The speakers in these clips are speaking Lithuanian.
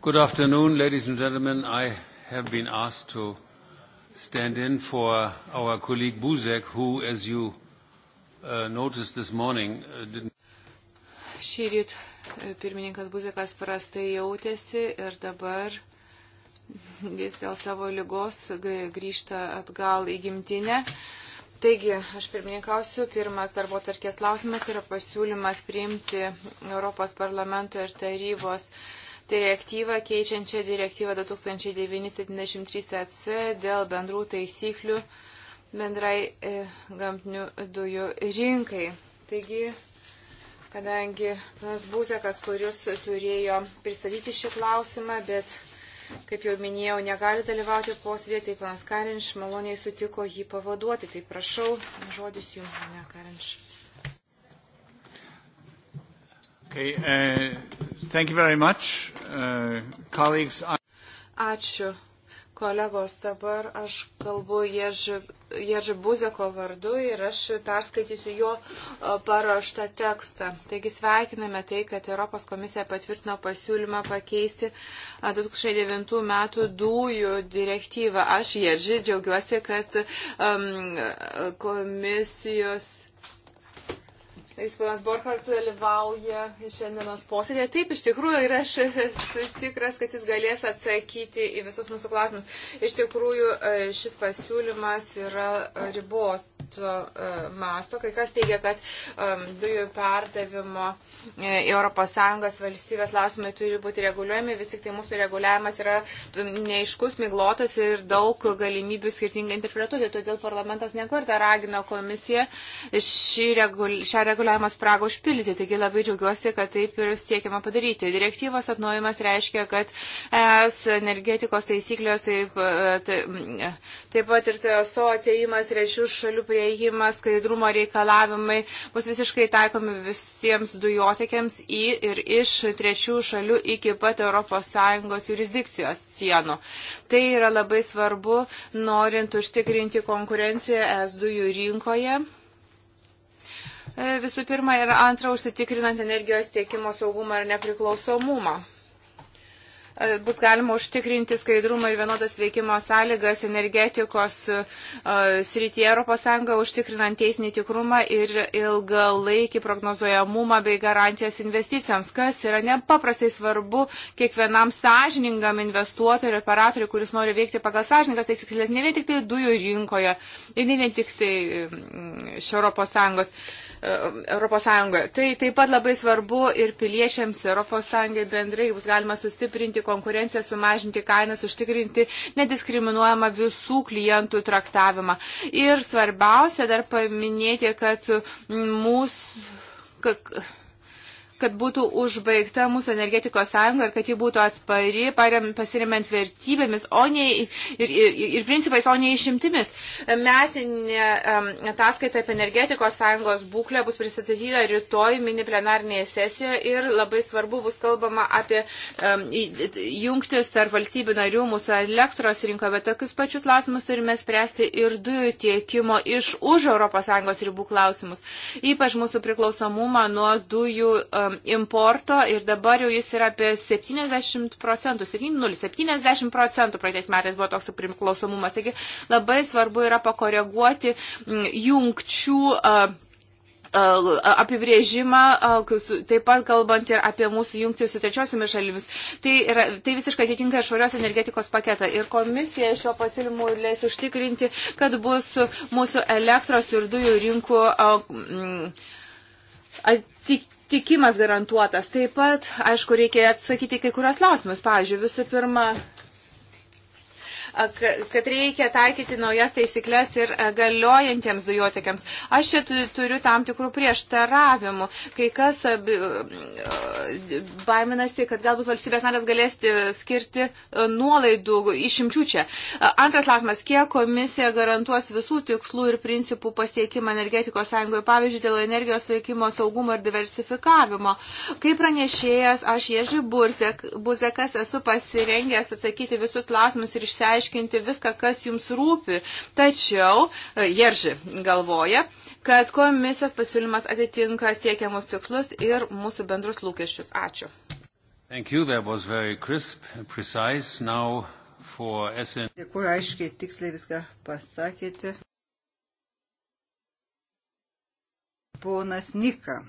Good afternoon, ladies and gentlemen. I have been asked to stand in for our colleague Buzek, who, as you uh, noticed this morning, uh, didn't. Šįryt uh, pirmininkas Buzekas prastai jautėsi ir dabar jis dėl savo lygos grįžta atgal į gimtinę. Taigi, aš pirmininkausiu. Pirmas darbo tarkės klausimas yra pasiūlymas priimti Europos parlamento ir tarybos uh, direktyvą keičiančią direktyvą 2009-73 EC dėl bendrų taisyklių bendrai e, gamtinių dujų rinkai. Taigi, kadangi panas Būzekas, kuris turėjo pristatyti šį klausimą, bet, kaip jau minėjau, negali dalyvauti posėdėje, tai panas Karinš maloniai sutiko jį pavaduoti. Tai prašau, žodis jums, ne Karinš. Okay, uh, uh Colleagues... Ačiū. Kolegos, dabar aš kalbu Ježi, Ježi Buzeko vardu ir aš perskaitysiu jo uh, paraštą tekstą. Taigi sveikiname tai, kad Europos komisija patvirtino pasiūlymą pakeisti 2009 uh, metų dujų direktyvą. Aš, Ježi, džiaugiuosi, kad um, komisijos Jis ponas Borchardt dalyvauja šiandienos posėdėje. Taip, iš tikrųjų, ir aš esu tikras, kad jis galės atsakyti į visus mūsų klausimus. Iš tikrųjų, e, šis pasiūlymas yra ribot, procentų e, masto. Kai kas teigia, kad e, dujų perdavimo e, į ES valstybės klausimai turi būti reguliuojami, vis tik tai mūsų reguliavimas yra neiškus, myglotas ir daug galimybių skirtingai interpretuoti. Todėl parlamentas nekartą ragino komisiją regul... šią reguliavimą spragą užpildyti. Taigi labai džiaugiuosi, kad taip ir siekiama padaryti. Direktyvos atnaujimas reiškia, kad es energetikos taisyklės taip, taip, taip pat ir TSO atsėjimas rešių šalių prie prieimas, skaidrumo reikalavimai bus visiškai taikomi visiems dujotekiams į ir iš trečių šalių iki pat ES jurisdikcijos sienų. Tai yra labai svarbu, norint užtikrinti konkurenciją S dujų rinkoje. E, visų pirma ir antra, užsitikrinant energijos tiekimo saugumą ir nepriklausomumą bus galima užtikrinti skaidrumą ir vienodas veikimo sąlygas energetikos e, srityje ES, užtikrinant teisinį tikrumą ir ilgalaikį prognozuojamumą bei garantijas investicijoms, kas yra nepaprastai svarbu kiekvienam sąžiningam investuotojui ir operatoriui, kuris nori veikti pagal sąžiningas taisyklės, ne vien tik tai dujų rinkoje ir ne vien tik tai mm, iš ES. Europos Sąjungoje. Tai taip pat labai svarbu ir piliečiams Europos Sąjungai bendrai bus galima sustiprinti konkurenciją, sumažinti kainas, užtikrinti nediskriminuojamą visų klientų traktavimą. Ir svarbiausia dar paminėti, kad mūsų kad būtų užbaigta mūsų energetikos sąjunga ir kad ji būtų atspari, parem, pasiriment vertybėmis o ne, ir, ir, ir principais, o ne išimtimis. Metinė um, ataskaita apie energetikos sąjungos būklę bus pristatyta rytoj mini plenarnėje sesijoje ir labai svarbu bus kalbama apie um, jungtis tarp valstybių narių mūsų elektros rinkoje, bet tokius pačius klausimus turime spręsti ir dujų tiekimo iš už ES ribų klausimus, ypač mūsų priklausomumą nuo dujų. Um, importo ir dabar jau jis yra apie 70 procentų, 70, 70 procentų praeitais metais buvo toks priklausomumas. Taigi labai svarbu yra pakoreguoti mm, jungčių. Uh, apibrėžimą, taip pat kalbant ir apie mūsų jungtį su trečiosiomis šalimis. Tai, yra, tai visiškai atitinka švarios energetikos paketą. Ir komisija šio pasiūlymu leis užtikrinti, kad bus mūsų elektros ir dujų rinkų. Uh, tikimas garantuotas. Taip pat, aišku, reikia atsakyti kai kurios klausimus. Pavyzdžiui, visų pirma, kad reikia taikyti naujas taisyklės ir galiojantiems dujotekiams. Aš čia turiu tam tikrų prieštaravimų. Kai kas baiminasi, kad galbūt valstybės narės galės e, skirti e, nuolaidų išimčių čia. Antras klausimas, kiek komisija garantuos visų tikslų ir principų pasiekimą energetikos sąjungoje, pavyzdžiui, dėl energijos veikimo saugumo ir diversifikavimo. Kaip pranešėjas, aš Ježi Buzekas esu pasirengęs atsakyti visus klausimus ir išsiaiškinti paaiškinti viską, kas jums rūpi. Tačiau e, Jerži galvoja, kad komisijos pasiūlymas atitinka siekiamus tikslus ir mūsų bendrus lūkesčius. Ačiū. Thank you. That was very crisp and precise. Now for SN. Dėkuoju, aiškiai, tiksliai viską pasakėte. Ponas Nika.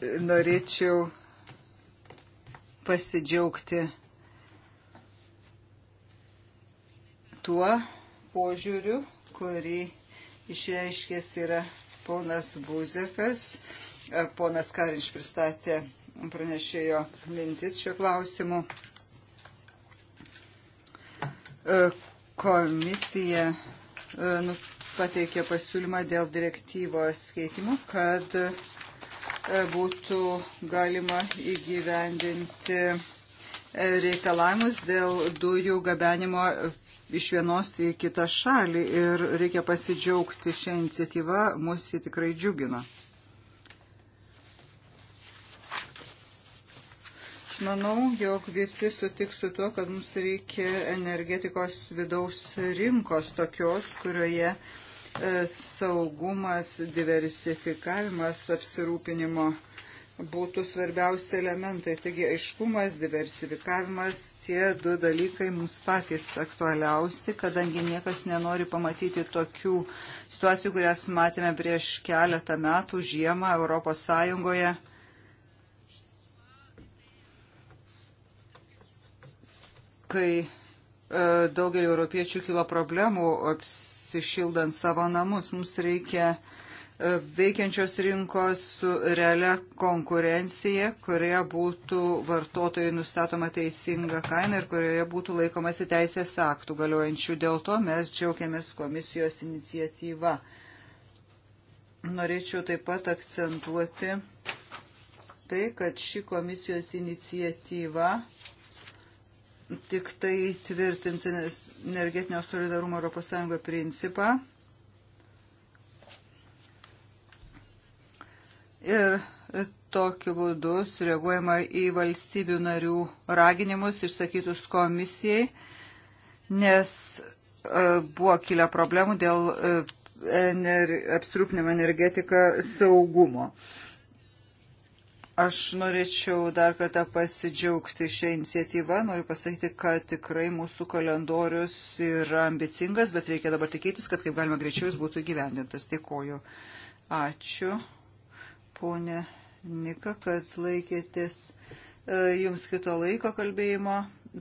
Norėčiau pasidžiaugti tuo požiūriu, kurį išreiškęs yra ponas Buzekas. Ponas Karinš pristatė pranešėjo mintis šiuo klausimu. Komisija e, nu, pateikė pasiūlymą dėl direktyvos keitimo, kad būtų galima įgyvendinti e, reikalavimus dėl dujų gabenimo iš vienos į kitą šalį ir reikia pasidžiaugti šią iniciatyvą, mus jį tikrai džiugina. Aš manau, jog visi sutiks su tuo, kad mums reikia energetikos vidaus rinkos tokios, kurioje uh, E, saugumas, diversifikavimas apsirūpinimo būtų svarbiausi elementai. Taigi aiškumas, diversifikavimas, tie du dalykai mums patys aktualiausi, kadangi niekas nenori pamatyti tokių situacijų, kurias matėme prieš keletą metų žiemą Europos Sąjungoje. kai e, daugelį europiečių kilo problemų aps šildant savo namus. Mums reikia e, veikiančios rinkos su realia konkurencija, kurioje būtų vartotojai nustatoma teisinga kaina ir kurioje būtų laikomasi teisės aktų galiojančių. Dėl to mes džiaugiamės komisijos iniciatyva. Norėčiau taip pat akcentuoti tai, kad ši komisijos iniciatyva tik tai tvirtins energetinio solidarumo ES principą. Ir tokiu būdu sureaguojama į valstybių narių raginimus išsakytus komisijai, nes e, buvo kilę problemų dėl e, ener, apsirūpinimo energetiką saugumo. Aš norėčiau dar kartą pasidžiaugti šią iniciatyvą. Noriu pasakyti, kad tikrai mūsų kalendorius yra ambicingas, bet reikia dabar tikėtis, kad kaip galima greičiau jis būtų gyvendintas. Dėkoju. Ačiū, ponė Nika, kad laikėtės e, jums kito laiko kalbėjimo.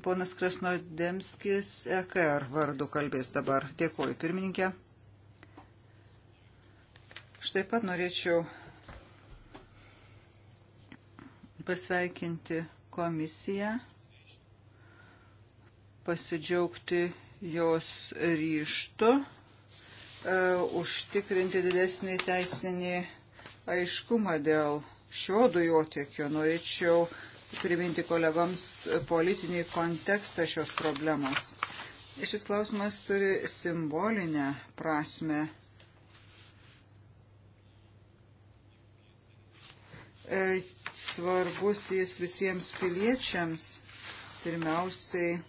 Ponas Krasnodemskis EKR vardu kalbės dabar. Dėkoju, pirmininkė. Štai pat norėčiau pasveikinti komisiją, pasidžiaugti jos ryštu, e, užtikrinti didesnį teisinį aiškumą dėl šio dujotiekio. Norėčiau priminti kolegoms politinį kontekstą šios problemos. Šis klausimas turi simbolinę prasme. E, svarbus jis visiems piliečiams, pirmiausiai e,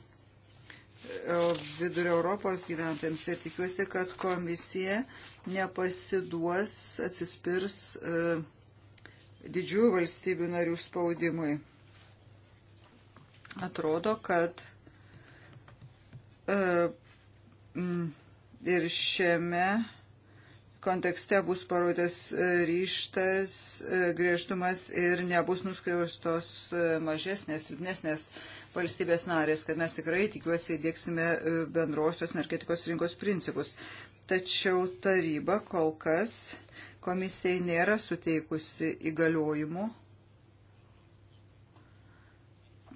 vidurio Europos gyventojams. Ir tikiuosi, kad komisija nepasiduos, atsispirs e, didžiųjų valstybių narių spaudimui. Atrodo, kad e, ir šiame kontekste bus parodęs e, ryštas, e, griežtumas ir nebus nuskriaustos e, mažesnės, silpnesnės valstybės narės, kad mes tikrai tikiuosi įdėksime bendrosios energetikos rinkos principus. Tačiau taryba kol kas komisijai nėra suteikusi įgaliojimų.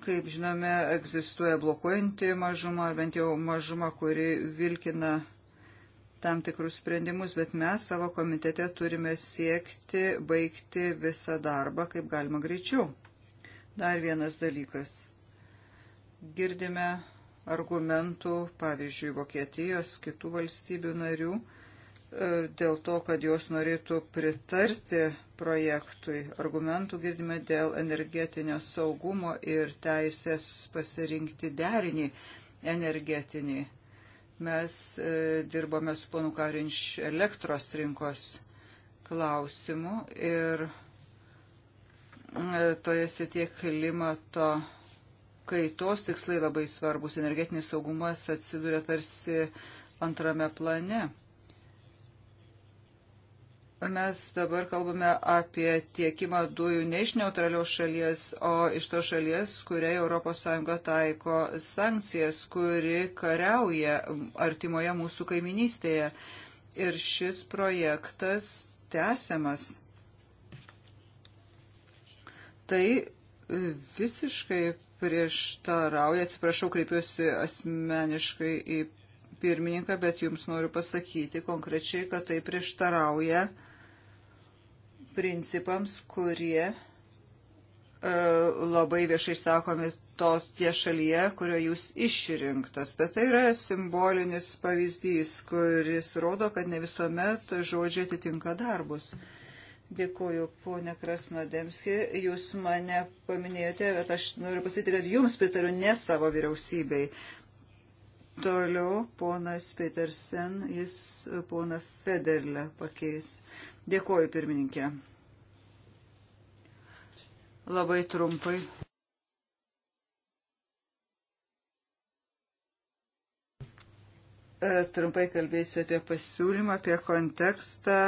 Kaip žinome, egzistuoja blokuojanti mažuma, bent jau mažuma, kuri vilkina tam tikrus sprendimus, bet mes savo komitete turime siekti baigti visą darbą kaip galima greičiau. Dar vienas dalykas. Girdime argumentų, pavyzdžiui, Vokietijos, kitų valstybių narių, e, dėl to, kad jos norėtų pritarti projektui. Argumentų girdime dėl energetinio saugumo ir teisės pasirinkti derinį energetinį. Mes e, dirbome su ponu Karinč elektros rinkos klausimu ir e, toje srityje klimato kaitos tikslai labai svarbus. Energetinis saugumas atsiduria tarsi antrame plane. Mes dabar kalbame apie tiekimą dujų ne iš neutralios šalies, o iš tos šalies, kuriai ES taiko sankcijas, kuri kariauja artimoje mūsų kaiminystėje. Ir šis projektas tęsiamas. Tai visiškai prieštarauja, atsiprašau, kreipiuosi asmeniškai į pirmininką, bet jums noriu pasakyti konkrečiai, kad tai prieštarauja uh, principams, kurie e, labai viešai sakomi tos tie šalyje, kurio jūs išrinktas. Bet tai yra simbolinis pavyzdys, kuris rodo, kad ne visuomet žodžiai atitinka darbus. Dėkuoju, ponė Krasnodemski, jūs mane paminėjote, bet aš noriu pasakyti, kad jums pritariu ne savo vyriausybei. Toliau ponas Petersen, jis poną Federlę pakeis. Dėkoju, pirmininkė. Labai trumpai. E, trumpai kalbėsiu apie pasiūlymą, apie kontekstą.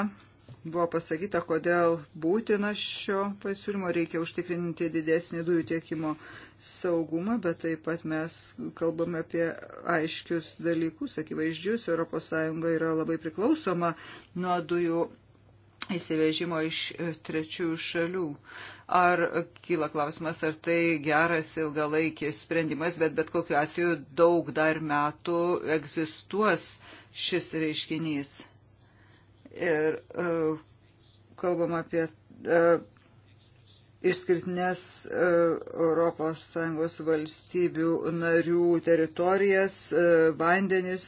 Buvo pasakyta, kodėl būtina šio pasiūlymo reikia užtikrinti didesnį dujų tiekimo saugumą, bet taip pat mes kalbame apie aiškius dalykus, akivaizdžius. ES yra labai priklausoma nuo dujų įsivežimo iš e, trečiųjų šalių. Ar kyla klausimas, ar tai geras ilgalaikis sprendimas, bet bet kokiu atveju daug dar metų egzistuos šis reiškinys. Ir uh, kalbam apie uh, išskirtinės ES valstybių narių teritorijas, e, vandenis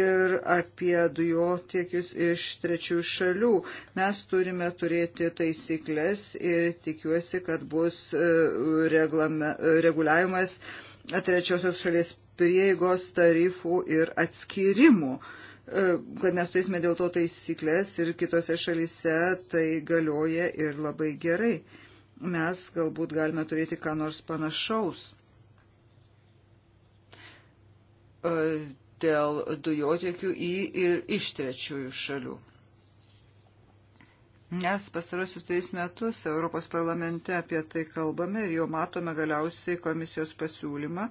ir apie dujotiekius iš trečių šalių. Mes turime turėti taisyklės ir tikiuosi, kad bus e, reglame, reguliavimas trečiosios šalies prieigos tarifų ir atskirimų e, kad mes turėsime dėl to taisyklės ir kitose šalyse tai galioja ir labai gerai mes galbūt galime turėti ką nors panašaus e, dėl dujotiekių į ir iš trečiųjų šalių. Nes pasarosius trejus metus Europos parlamente apie tai kalbame ir jau matome galiausiai komisijos pasiūlymą.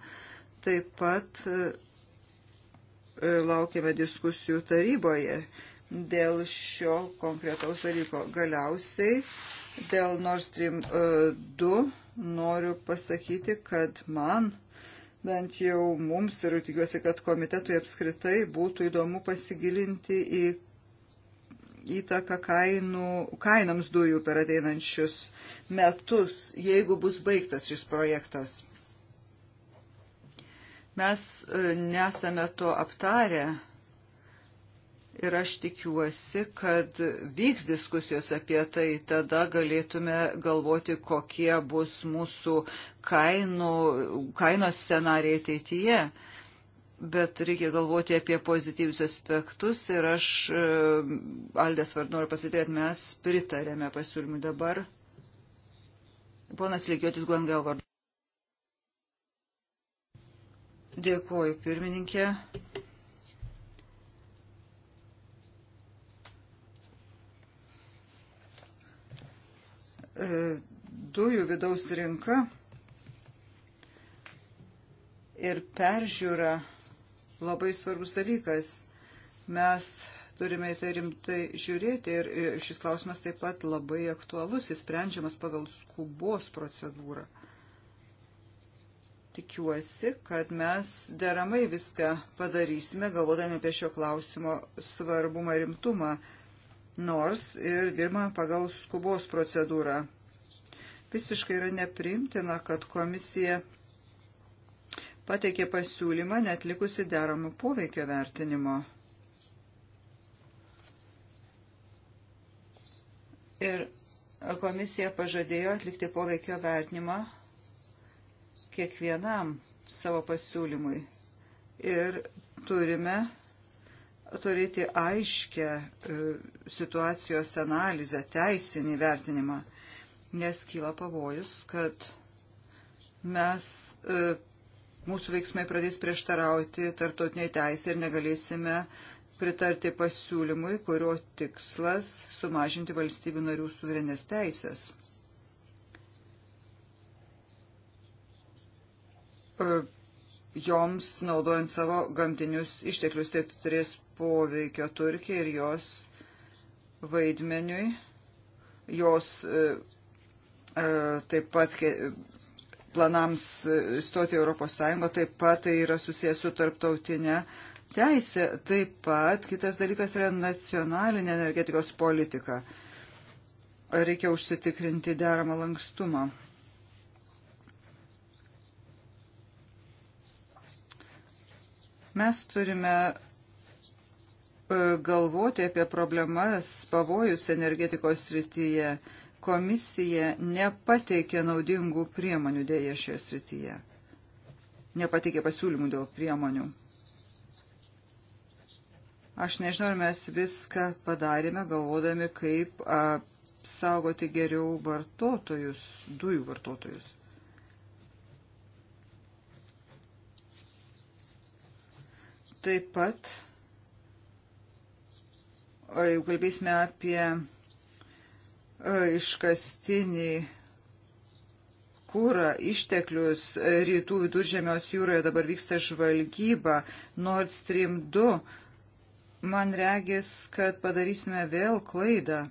Taip pat e, e, laukiame diskusijų taryboje dėl šio konkretaus dalyko. Galiausiai Dėl Nord Stream 2 e, noriu pasakyti, kad man, bent jau mums ir tikiuosi, kad komitetui apskritai būtų įdomu pasigilinti į įtaką kainų, kainams dujų per ateinančius metus, jeigu bus baigtas šis projektas. Mes e, nesame to aptarę ir aš tikiuosi, kad vyks diskusijos apie tai, tada galėtume galvoti, kokie bus mūsų kainų, kainos scenarijai ateityje. Bet reikia galvoti apie pozityvius aspektus ir aš, e, Aldės vardu, noriu pasakyti, kad mes pritarėme pasiūlymui dabar. Ponas Lygiotis Guangal vardu. Dėkuoju, pirmininkė. E, dujų vidaus rinka ir peržiūra labai svarbus dalykas. Mes turime į tai rimtai žiūrėti ir šis klausimas taip pat labai aktualus, jis sprendžiamas pagal skubos procedūrą. Tikiuosi, kad mes deramai viską padarysime, galvodami apie šio klausimo svarbumą rimtumą nors ir dirbame pagal skubos procedūrą. Visiškai yra neprimtina, kad komisija pateikė pasiūlymą netlikusi deramų poveikio vertinimo. Ir komisija pažadėjo atlikti poveikio vertinimą kiekvienam savo pasiūlymui. Ir turime turėti aiškę e, situacijos analizę, teisinį vertinimą, nes kyla pavojus, kad mes, e, mūsų veiksmai pradės prieštarauti tartotiniai teisė ir negalėsime pritarti pasiūlymui, kurio tikslas sumažinti valstybių narių suverenės teisės. E, joms naudojant savo gamtinius išteklius. Tai turės poveikio Turkijai ir jos vaidmeniui. Jos e, e, taip pat planams e, stoti Europos Sąjungą, taip pat tai yra susijęs su tarptautinė teisė. Taip pat kitas dalykas yra nacionalinė energetikos politika. Reikia užsitikrinti deramą lankstumą. Mes turime galvoti apie problemas, pavojus energetikos srityje, komisija nepateikė naudingų priemonių dėja šioje srityje. Nepateikė pasiūlymų dėl priemonių. Aš nežinau, ar mes viską padarėme, galvodami, kaip apsaugoti geriau vartotojus, dujų vartotojus. Taip pat Jeigu kalbėsime apie e, iškastinį kūrą, išteklius e, rytų viduržėmios jūroje dabar vyksta žvalgyba Nord Stream 2, man regis, kad padarysime vėl klaidą.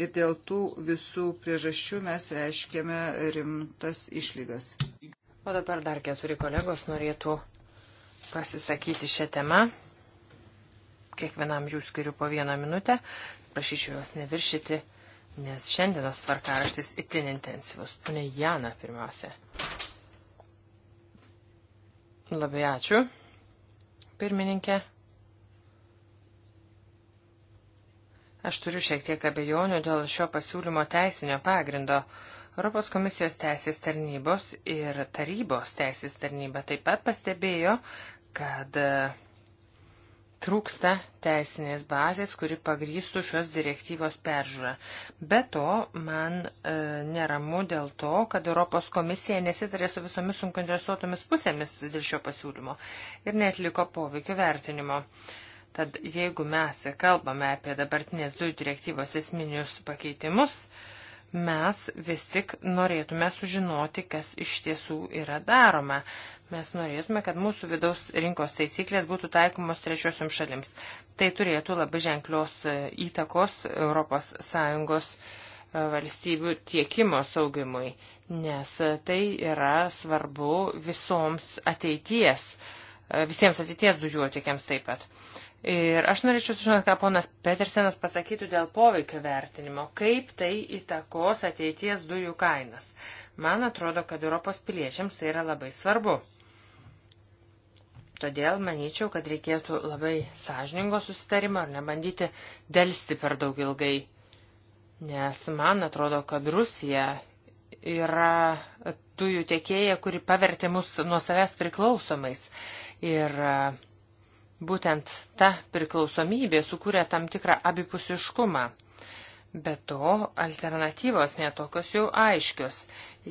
Ir dėl tų visų priežasčių mes reiškėme rimtas išlygas. O dabar dar keturi kolegos norėtų pasisakyti šią temą. Kiekvienam jų skiriu po vieną minutę. Prašyčiau jos neviršyti, nes šiandienos tvarkaraštis itin intensyvus. Pane Jana pirmiausia. Labai ačiū, pirmininkė. Aš turiu šiek tiek abejonių dėl šio pasiūlymo teisinio pagrindo. Europos komisijos teisės tarnybos ir tarybos teisės tarnyba taip pat pastebėjo, kad uh, trūksta teisinės bazės, kuri pagrįstų šios direktyvos peržiūrą. Be to, man e, neramu dėl to, kad Europos komisija nesitarė su visomis suinteresuotomis pusėmis dėl šio pasiūlymo ir netliko poveikio vertinimo. Tad jeigu mes kalbame apie dabartinės dujų direktyvos esminius pakeitimus, e, mes vis tik norėtume sužinoti, kas iš tiesų yra daroma. Mes norėtume, kad mūsų vidaus rinkos taisyklės būtų taikomos trečiosiam šalims. Tai turėtų labai ženklios e, įtakos ES e, valstybių tiekimo saugimui, nes e, tai yra svarbu visoms ateities, visiems ateities dužiuotikiams taip pat. Ir aš norėčiau sužinoti, ką ponas Petersenas pasakytų dėl poveikio vertinimo, kaip tai įtakos ateities dujų kainas. Man atrodo, kad Europos piliečiams tai yra labai svarbu. Todėl manyčiau, kad reikėtų labai sąžiningo susitarimo ir nebandyti dėlsti per daug ilgai. Nes man atrodo, kad Rusija yra dujų tiekėja, kuri pavertė mus nuo savęs priklausomais. Ir Būtent ta priklausomybė sukūrė tam tikrą abipusiškumą. Be to, alternatyvos netokios jau aiškios.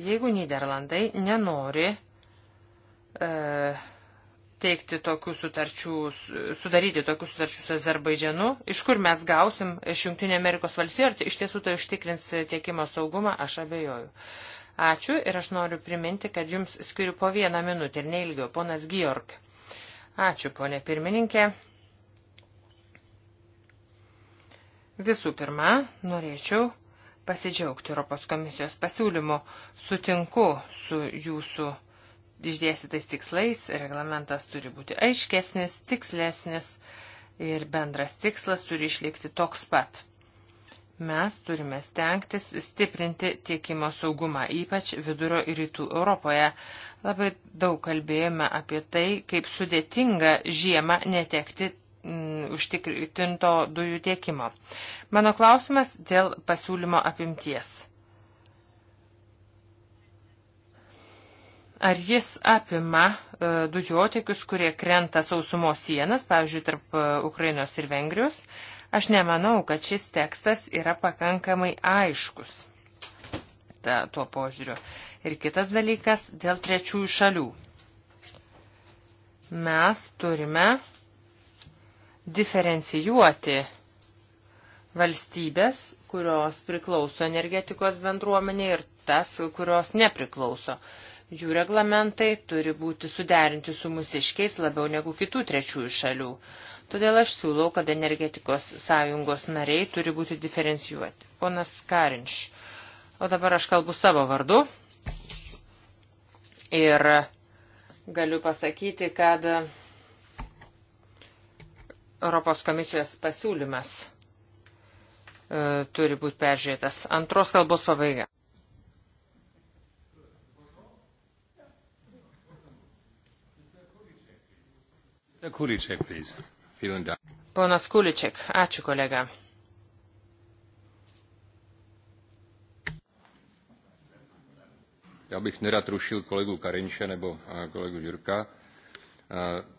Jeigu Niderlandai nenori e, teikti tokių sutarčių, sudaryti tokių sutarčių su Azerbaidžianu, iš kur mes gausim iš Junktinio Amerikos valstijų, ar iš tiesų tai užtikrins tiekimo saugumą, aš abejoju. Ačiū ir aš noriu priminti, kad jums skiriu po vieną minutę ir neilgiau, ponas Georg. Ačiū, ponė pirmininkė. Visų pirma, norėčiau pasidžiaugti Europos komisijos pasiūlymu. Sutinku su jūsų išdėstytais tikslais. Reglamentas turi būti aiškesnis, tikslesnis ir bendras tikslas turi išlikti toks pat. Mes turime stengtis stiprinti tiekimo saugumą, ypač vidurio ir rytų Europoje. Labai daug kalbėjome apie tai, kaip sudėtinga žiemą netekti m, mm, užtikrinto dujų tiekimo. Mano klausimas dėl pasiūlymo apimties. Ar jis apima e, dujotiekius, kurie krenta sausumo sienas, pavyzdžiui, tarp e, Ukrainos ir Vengrijos, Aš nemanau, kad šis tekstas yra pakankamai aiškus ta, tuo požiūriu. Ir kitas dalykas dėl trečiųjų šalių. Mes turime diferencijuoti valstybės, kurios priklauso energetikos bendruomenė ir tas, kurios nepriklauso. Uh, Jų reglamentai turi būti suderinti su musiškiais labiau negu kitų trečiųjų šalių. Todėl aš siūlau, kad energetikos sąjungos nariai turi būti diferencijuoti. Ponas Karinš. O dabar aš kalbu savo vardu. Ir galiu pasakyti, kad Europos komisijos pasiūlymas e, turi būti peržiūrėtas. Antros kalbos pabaiga. Kuličiak, please. Ponas Kuličiak, ačiū kolega. Já bych nerad rušil kolegu Karinče nebo kolegu Jurka.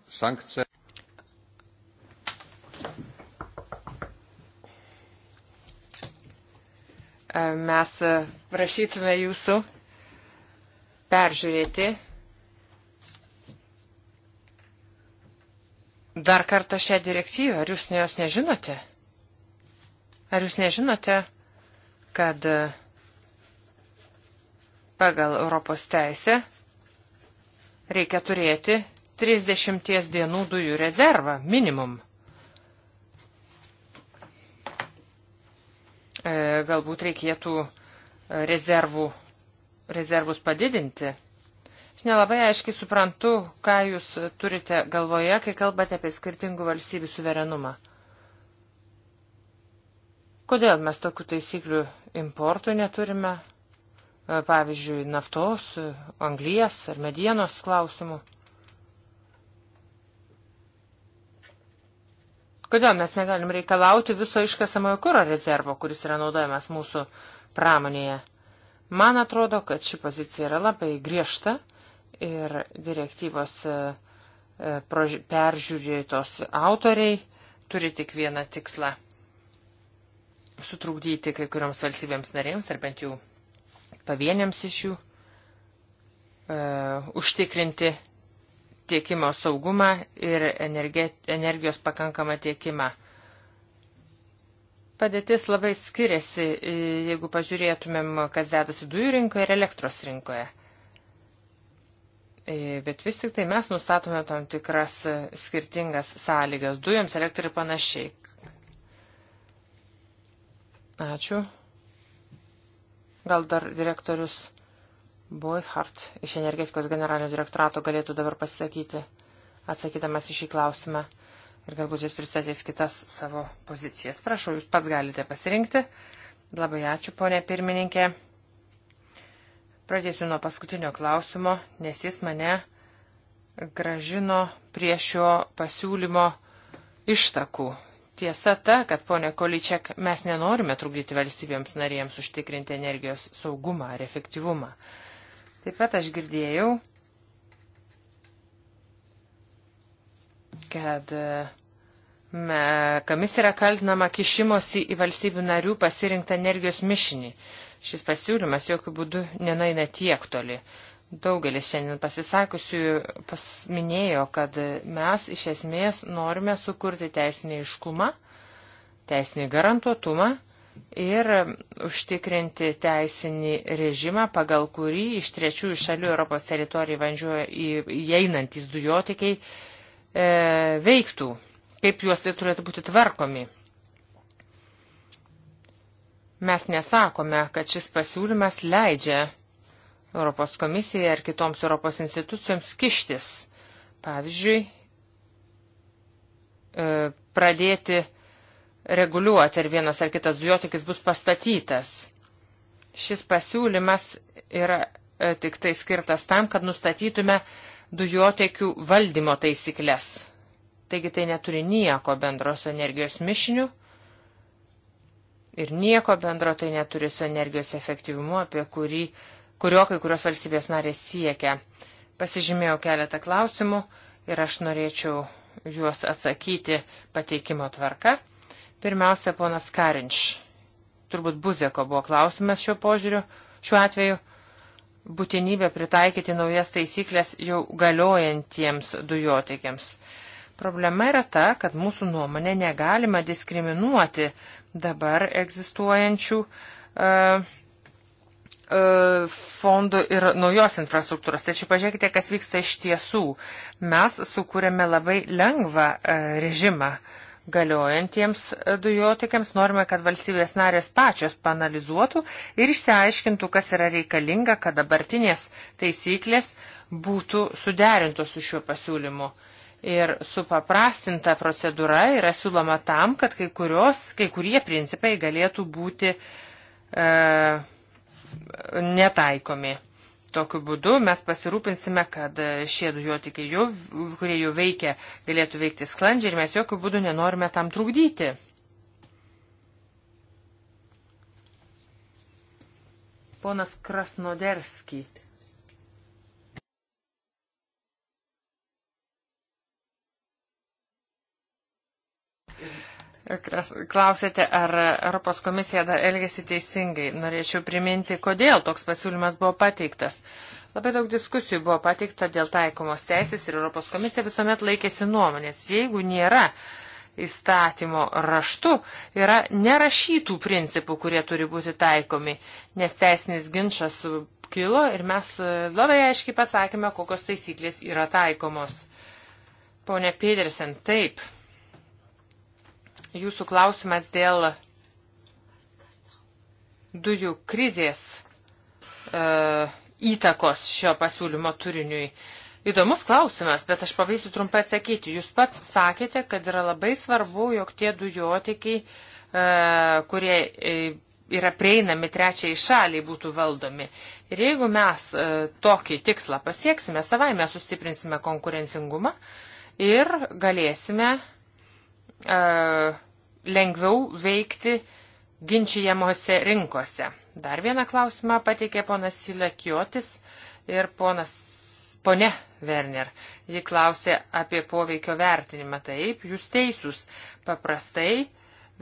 Sankce. Mes prašytume jūsų peržiūrėti dar kartą šią direktyvą. Ar jūs ne jos nežinote? Ar jūs nežinote, kad e, pagal Europos teisę reikia turėti 30 dienų dujų rezervą minimum. E, galbūt reikėtų e, rezervų, rezervus padidinti. Aš nelabai aiškiai suprantu, ką jūs turite galvoje, kai kalbate apie skirtingų valstybių suverenumą. Kodėl mes tokių taisyklių importui neturime, e, pavyzdžiui, naftos, e, anglijas ar medienos klausimų? Kodėl mes negalim reikalauti viso iškasamojo kūro rezervo, kuris yra naudojamas mūsų pramonėje? Man atrodo, kad ši pozicija yra labai griežta ir direktyvos e, e, peržiūrėtos autoriai turi tik vieną tikslą - sutrukdyti kai kurioms valstybėms narėms, ar bent jau pavieniams iš jų, e, užtikrinti tiekimo saugumą ir energijos pakankamą tiekimą padėtis labai skiriasi, jeigu pažiūrėtumėm, kas dedasi dujų rinkoje ir elektros rinkoje. E, bet vis tik tai mes nustatome tam tikras skirtingas sąlygas dujoms, elektrai ir panašiai. Ačiū. Gal dar direktorius Boyhart iš energetikos generalinio direktorato galėtų dabar pasisakyti, atsakydamas į šį klausimą. Ir galbūt jis pristatys kitas savo pozicijas. Prašau, jūs pats galite pasirinkti. Labai ačiū, ponė pirmininkė. Pradėsiu nuo paskutinio klausimo, nes jis mane gražino prie šio pasiūlymo ištakų. Tiesa ta, kad ponė Količiak, mes nenorime trukdyti valstybėms narėms užtikrinti energijos saugumą ar efektyvumą. Taip pat aš girdėjau, kad uh, kamis yra kaltinama kišimosi į valstybių narių pasirinktą energijos mišinį. Šis pasiūlymas jokių būdų nenaina tiek toli. Daugelis šiandien pasisakusių pasminėjo, kad mes iš esmės norime sukurti teisinį iškumą, teisinį garantuotumą ir užtikrinti teisinį režimą, pagal kurį iš trečiųjų šalių Europos teritorijai įeinantis dujotikiai e, veiktų kaip juos tai turėtų būti tvarkomi. Mes nesakome, kad šis pasiūlymas leidžia Europos komisijai ar kitoms Europos institucijoms kištis. Pavyzdžiui, e, pradėti reguliuoti, ar vienas ar kitas dujotikis bus pastatytas. Šis pasiūlymas yra e, tik tai skirtas tam, kad nustatytume dujotekių valdymo taisyklės Taigi tai neturi nieko bendro su energijos mišiniu ir nieko bendro tai neturi su energijos efektyvumu, apie kurį, kurio kai kurios valstybės narės siekia. Pasižymėjau keletą klausimų ir aš norėčiau juos atsakyti pateikimo tvarka. Pirmiausia, ponas Karinč. Turbūt Buzeko buvo klausimas šiuo požiūriu, šiuo atveju. Būtinybė pritaikyti naujas taisyklės jau galiojantiems dujotikiams. Problema yra ta, kad mūsų nuomonė negalima diskriminuoti dabar egzistuojančių uh, fondų ir naujos infrastruktūros. Tačiau pažiūrėkite, kas vyksta iš tiesų. Mes sukūrėme labai lengvą e, režimą galiojantiems dujotikiams. Norime, kad valstybės narės pačios panalizuotų ir išsiaiškintų, kas yra reikalinga, kad dabartinės taisyklės būtų suderintos su šiuo pasiūlymu. Uh, Ir supaprastinta procedūra yra siūloma tam, kad kai, kurios, kai kurie principai galėtų būti e, netaikomi. Tokiu būdu mes pasirūpinsime, kad šie dujotikai, jų, kurie jų veikia, galėtų veikti sklandžiai ir mes jokių būdų nenorime tam trukdyti. Ponas Krasnoderski. Klausėte, ar Europos komisija dar elgesi teisingai. Norėčiau priminti, kodėl toks pasiūlymas buvo pateiktas. Labai daug diskusijų buvo pateikta dėl taikomos teisės ir Europos komisija visuomet laikėsi nuomonės. Jeigu nėra įstatymo raštu, yra nerašytų principų, kurie turi būti taikomi, nes teisinis ginčas kilo ir mes labai aiškiai pasakėme, kokios taisyklės yra taikomos. Pone Pedersen, taip. Jūsų klausimas dėl dujų krizės e, įtakos šio pasiūlymo turiniui. Įdomus klausimas, bet aš pavysiu trumpai atsakyti. Jūs pats sakėte, kad yra labai svarbu, jog tie dujotikiai, e, kurie e, yra prieinami trečiai šaliai, būtų valdomi. Ir jeigu mes e, tokį tikslą pasieksime, savai mes sustiprinsime konkurencingumą ir galėsime e, E, lengviau veikti ginčiamose rinkose. Dar vieną klausimą pateikė ponas Silekiotis ir ponas Pone Werner, ji klausė apie poveikio vertinimą. Taip, jūs teisūs. Paprastai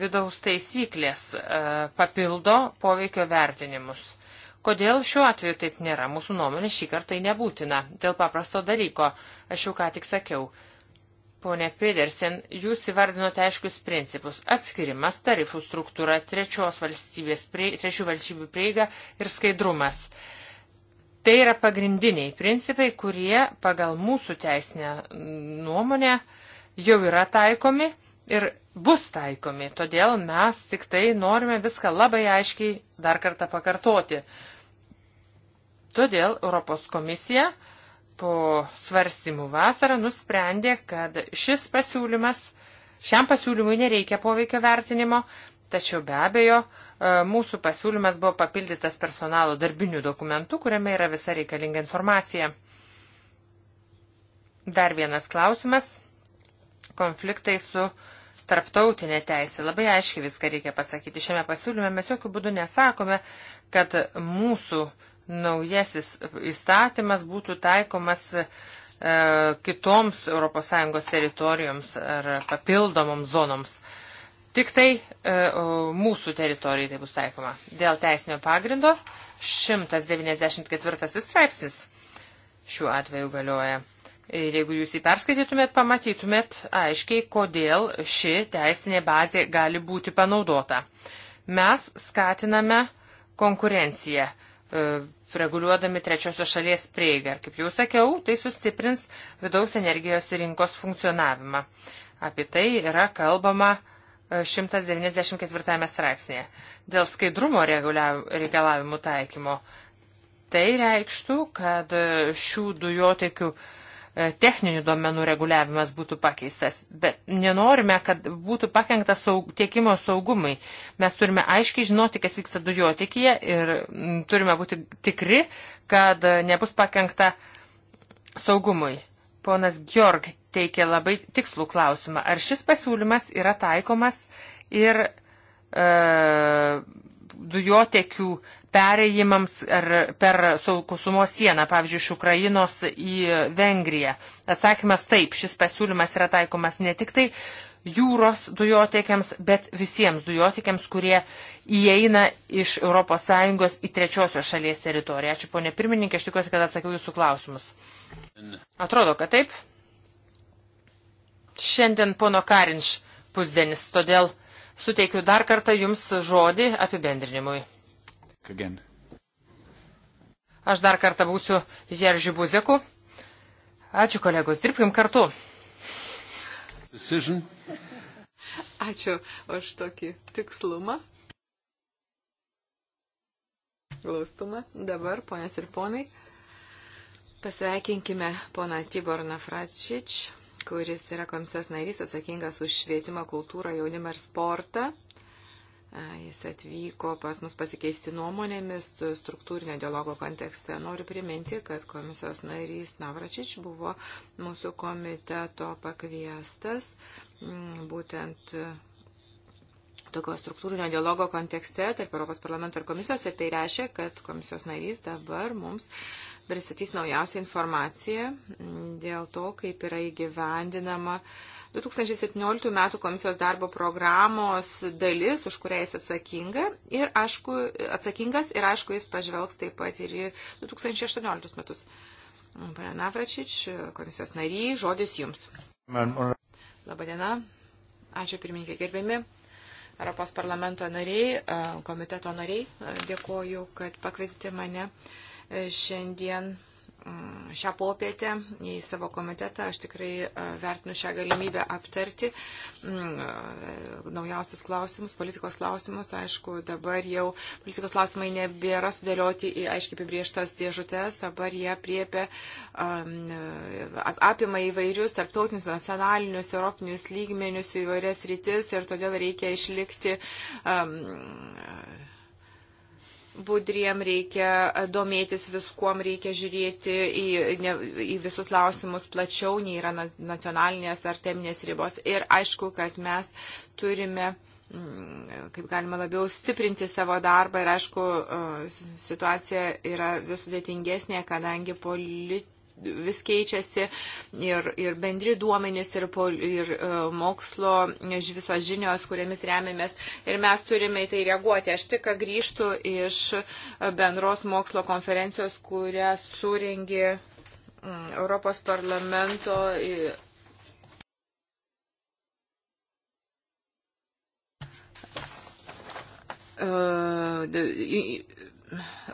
vidaus taisyklės e, papildo poveikio vertinimus. Kodėl šiuo atveju taip nėra? Mūsų nuomonė šį kartą tai nebūtina. Dėl paprasto dalyko, aš jau ką tik sakiau, Pone Pedersen, jūs įvardinote aiškius principus - atskirimas, tarifų struktūra, trečios valstybės, prie, trečių valstybių prieiga ir skaidrumas. Tai yra pagrindiniai principai, kurie pagal mūsų teisinę nuomonę jau yra taikomi ir bus taikomi. Todėl mes tik tai norime viską labai aiškiai dar kartą pakartoti. Todėl Europos komisija uh, po svarstymų vasarą nusprendė, kad šis pasiūlymas, šiam pasiūlymui nereikia poveikio vertinimo, tačiau be abejo e, mūsų pasiūlymas buvo papildytas personalo darbinių dokumentų, kuriame yra visa reikalinga informacija. Dar vienas klausimas - konfliktai su tarptautinė teisė. Labai aiškiai viską reikia pasakyti. Šiame pasiūlyme mes jokių būdų nesakome, kad mūsų uh, naujasis įstatymas būtų taikomas e, kitoms ES teritorijoms ar papildomoms zonoms. Tik tai e, mūsų teritorijai tai bus taikoma. Dėl teisinio pagrindo 194 straipsnis šiuo atveju galioja. Ir jeigu jūs jį perskaitytumėt, pamatytumėt aiškiai, kodėl ši teisinė bazė gali būti panaudota. Mes skatiname konkurenciją E, reguliuodami trečiosios šalies prieigą. Ir kaip jau sakiau, tai sustiprins vidaus energijos rinkos funkcionavimą. Apie tai yra kalbama 194 e, straipsnėje. Dėl skaidrumo reikalavimų taikymo. Tai reikštų, kad e, šių dujotekių uh, E, techninių duomenų reguliavimas būtų pakeistas, bet nenorime, kad būtų pakengta saug, tiekimo saugumui. Mes turime aiškiai žinoti, kas vyksta dujotiekyje ir turime būti tikri, kad e, nebus pakengta saugumui. Ponas Georg teikė labai tikslų klausimą, ar šis pasiūlymas yra taikomas ir e, dujotekių pereimams ar per sausumos sieną, pavyzdžiui, iš Ukrainos į Vengriją. Atsakymas taip, šis pasiūlymas yra taikomas ne tik tai jūros dujotekiams, bet visiems dujotekiams, kurie įeina iš ES į trečiosios šalies teritoriją. Ačiū, ponė pirmininkė, aš tikiuosi, kad atsakiau jūsų klausimus. Atrodo, kad taip. Šiandien pono Karinš pusdienis, todėl Suteikiu dar kartą Jums žodį apibendrinimui. Again. Aš dar kartą būsiu Jeržiu Buzeku. Ačiū kolegos, dirbkim kartu. Decision. Ačiū už tokį tikslumą. Glaustumą. Dabar, ponės ir ponai, pasveikinkime poną Tiborną Fračič kuris yra komisijos narys atsakingas už švietimą, kultūrą, jaunimą ir sportą. Jis atvyko pas mus pasikeisti nuomonėmis struktūrinio dialogo kontekste. Noriu priminti, kad komisijos narys Navračič buvo mūsų komiteto pakviestas būtent tokio struktūrinio dialogo kontekste tarp Europos parlamento ir komisijos ir tai reiškia, kad komisijos narys dabar mums pristatys naujausią informaciją dėl to, kaip yra įgyvendinama 2017 metų komisijos darbo programos dalis, už kurią jis atsakinga ir, aišku, atsakingas ir aišku, jis pažvelgs taip pat ir į 2018 metus. Pane Navračič, komisijos nariai, žodis jums. Labadiena. Ačiū pirmininkė, gerbėmi Europos parlamento nariai, e, komiteto nariai, dėkoju, kad pakvietėte mane e, šiandien Mm, šią popietę į savo komitetą. Aš tikrai e, vertinu šią galimybę aptarti mm, e, naujausius klausimus, politikos klausimus. Aišku, dabar jau politikos klausimai nebėra sudėlioti į aiškiai apibrieštas dėžutės, dabar jie priepia, e, apima įvairius tarptautinius, nacionalinius, europinius lygmenius, įvairias rytis ir todėl reikia išlikti. Um, budriem, reikia domėtis viskuom, reikia žiūrėti į, ne, į visus klausimus plačiau, nei yra nacionalinės ar teminės ribos. Ir aišku, kad mes turime mm, kaip galima labiau stiprinti savo darbą ir aišku, e, situacija yra vis sudėtingesnė, kadangi politi vis keičiasi ir, ir bendri duomenys, ir, pol, ir e, mokslo visos žinios, kuriamis remiamės. Ir mes turime į tai reaguoti. Aš tik grįžtų iš bendros mokslo konferencijos, kurią suringė mm, Europos parlamento e,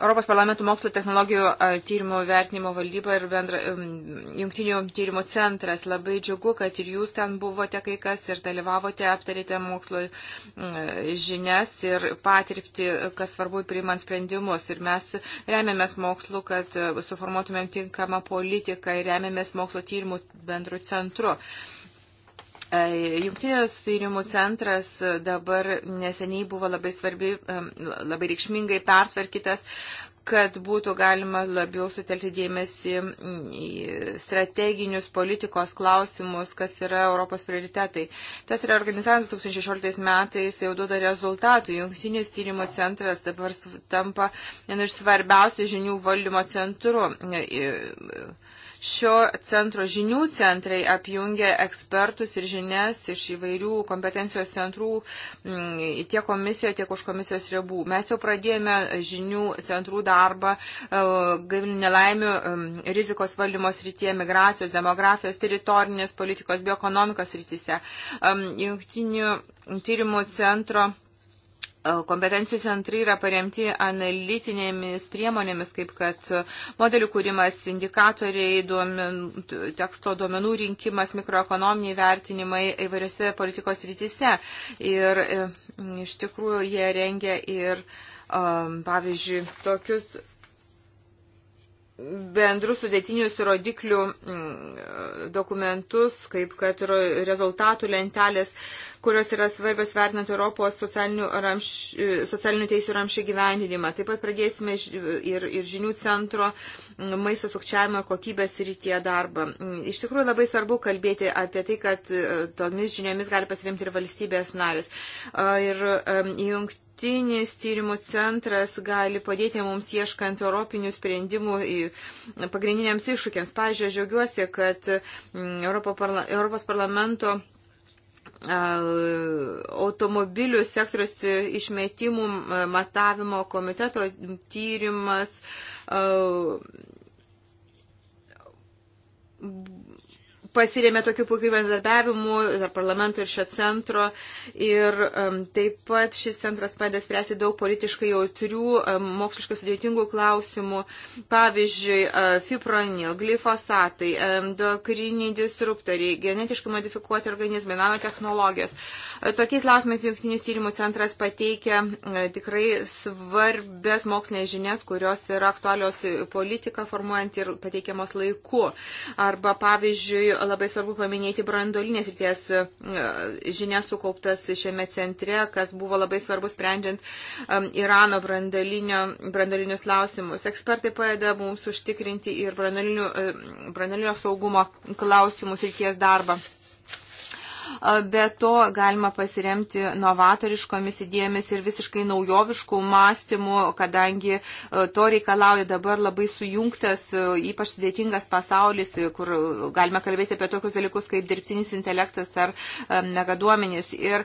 Europos parlamentų mokslo technologijų tyrimų vertinimo valdyba ir bendra, jungtinių tyrimų centras. Labai džiugu, kad ir jūs ten buvote kai kas ir dalyvavote, aptarėte mokslo žinias ir patirpti, kas svarbu priimant sprendimus. Ir mes remiamės mokslu, kad e, suformuotumėm tinkamą politiką ir remiamės mokslo tyrimų bendru centru. Uh, Jungtinės tyrimų centras e, dabar neseniai buvo labai svarbi, e, labai reikšmingai pertvarkytas, kad būtų galima labiau sutelti dėmesį į strateginius politikos klausimus, kas yra Europos prioritetai. Tas reorganizavimas 2016 metais jau duoda rezultatų. Jungtinis tyrimo centras dabar tampa vienu iš svarbiausių žinių valdymo centrų Šio centro žinių centrai apjungia ekspertus ir žinias iš įvairių kompetencijos centrų mm, tiek komisijoje, tiek už komisijos ribų. Mes jau pradėjome žinių centrų darbą e, gaivinių nelaimių mm, rizikos valdymo srityje, migracijos, demografijos, teritorinės politikos, bioekonomikos srityse. Jungtinių tyrimų centro Kompetencijų centrai yra paremti analitinėmis priemonėmis, kaip kad modelių kūrimas, indikatoriai, duomen, teksto duomenų rinkimas, mikroekonominiai vertinimai įvairiose politikos rytise. Ir e, iš tikrųjų jie rengia ir, pavyzdžiui, tokius bendrus sudėtinius rodiklių mm, dokumentus, kaip kad rezultatų lentelės kurios yra svarbios vertinant Europos socialinių, ramš, socialinių teisų ramšį gyvendinimą. Taip pat pradėsime ir, ir žinių centro maisto sukčiavimo ir kokybės rytie darbą. Iš tikrųjų labai svarbu kalbėti apie tai, kad e, tomis žiniomis gali pasiremti ir valstybės narės. E, ir e, jungti Tarptautinis tyrimų centras gali padėti mums ieškant europinių sprendimų pagrindiniams iššūkiams. Pavyzdžiui, aš džiaugiuosi, kad Europos parlamento automobilių sektorius išmetimų matavimo komiteto tyrimas pasirėmė tokiu puikiu bendradarbiavimu tarp parlamento ir šio centro. Ir um, taip pat šis centras padeda spręsti daug politiškai jautrių, um, moksliškai sudėtingų klausimų. Pavyzdžiui, uh, fipronil, glifosatai, endokriniai disruptoriai, genetiškai modifikuoti organizmai, nanotehnologijos. Uh, tokiais klausimais Junktinis tyrimų centras pateikia uh, tikrai svarbės mokslinės žinias, kurios yra aktualios politika formuojant ir pateikiamos laiku. Arba, pavyzdžiui, labai svarbu paminėti brandolinės ryties e, žinias sukauptas šiame centre, kas buvo labai svarbu sprendžiant e, Irano brandolinius klausimus. Ekspertai padeda mums užtikrinti ir e, brandolinio saugumo klausimus ryties darbą be to galima pasiremti novatoriškomis idėjomis ir visiškai naujoviškų mąstymų, kadangi e, to reikalauja dabar labai sujungtas, e, ypač sudėtingas pasaulis, e, kur galime kalbėti apie tokius dalykus kaip dirbtinis intelektas ar megaduomenys. Ir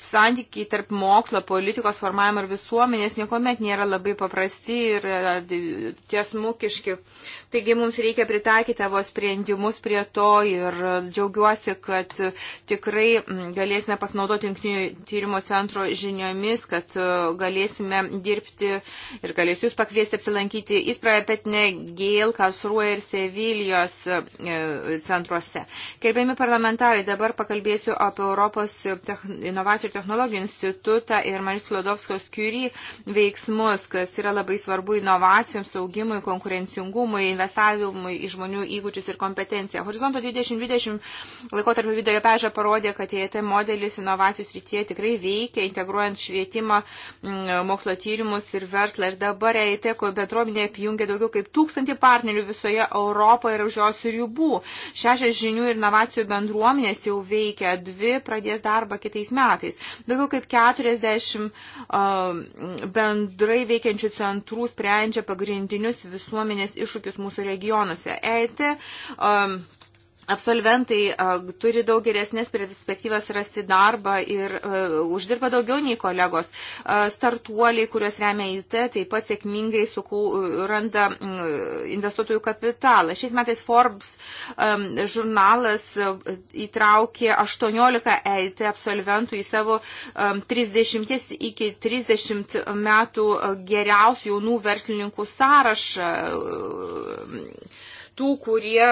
santykiai tarp mokslo, politikos formavimo ir visuomenės niekuomet nėra labai paprasti ir tiesmukiški. Taigi mums reikia pritaikyti tavo sprendimus prie to ir džiaugiuosi, kad tikrai mm, galėsime pasinaudoti jungtinių tyrimo centro žiniomis, kad e, galėsime dirbti ir galėsiu jūs pakviesti apsilankyti įspraje, bet ne Gėl, Kasruoja ir Sevilijos e, centruose. Gerbėmi parlamentarai, dabar pakalbėsiu apie Europos inovacijų ir technologijų institutą ir Maris Lodovskos kiurį veiksmus, kas yra labai svarbu inovacijoms, augimui, konkurencingumui, investavimui į žmonių įgūdžius ir kompetenciją. Horizonto 2020 laikotarpio vidurio pežą parodė, kad EIT modelis inovacijų srityje tikrai veikia, integruojant švietimą, mokslo tyrimus ir verslą. Ir dabar EIT bendruomenė apjungia daugiau kaip tūkstantį partnerių visoje Europoje ir už jos ribų. Šešias žinių ir inovacijų bendruomenės jau veikia, dvi pradės darbą kitais metais. Daugiau kaip 40 uh, bendrai veikiančių centrų sprendžia pagrindinius visuomenės iššūkius mūsų regionuose. EIT um, absolventai turi daug geresnės perspektyvas rasti darbą ir uh, uždirba daugiau nei kolegos. Uh, startuoliai, kuriuos remia IT, taip pat sėkmingai sukų, randa uh, investuotojų kapitalą. Šiais metais Forbes um, žurnalas uh, įtraukė 18 e IT absolventų į savo um, 30 iki 30 metų geriausių jaunų verslininkų sąrašą. Uh, tų, kurie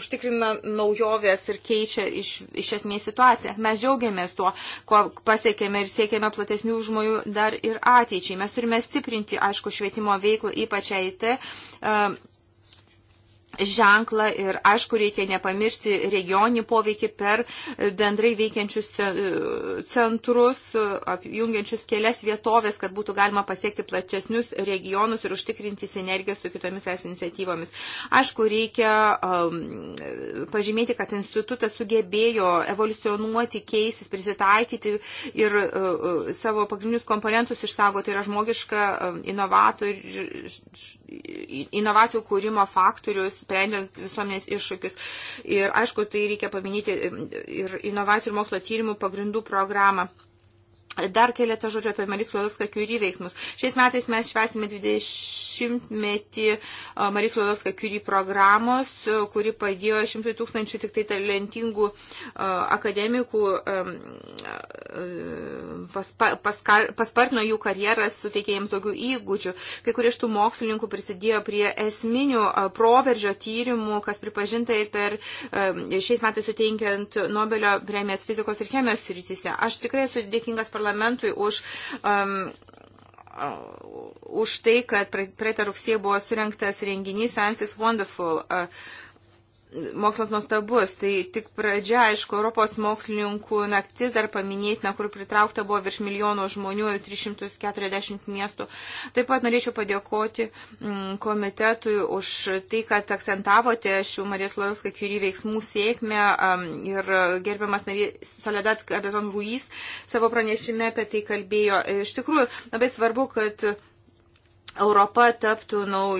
užtikrina naujovės ir keičia iš, iš esmės situaciją. Mes džiaugiamės tuo, ko pasiekėme ir siekėme platesnių žmonių dar ir ateičiai. Mes turime stiprinti, aišku, švietimo veiklą, ypač IT. Uh, e, ženklą ir aišku reikia nepamiršti regioninį poveikį per e, bendrai veikiančius e, centrus, e, apjungiančius kelias vietovės, kad būtų galima pasiekti plačesnius regionus ir užtikrinti sinergiją su kitomis es iniciatyvomis. Aišku, reikia um, pažymėti, kad institutas sugebėjo evoliucionuoti, keisis, prisitaikyti ir uh, savo pagrindinius komponentus išsaugoti, tai yra žmogiška inovacijų kūrimo faktorius sprendžiant visuomenės iššūkius. Ir aišku, tai reikia paminėti ir inovacijų ir mokslo tyrimų pagrindų programą. Dar keletą žodžių apie Marijos Lodovską Kiuri veiksmus. Šiais metais mes švesime 20-metį Marijos Lodovską Kiuri programos, kuri padėjo 100 tūkstančių tik tai talentingų akademikų paspartino jų karjeras, suteikė jiems daugiau įgūdžių. Kai kurie iš tų mokslininkų prisidėjo prie esminių proveržio tyrimų, kas pripažinta ir per šiais metais suteikiant Nobelio premijas fizikos ir chemijos rytise. Aš tikrai esu dėkingas parlamentui parlamentui už. Um, uh, už tai, kad praeitą rugsėje buvo surinktas renginys Science is Wonderful. Uh, mokslas nuostabus. Tai tik pradžia, aišku, Europos mokslininkų naktis dar paminėtina, kur pritraukta buvo virš milijono žmonių, 340 miestų. Taip pat norėčiau padėkoti mm, komitetui už tai, kad akcentavote šių Marijos Lovskai kurį veiksmų sėkmę ir gerbiamas narys Soledat Abezon Ruiz savo pranešime apie tai kalbėjo. Iš tikrųjų, labai svarbu, kad Europa taptų nau,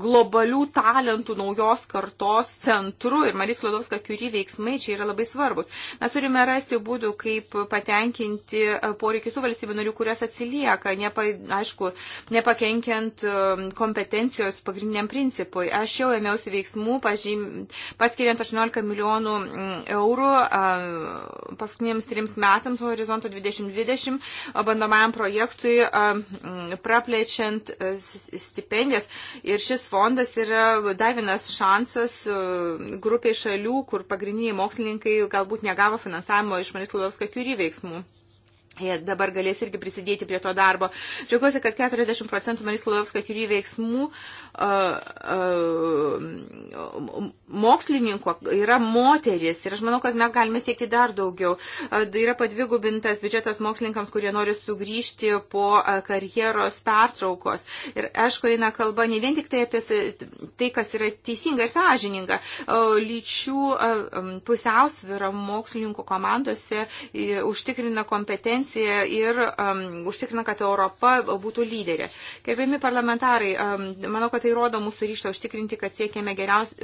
globalių talentų naujos kartos centru ir Maris Lodovska Kiuri veiksmai čia yra labai svarbus. Mes turime rasti būdų, kaip patenkinti e, poreikius tų valstybių narių, kurias atsilieka, nepa, aišku, nepakenkiant e, kompetencijos pagrindiniam principui. Aš jau ėmiausi veiksmų, pažym, paskiriant 18 milijonų eurų paskutiniams trims metams horizonto 2020 bandomajam projektui praplečiant skiriant e, stipendijas. Ir šis fondas yra dar vienas šansas e, grupiai šalių, kur pagrindiniai mokslininkai galbūt negavo finansavimo iš Marislavos Kakiurį veiksmų. Jie dabar galės irgi prisidėti prie to darbo. Džiaugiuosi, kad 40 procentų Maris Klodovska kurių veiksmų uh, uh, mokslininko yra moteris. Ir aš manau, kad mes galime siekti dar daugiau. Uh, yra padvigubintas biudžetas mokslininkams, kurie nori sugrįžti po uh, karjeros pertraukos. Ir aišku, eina kalba ne vien tik tai apie tai, kas yra teisinga ir sąžininga. Uh, lyčių uh, pusiausvyrą mokslininkų komandose uh, užtikrina kompetenciją konkurenciją ir um, užtikrina, kad Europa būtų lyderė. Gerbiami parlamentarai, um, manau, kad tai rodo mūsų ryštą užtikrinti, kad,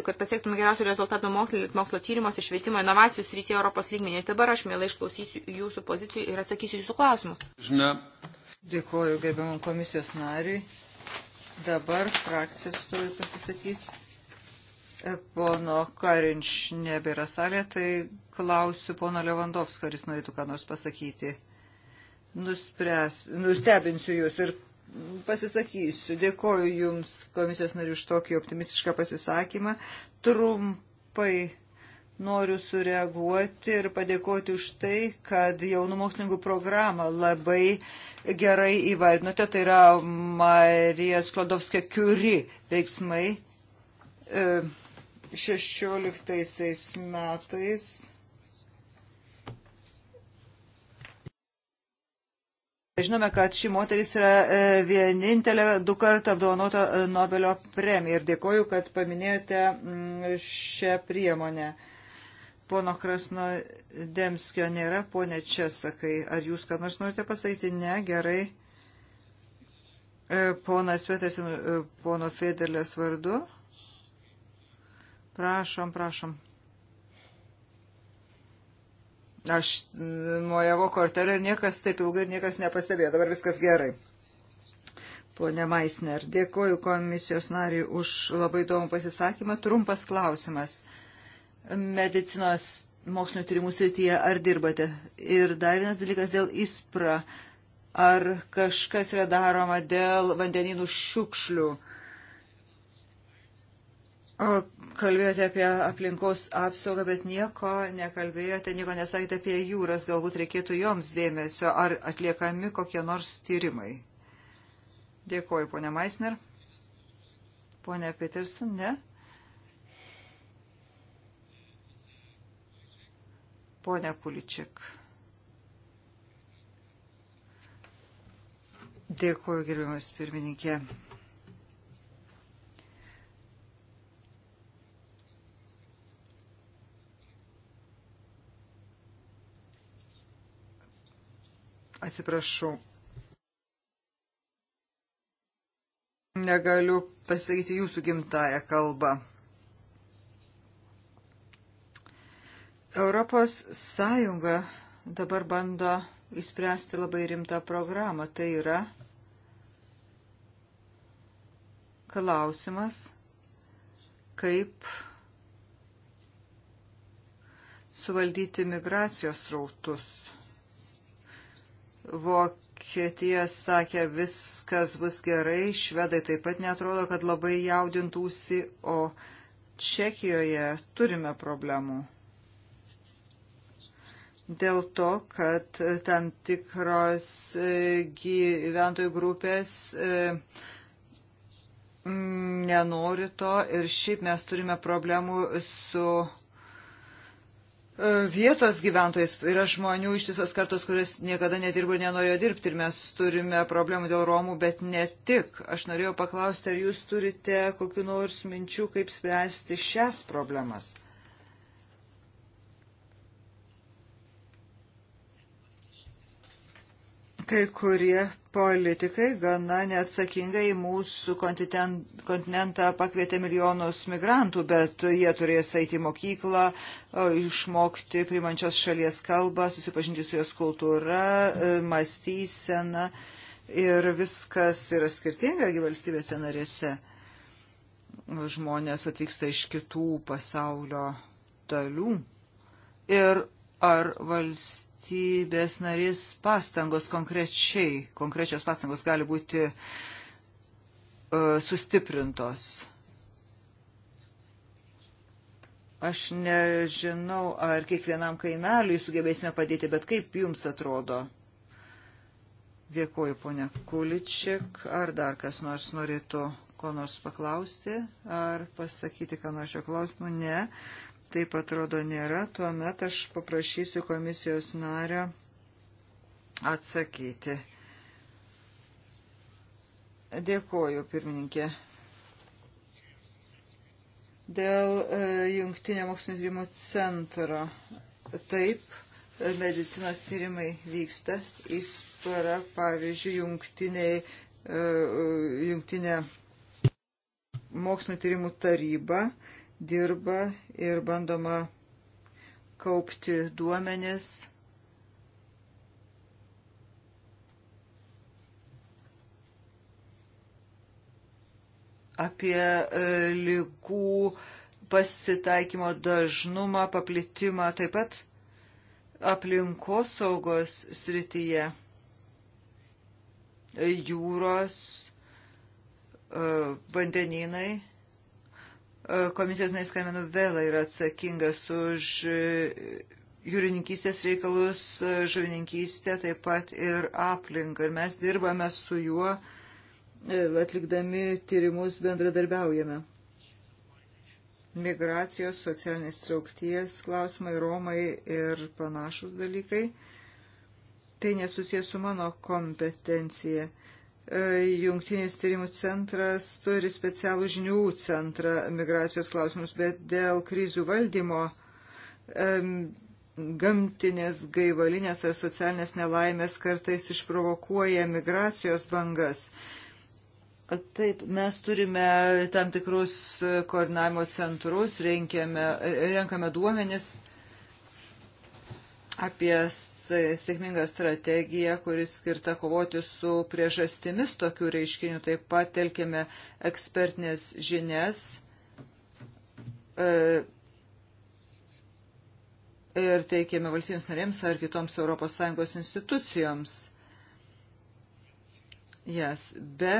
kad pasiektume geriausių rezultatų mokslo, mokslo tyrimuose, švietimo, inovacijų srityje Europos lygmenį. Dabar aš mielai išklausysiu jūsų pozicijų ir atsakysiu jūsų klausimus. Žinia. Dėkuoju gerbiamam komisijos nariui. Dabar frakcijos turi pasisakys. E, pono Karinč nebėra salė, tai klausiu pono Levandovskio, ar jis norėtų ką nors pasakyti nuspręs, nustebinsiu jūs ir pasisakysiu. Dėkoju Jums, komisijos nariu, už tokį optimistišką pasisakymą. Trumpai noriu sureaguoti ir padėkoti už tai, kad jaunų mokslininkų programą labai gerai įvardinote. Tai yra Marijas Klodovskė Kiuri veiksmai 16 e, metais Žinome, kad ši moteris yra e, vienintelė du kartą apdovanota e, Nobelio premija ir dėkoju, kad paminėjote mm, šią priemonę. Pono Krasno Demskio nėra, ponė Česakai. Ar jūs ką nors norite pasakyti? Ne, gerai. E, ponas Svetas, pono Federlės vardu. Prašom, prašom. Aš mojavo kortelę ir niekas taip ilgai niekas nepastebėjo. Dabar viskas gerai. Pone Maisner, dėkoju komisijos nariui už labai įdomų pasisakymą. Trumpas klausimas. Medicinos mokslinio tyrimų srityje ar dirbate? Ir dar vienas dalykas dėl ISPRA. Ar kažkas yra daroma dėl vandeninų šiukšlių? Uh, Kalbėjote apie aplinkos apsaugą, bet nieko nekalbėjote, nieko nesakėte apie jūras, galbūt reikėtų joms dėmesio, ar atliekami kokie nors tyrimai. Dėkoju, ponė Maisner. Pone Peterson, ne? Pone Kuličiak. Dėkoju, gerbiamas pirmininkė. atsiprašau. Negaliu pasakyti jūsų gimtają kalbą. Europos Sąjunga dabar bando įspręsti labai rimtą programą. Tai yra klausimas, kaip suvaldyti migracijos rautus. Vokietija sakė, viskas bus gerai, švedai taip pat netrodo, kad labai jaudintųsi, o Čekijoje turime problemų. Dėl to, kad tam tikros e, gyventojų grupės e, nenori to ir šiaip mes turime problemų su E, vietos gyventojais. Yra žmonių iš visos kartos, kuris niekada nedirbo ir nenorėjo dirbti. Ir mes turime problemų dėl Romų, bet ne tik. Aš norėjau paklausti, ar jūs turite kokiu nors minčių, kaip spręsti šias problemas. kai kurie politikai gana neatsakingai mūsų kontinentą pakvietė milijonus migrantų, bet jie turės eiti į mokyklą, išmokti primančios šalies kalbą, susipažinti su jos kultūra, e, mąstysena ir viskas yra skirtinga, argi valstybėse narėse žmonės atvyksta iš kitų pasaulio dalių. Ir ar valstybė valstybės narės pastangos konkrečiai, konkrečios pastangos gali būti uh, sustiprintos. Aš nežinau, ar kiekvienam kaimeliui sugebėsime padėti, bet kaip jums atrodo? Dėkuoju, ponia Kuličiak. Ar dar kas nors norėtų ko nors paklausti, ar pasakyti, ką nors šio klausimu? Ne taip atrodo nėra, tuomet aš paprašysiu komisijos nario atsakyti. Dėkoju, pirmininkė. Dėl e, jungtinio mokslinio tyrimų centro. Taip, medicinos tyrimai vyksta. Įspara, pavyzdžiui, jungtiniai, e, e, jungtinė mokslinio tyrimų taryba dirba ir bandoma kaupti duomenis. apie e, lygų pasitaikymo dažnumą, paplitimą, taip pat aplinkosaugos srityje, jūros, e, vandeninai E, komisijos nais Kamenu Vela yra atsakingas už e, jūrininkystės reikalus, e, žuvininkystę, taip pat ir aplinką. Ir mes dirbame su juo, atlikdami tyrimus bendradarbiaujame. Migracijos, socialinės traukties klausimai, Romai ir panašus dalykai. Tai nesusijęs su mano kompetencija E, jungtinis tyrimų centras turi specialų žinių centrą migracijos klausimus, bet dėl krizių valdymo e, gamtinės, gaivalinės ar socialinės nelaimės kartais išprovokuoja migracijos bangas. Taip, mes turime tam tikrus koordinavimo centrus, renkiame, renkame duomenis apie E, sėkminga strategija, kuris skirta kovoti su priežastimis tokių reiškinių. Taip pat telkėme ekspertinės žinias. E, ir teikėme valstybėms narėms ar kitoms ES institucijoms jas. Yes. Be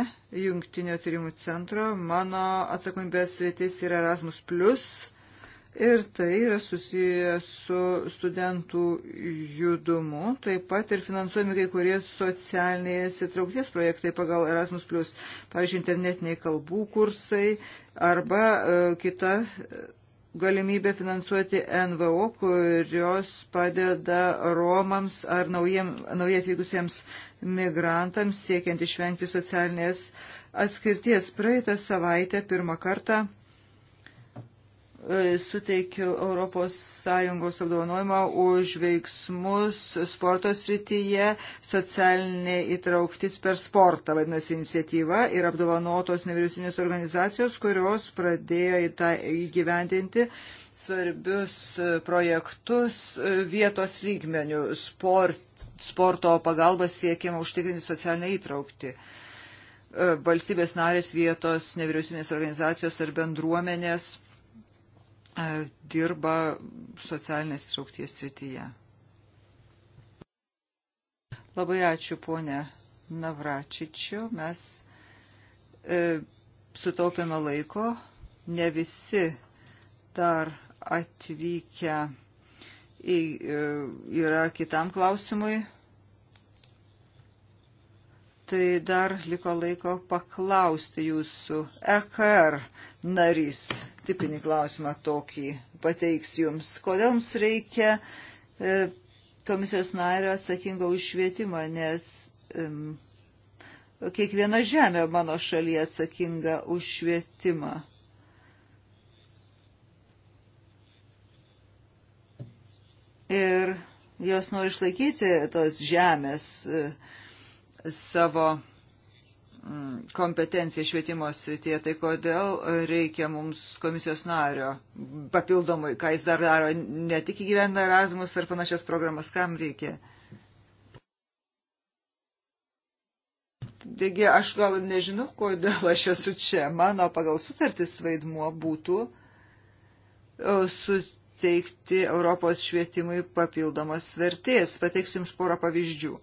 jungtinio tyrimų centro mano atsakomybės rytis yra Erasmus, Ir tai yra susiję su studentų judumu, taip pat ir finansuojami kai kurie socialinės įtraukties projektai pagal Erasmus, pavyzdžiui, internetiniai kalbų kursai arba e, kita e, galimybė finansuoti NVO, kurios padeda Romams ar naujiem, naujai atvykusiems migrantams siekiant išvengti socialinės atskirties. Praeitą savaitę pirmą kartą E, suteikiu ES apdovanojimą už veiksmus sporto srityje socialinė įtrauktis per sportą, vadinasi, iniciatyva ir apdovanotos nevyriausinės organizacijos, kurios pradėjo į tą įgyvendinti svarbius projektus vietos lygmenių sport, sporto pagalba siekiama užtikrinti socialinę įtraukti e, valstybės narės vietos, nevyriausybinės organizacijos ar bendruomenės E, dirba socialinės traukties srityje. Labai ačiū, ponė Navračičiu. Mes e, sutaupėme laiko. Ne visi dar atvykę į, e, yra kitam klausimui tai dar liko laiko paklausti jūsų EKR narys. Tipinį klausimą tokį pateiks jums. Kodėl jums reikia e, komisijos nario atsakingo už švietimą, nes um, kiekviena žemė mano šalyje atsakinga už švietimą. Ir jos nori išlaikyti tos žemės. Uh, savo mm, kompetenciją švietimo srityje, tai kodėl reikia mums komisijos nario papildomai, ką jis dar daro, ne tik įgyvendina Erasmus ar panašias programas, kam reikia. Taigi aš gal nežinau, kodėl aš esu čia. Mano pagal sutartis vaidmuo būtų e, suteikti Europos švietimui papildomos vertės. Pateiksiu Jums porą pavyzdžių.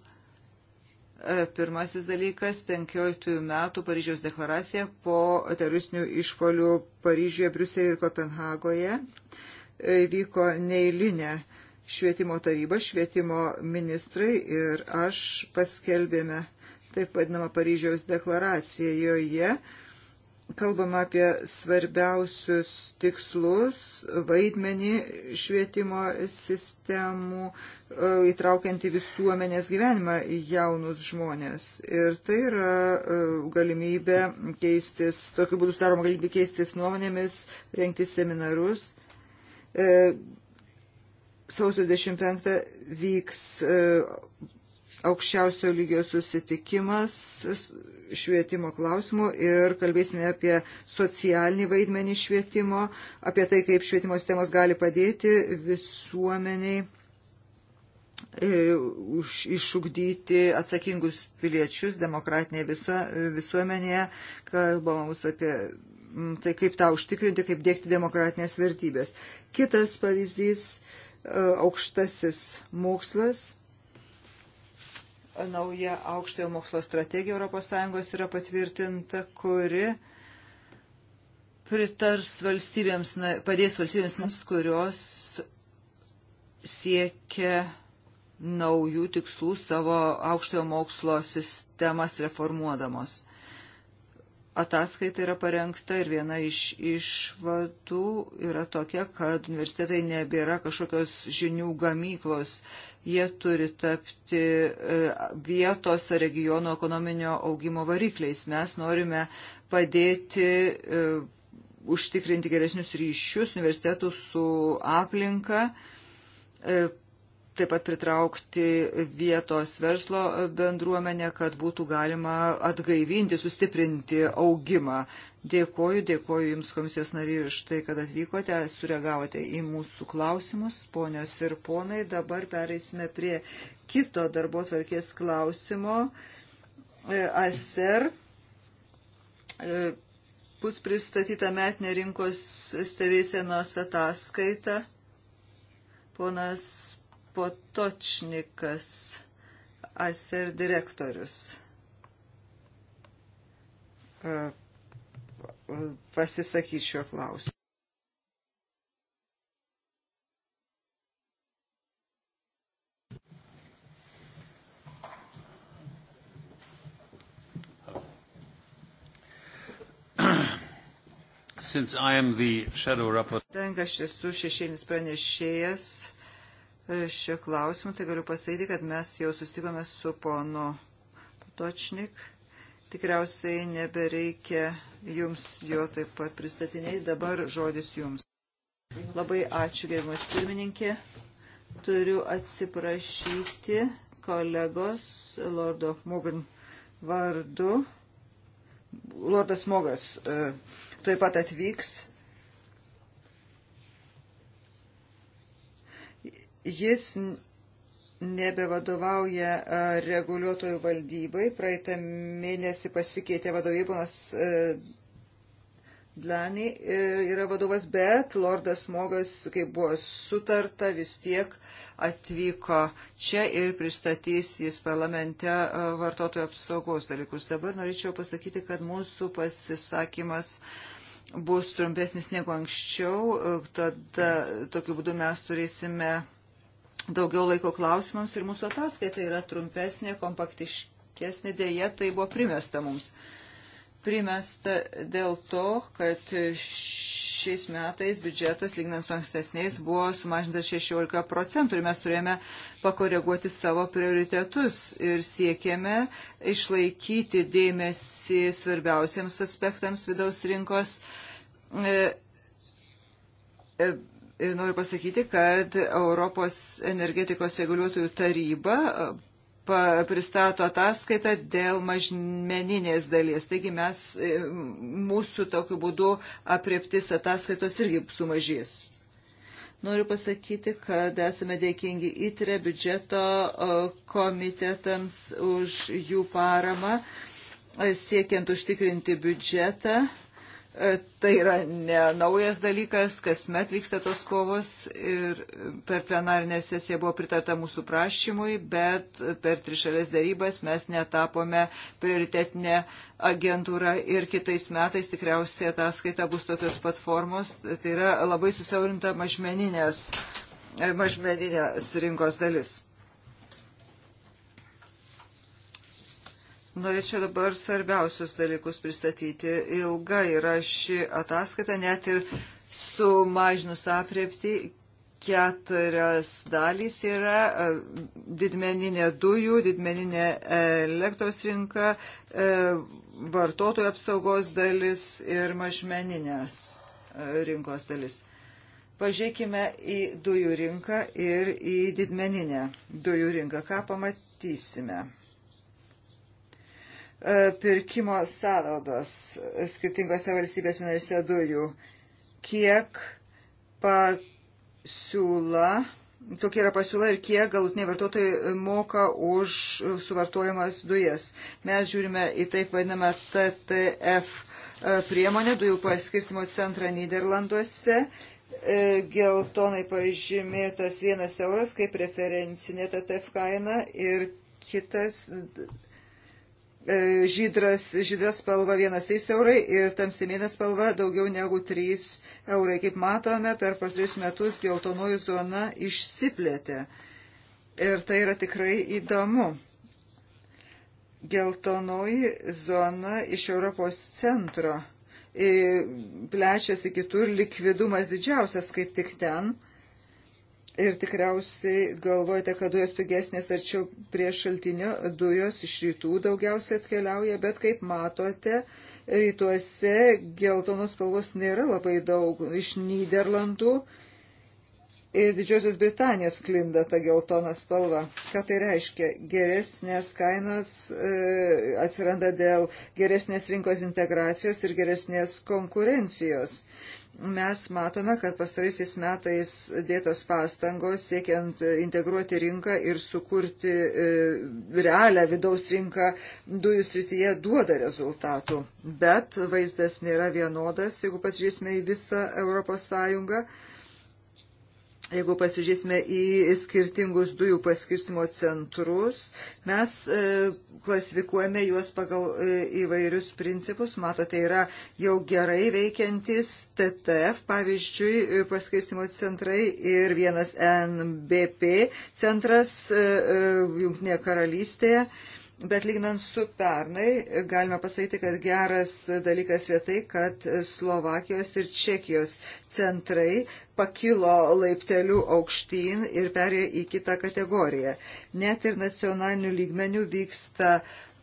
E, pirmasis dalykas - 15 metų Paryžiaus deklaracija po teroristinių išpolių Paryžiuje, Briuselėje ir Kopenhagoje e, vyko neįlinė švietimo taryba, švietimo ministrai ir aš paskelbėme taip vadinamą Paryžiaus deklaraciją joje kalbama apie svarbiausius tikslus, vaidmenį švietimo sistemų, e, įtraukianti visuomenės gyvenimą jaunus žmonės. Ir tai yra e, galimybė keistis, tokiu būdu sudaroma galimybė keistis nuomonėmis, rengti seminarus. E, sausio 25 vyks aukščiausio lygio susitikimas švietimo klausimų ir kalbėsime apie socialinį vaidmenį švietimo, apie tai, kaip švietimo sistemos gali padėti visuomeniai e, išugdyti atsakingus piliečius demokratinėje visu, visuomenėje, kalbama mus apie tai, kaip tą užtikrinti, kaip dėkti demokratinės vertybės. Kitas pavyzdys e, - aukštasis mokslas nauja aukštojo mokslo strategija ES yra patvirtinta, kuri pritars valstybėms, padės valstybėms, kurios siekia naujų tikslų savo aukštojo mokslo sistemas reformuodamos ataskaita yra parengta ir viena iš išvadų yra tokia, kad universitetai nebėra kažkokios žinių gamyklos. Jie turi tapti e, vietos ar regiono ekonominio augimo varikliais. Mes norime padėti e, užtikrinti geresnius ryšius universitetų su aplinka, e, taip pat pritraukti vietos verslo bendruomenę, kad būtų galima atgaivinti, sustiprinti augimą. Dėkoju, dėkoju Jums komisijos nariai už tai, kad atvykote, sureagavote į mūsų klausimus, ponios ir ponai. Dabar pereisime prie kito darbo tvarkės klausimo. E, ASER e, bus pristatyta metinė rinkos stebėsienos ataskaita. Ponas Potočnikas, ASER direktorius. E, Pasisakyčiau klausimu. Since I am the shadow rapporteur. Tenka šis su šešėlis pranešėjas šio klausimu, tai galiu pasakyti, kad mes jau sustikome su ponu Točnik. Tikriausiai nebereikia jums jo taip pat pristatiniai. Dabar žodis jums. Labai ačiū, gerimas pirmininkė. Turiu atsiprašyti kolegos Lordo Mogan vardu. Lordas Mogas e, taip pat atvyks Jis nebevadovauja reguliuotojų valdybai. Praeitą mėnesį pasikeitė vadovybė, ponas Blani e, yra vadovas, bet Lordas Mogas, kaip buvo sutarta, vis tiek atvyko čia ir pristatys jis parlamente vartotojų apsaugos dalykus. Dabar norėčiau pasakyti, kad mūsų pasisakymas bus trumpesnis negu anksčiau, e, tada tokiu būdu mes turėsime daugiau laiko klausimams ir mūsų ataskaita yra trumpesnė, kompaktiškesnė, dėja tai buvo primesta mums. Primesta dėl to, kad šiais metais biudžetas, lygnant su ankstesniais, buvo sumažintas 16 procentų ir mes turėjome pakoreguoti savo prioritetus ir siekėme išlaikyti dėmesį svarbiausiams aspektams vidaus rinkos. E, e, E, noriu pasakyti, kad Europos energetikos reguliuotojų taryba e, pristato ataskaitą dėl mažmeninės dalies. Taigi mes, e, mūsų tokiu būdu apriptis ataskaitos irgi sumažės. Noriu pasakyti, kad esame dėkingi įtre biudžeto komitetams už jų paramą siekiant užtikrinti biudžetą E, tai yra ne naujas dalykas, kasmet vyksta tos kovos ir per plenarinę sesiją buvo pritarta mūsų prašymui, bet per trišalės darybas mes netapome prioritetinę agentūrą ir kitais metais tikriausiai ataskaita bus tokios platformos. Tai yra labai susiaurinta mažmeninės, e, mažmeninės rinkos dalis. Norėčiau dabar svarbiausius dalykus pristatyti. Ilga yra ši ataskaita, net ir sumažinus apriepti, keturias dalys yra e, didmeninė dujų, didmeninė elektros rinka, e, vartotojų apsaugos dalis ir mažmeninės e, rinkos dalis. Pažiūrėkime į dujų rinką ir į didmeninę dujų rinką. Ką pamatysime? E, pirkimo sąnaudos skirtingose valstybėse narėse dujų, kiek pasiūla, tokia yra pasiūla ir kiek galutiniai vartotojai moka už suvartojamas dujas. Mes žiūrime į taip vadinamą TTF e, priemonę, dujų paskirstimo centrą Niderlanduose e, geltonai pažymėtas vienas euras kaip referencinė TTF kaina ir kitas E, žydras, žydras spalva 1,3 eurai ir tamsimėnė spalva daugiau negu 3 eurai. Kaip matome, per pastarėjus metus geltonoji zona išsiplėtė. Ir tai yra tikrai įdomu. Geltonoji zona iš Europos centro e, plečiasi kitur, likvidumas didžiausias kaip tik ten. Ir tikriausiai galvojate, kad dujos pigesnės arčiau prie šaltinio, dujos iš rytų daugiausiai atkeliauja, bet kaip matote, rytuose geltonos spalvos nėra labai daug. Iš Niderlandų ir Didžiosios Britanijos klinda ta geltona spalva. Ką tai reiškia? Geresnės kainos e, atsiranda dėl geresnės rinkos integracijos ir geresnės konkurencijos. E, mes matome, kad pastaraisiais metais dėtos pastangos siekiant integruoti rinką ir sukurti e, realią vidaus rinką dujų srityje duoda rezultatų. Bet vaizdas nėra vienodas, jeigu pasižiūrėsime į visą Europos Sąjungą. Jeigu pasižiūrėsime į skirtingus dujų paskirstimo centrus, mes e, klasifikuojame juos pagal e, įvairius principus. Matote, yra jau gerai veikiantis TTF, pavyzdžiui, e, paskirstimo centrai ir vienas NBP centras Junktinėje karalystėje. Bet lygnant su pernai, galime pasakyti, kad geras dalykas yra tai, kad Slovakijos ir Čekijos centrai pakilo laiptelių aukštyn ir perėjo į kitą kategoriją. Net ir nacionalinių lygmenių vyksta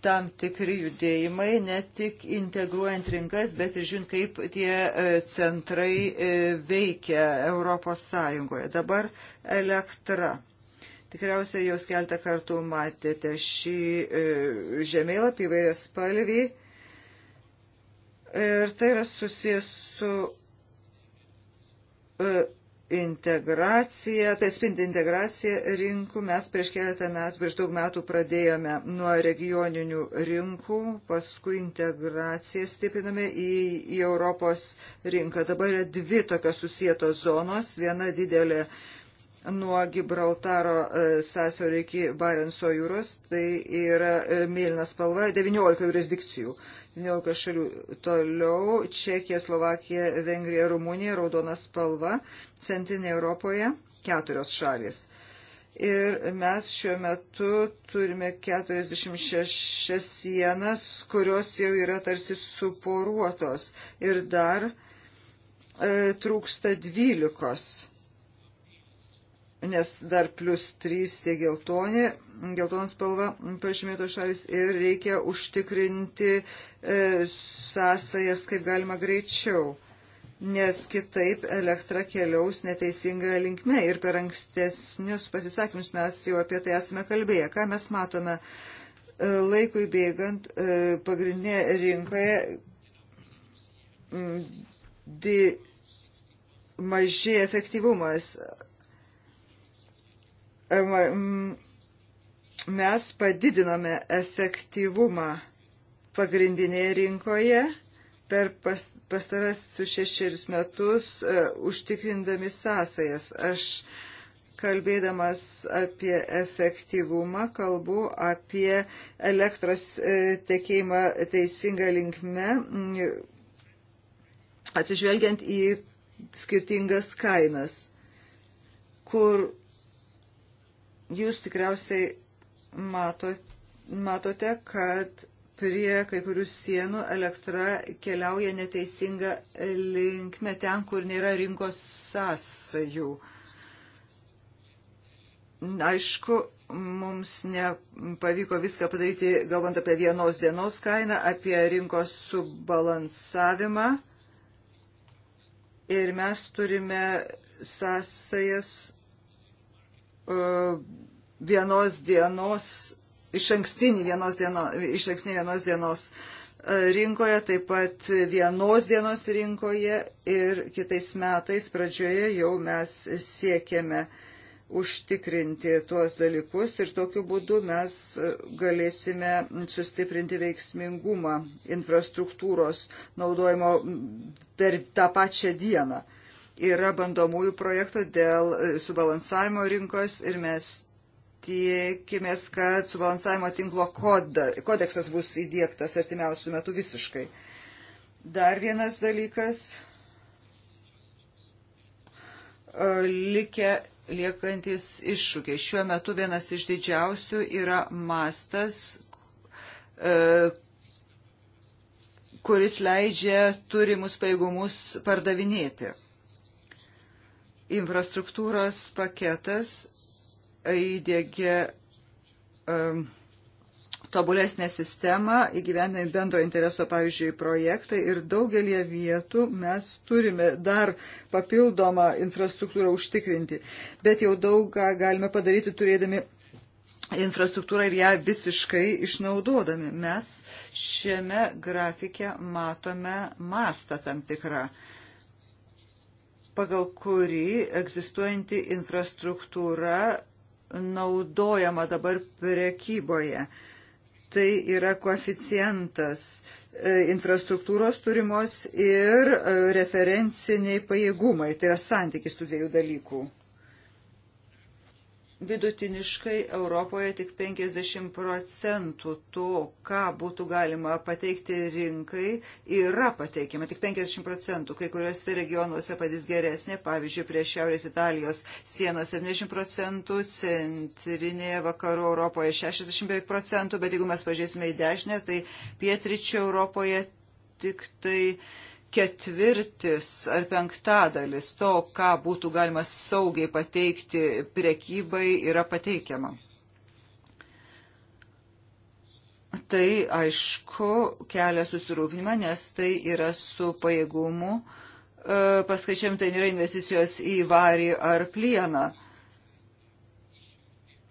tam tikri judėjimai, ne tik integruojant rinkas, bet ir žiūrint, kaip tie e, centrai e, veikia Europos Sąjungoje. Dabar elektra Tikriausiai jūs keltą kartų matėte šį e, žemėlapį įvairias spalvį. Ir tai yra susijęs su e, integracija, tai spinti integracija rinkų. Mes prieš keletą metų, prieš daug metų pradėjome nuo regioninių rinkų, paskui integraciją stipriname į, į Europos rinką. Dabar yra dvi tokios susijėtos zonos. Viena didelė uh, nuo Gibraltaro e, sąsiaurio iki Barenso jūros, tai yra e, mėlyna spalva, 19 jurisdikcijų, 19 šalių. Toliau Čekija, Slovakija, Vengrija, Rumunija, raudona spalva, Centrinė Europoje, keturios šalis. Ir mes šiuo metu turime 46 sienas, kurios jau yra tarsi suporuotos. Ir dar e, trūksta 12 nes dar plus 3 tie geltoni, geltonos spalva pažymėto šalis ir reikia užtikrinti e, sąsajas kaip galima greičiau, nes kitaip elektra keliaus neteisinga linkme ir per ankstesnius pasisakymus mes jau apie tai esame kalbėję. Ką mes matome e, laikui bėgant e, pagrindinėje rinkoje di, maži efektyvumas mes padidinome efektyvumą pagrindinėje rinkoje per pas, pastarasius šešerius metus uh, užtikrindami sąsajas. Aš kalbėdamas apie efektyvumą kalbu apie elektros uh, tekėjimą teisinga linkme, mm, atsižvelgiant į skirtingas kainas, kur Jūs tikriausiai matot, matote, kad prie kai kurių sienų elektra keliauja neteisinga linkme ten, kur nėra rinkos sąsajų. Aišku, mums nepavyko viską padaryti, galvant apie vienos dienos kainą, apie rinkos subalansavimą. Ir mes turime sąsajas E, vienos dienos, iš ankstinį vienos dienos, iš ankstinį vienos dienos e, rinkoje, taip pat vienos dienos rinkoje ir kitais metais pradžioje jau mes siekėme užtikrinti tuos dalykus ir tokiu būdu mes galėsime sustiprinti veiksmingumą infrastruktūros naudojimo per tą pačią dieną. Yra bandomųjų projektų dėl e, subalansavimo rinkos ir mes tikimės, kad subalansavimo tinklo koda, kodeksas bus įdėktas artimiausių metų visiškai. Dar vienas dalykas. E, likę liekantis iššūkiai. Šiuo metu vienas iš didžiausių yra mastas, e, kuris leidžia turimus paėgumus pardavinėti. Infrastruktūros paketas įdėgė um, tobulesnę sistemą, įgyvendami bendro intereso, pavyzdžiui, projektai ir daugelie vietų mes turime dar papildomą infrastruktūrą užtikrinti. Bet jau daug ką galime padaryti turėdami infrastruktūrą ir ją visiškai išnaudodami. Mes šiame grafike matome mastą tam tikrą. Uh, pagal kurį egzistuojanti infrastruktūra naudojama dabar prekyboje. Tai yra koeficientas e, infrastruktūros turimos ir e, referenciniai pajėgumai. Tai yra santykis tų dviejų dalykų vidutiniškai Europoje tik 50 procentų to, ką būtų galima pateikti rinkai, yra pateikiama tik 50 procentų. Kai kuriuose regionuose padės geresnė, pavyzdžiui, prie Šiaurės Italijos sienos 70 procentų, centrinėje vakarų Europoje 60 procentų, bet jeigu mes pažiūrėsime į dešinę, tai pietričio Europoje tik tai ketvirtis ar penktadalis to, ką būtų galima saugiai pateikti priekybai, yra pateikiama. Tai aišku kelia susirūpinimą, nes tai yra su pajėgumu, e, paskaičiam, tai nėra investicijos į varį ar plieną.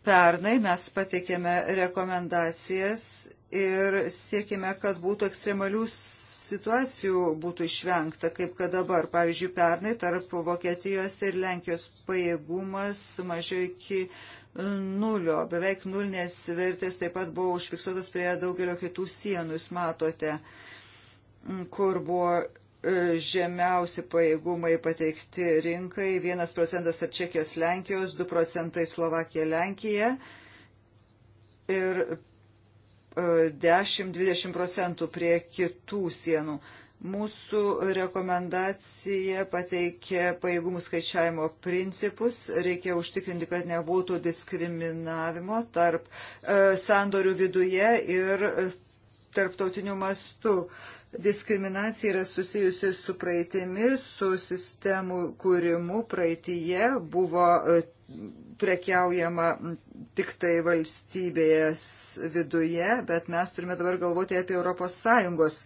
Pernai mes pateikėme rekomendacijas ir siekime, kad būtų ekstremalius situacijų būtų išvengta, kaip kad dabar. Pavyzdžiui, pernai tarp Vokietijos ir Lenkijos pajėgumas sumažėjo iki nulio, beveik nulinės vertės taip pat buvo užfiksuotos prie daugelio kitų sienų, jūs matote, kur buvo e, žemiausi pajėgumai pateikti rinkai, 1 procentas tarp Čekijos Lenkijos, 2 procentai Slovakija Lenkija. Ir 10-20 procentų prie kitų sienų. Mūsų rekomendacija pateikė pajėgumų skaičiavimo principus. Reikia užtikrinti, kad nebūtų diskriminavimo tarp e, sandorių viduje ir tarptautinių mastų. Diskriminacija yra susijusi su praeitimi, su sistemų kūrimu. Praeitie buvo e, prekiaujama tik tai valstybės viduje, bet mes turime dabar galvoti apie ES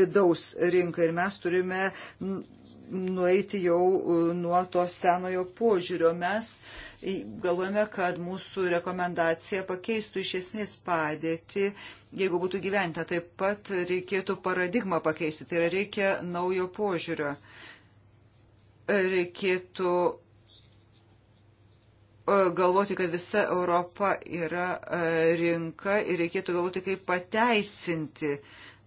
vidaus rinką ir mes turime nueiti jau nuo to senojo požiūrio. Mes galvojame, kad mūsų rekomendacija pakeistų iš esmės padėti, jeigu būtų gyventa. Taip pat reikėtų paradigmą pakeisti, tai yra reikia naujo požiūrio. Reikėtų E, galvoti, kad visa Europa yra e, rinka ir reikėtų galvoti, kaip pateisinti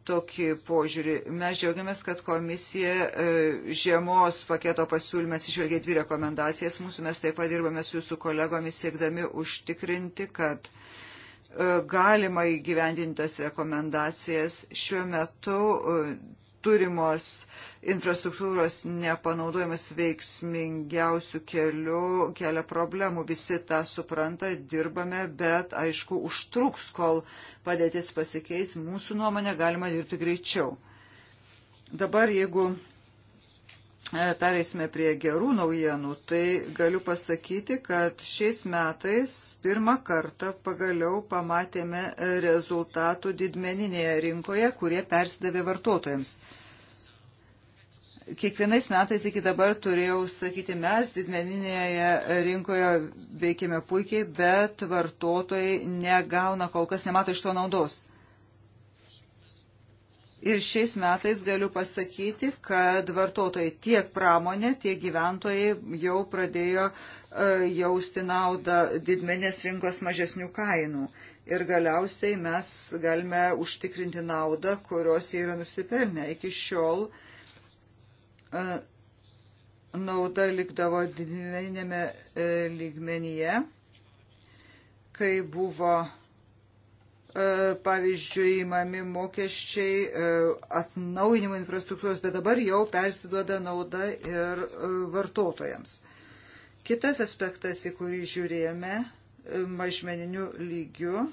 tokį požiūrį. Mes džiaugiamės, kad komisija e, žiemos paketo pasiūlymę atsižvelgia dvi rekomendacijas. Mūsų mes taip pat dirbame su jūsų kolegomis siekdami užtikrinti, kad galima įgyvendintas rekomendacijas šiuo metu turimos infrastruktūros nepanaudojimas veiksmingiausių kelių kelia problemų. Visi tą supranta, dirbame, bet aišku, užtruks, kol padėtis pasikeis. Mūsų nuomonė galima dirbti greičiau. Dabar, jeigu e, pereisime prie gerų naujienų, tai galiu pasakyti, kad šiais metais pirmą kartą pagaliau pamatėme rezultatų didmeninėje rinkoje, kurie persidavė vartotojams. Kiekvienais metais iki dabar turėjau sakyti, mes didmeninėje rinkoje veikiame puikiai, bet vartotojai negauna, kol kas nemato iš to naudos. Ir šiais metais galiu pasakyti, kad vartotojai tiek pramonė, tiek gyventojai jau pradėjo e, jausti naudą didmenės rinkos mažesnių kainų. Ir galiausiai mes galime užtikrinti naudą, kurios jie yra nusipelnę. Iki šiol uh, nauda likdavo didmeninėme e, lygmenyje, kai buvo e, pavyzdžiui, įmami mokesčiai e, atnaujinimo infrastruktūros, bet dabar jau persiduoda nauda ir vartotojams. Kitas aspektas, į kurį žiūrėjome mažmeniniu lygiu,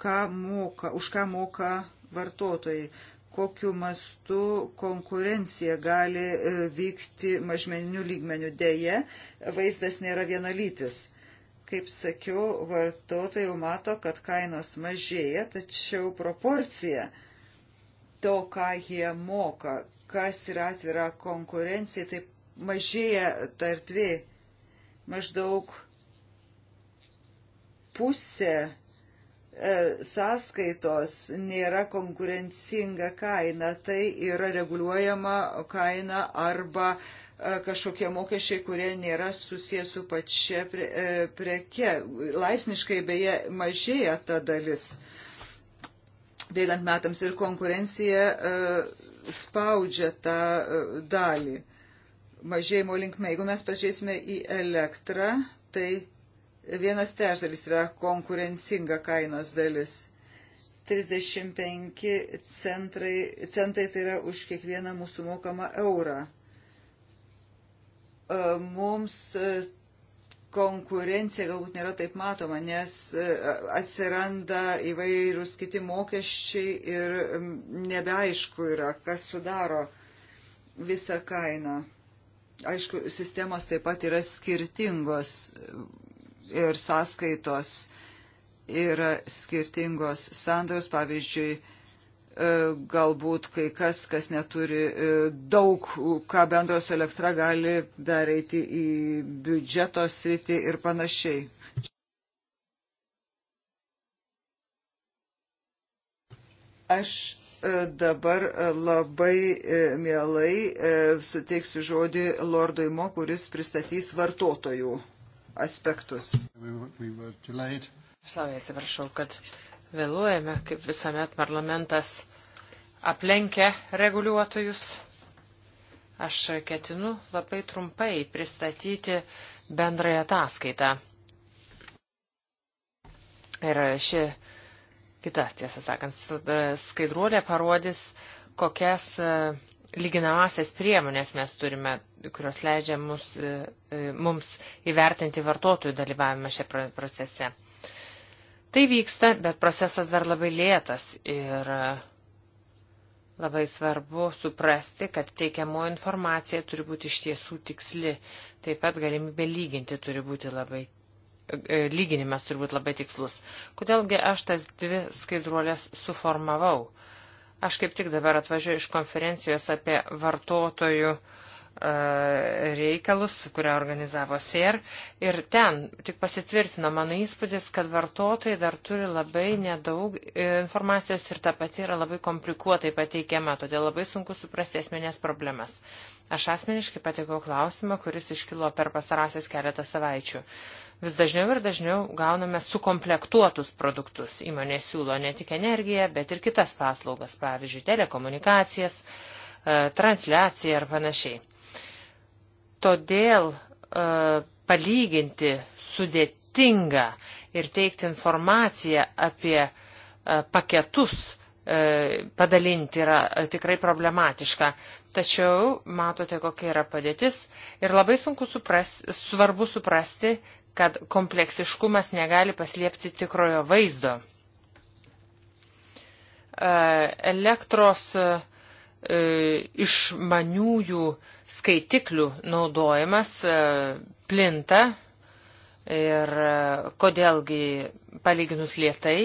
ką moka, už ką moka vartotojai kokiu mastu konkurencija gali e, vykti mažmeninių lygmenių. Deja, vaizdas nėra vienalytis. Kaip sakiau, vartotojai jau mato, kad kainos mažėja, tačiau proporcija to, ką jie moka, kas yra atvira konkurencija, taip mažėja tartvė maždaug pusė E, sąskaitos nėra konkurencinga kaina, tai yra reguliuojama kaina arba e, kažkokie mokesčiai, kurie nėra susijęs su pačia pre, e, preke. Laipsniškai beje mažėja ta dalis. Bėgant metams ir konkurencija spaudžia tą dalį mažėjimo linkme. Jeigu mes pažiūrėsime į elektrą, tai Vienas trečdalis yra konkurencinga kainos dalis. 35 centrai, centai tai yra už kiekvieną mūsų mokamą eurą. E, mums e, konkurencija galbūt nėra taip matoma, nes e, atsiranda įvairūs kiti mokesčiai ir nebeaišku yra, kas sudaro visą kainą. Aišku, sistemos taip pat yra skirtingos ir sąskaitos yra skirtingos sandaros, pavyzdžiui, e, galbūt kai kas, kas neturi e, daug ką bendro su elektra, gali pereiti į biudžeto sritį ir panašiai. Aš e, dabar labai mielai suteiksiu žodį Lordui Mo, kuris pristatys vartotojų aspektus. Aš labai atsiprašau, kad vėluojame, kaip visuomet parlamentas aplenkia reguliuotojus. Aš ketinu labai trumpai pristatyti bendrąją ataskaitą. Ir ši kita, tiesą sakant, skaidruolė parodys, kokias uh, lyginamasias priemonės mes turime, kurios leidžia mus, e, e, mums įvertinti vartotojų dalyvavimą šiame procese. Tai vyksta, bet procesas dar labai lėtas ir e, labai svarbu suprasti, kad teikiamo informacija turi būti iš tiesų tiksli. Taip pat galimybė lyginti turi būti labai, lyginimas turi būti labai tikslus. Kodėlgi aš tas dvi skaidruolės suformavau? Aš kaip tik dabar atvažiuoju iš konferencijos apie vartotojų e, reikalus, kurią organizavo SER. Ir ten tik pasitvirtino mano įspūdis, kad vartotojai dar turi labai nedaug e, informacijos ir ta pati yra labai komplikuotai pateikiama, todėl labai sunku suprasti esminės problemas. Aš asmeniškai patikau klausimą, kuris iškilo per pasarasias keletą savaičių. Vis dažniau ir dažniau gauname sukomplektuotus produktus. Įmonė siūlo ne tik energiją, bet ir kitas paslaugas, pavyzdžiui, telekomunikacijas, e, transliaciją ir panašiai. Todėl e, palyginti sudėtinga ir teikti informaciją apie e, paketus padalinti yra tikrai problematiška. Tačiau matote, kokia yra padėtis ir labai sunku supras, svarbu suprasti, kad kompleksiškumas negali paslėpti tikrojo vaizdo. E, elektros e, išmaniųjų skaitiklių naudojimas e, plinta ir kodėlgi palyginus lietai,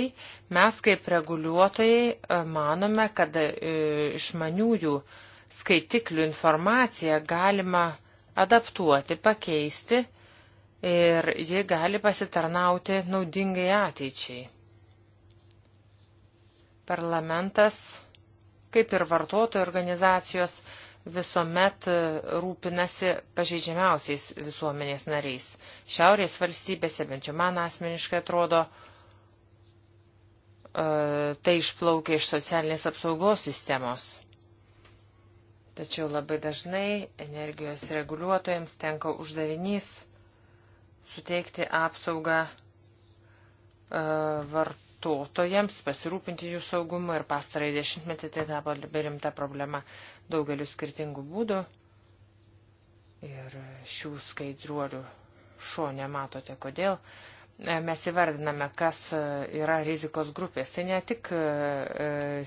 mes kaip reguliuotojai manome, kad išmaniųjų skaitiklių informaciją galima adaptuoti, pakeisti, ir ji gali pasitarnauti naudingai ateičiai. Parlamentas, kaip ir vartotojų organizacijos, visuomet rūpinasi pažeidžiamiausiais visuomenės nariais. Šiaurės valstybėse, bent jau man asmeniškai atrodo, e, tai išplaukia iš socialinės apsaugos sistemos. Tačiau labai dažnai energijos reguliuotojams tenka uždavinys suteikti apsaugą e, vartotojams, pasirūpinti jų saugumu ir pastarai dešimtmetį tai tapo labai rimta problema daugeliu skirtingų būdų. Ir šių skaidruolių šuo nematote kodėl. E, mes įvardiname, kas e, yra rizikos grupės. Tai ne tik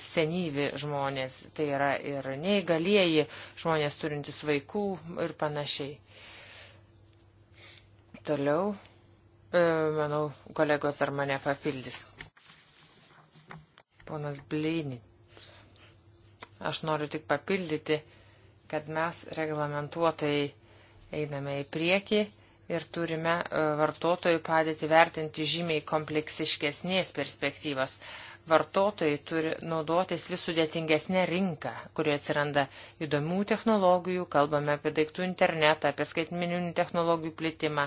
senyvi žmonės, tai yra ir neįgalieji žmonės turintys vaikų ir panašiai. Toliau, e, manau, kolegos ar mane papildys. Ponas Blynis. Aš noriu tik papildyti, kad mes reglamentuotojai einame į priekį ir turime e, vartotojų padėti vertinti žymiai kompleksiškesnės perspektyvos. Uh, vartotojai turi naudotis vis sudėtingesnė rinka, kurioje atsiranda įdomių technologijų, kalbame apie daiktų internetą, apie skaitmeninių technologijų plitimą.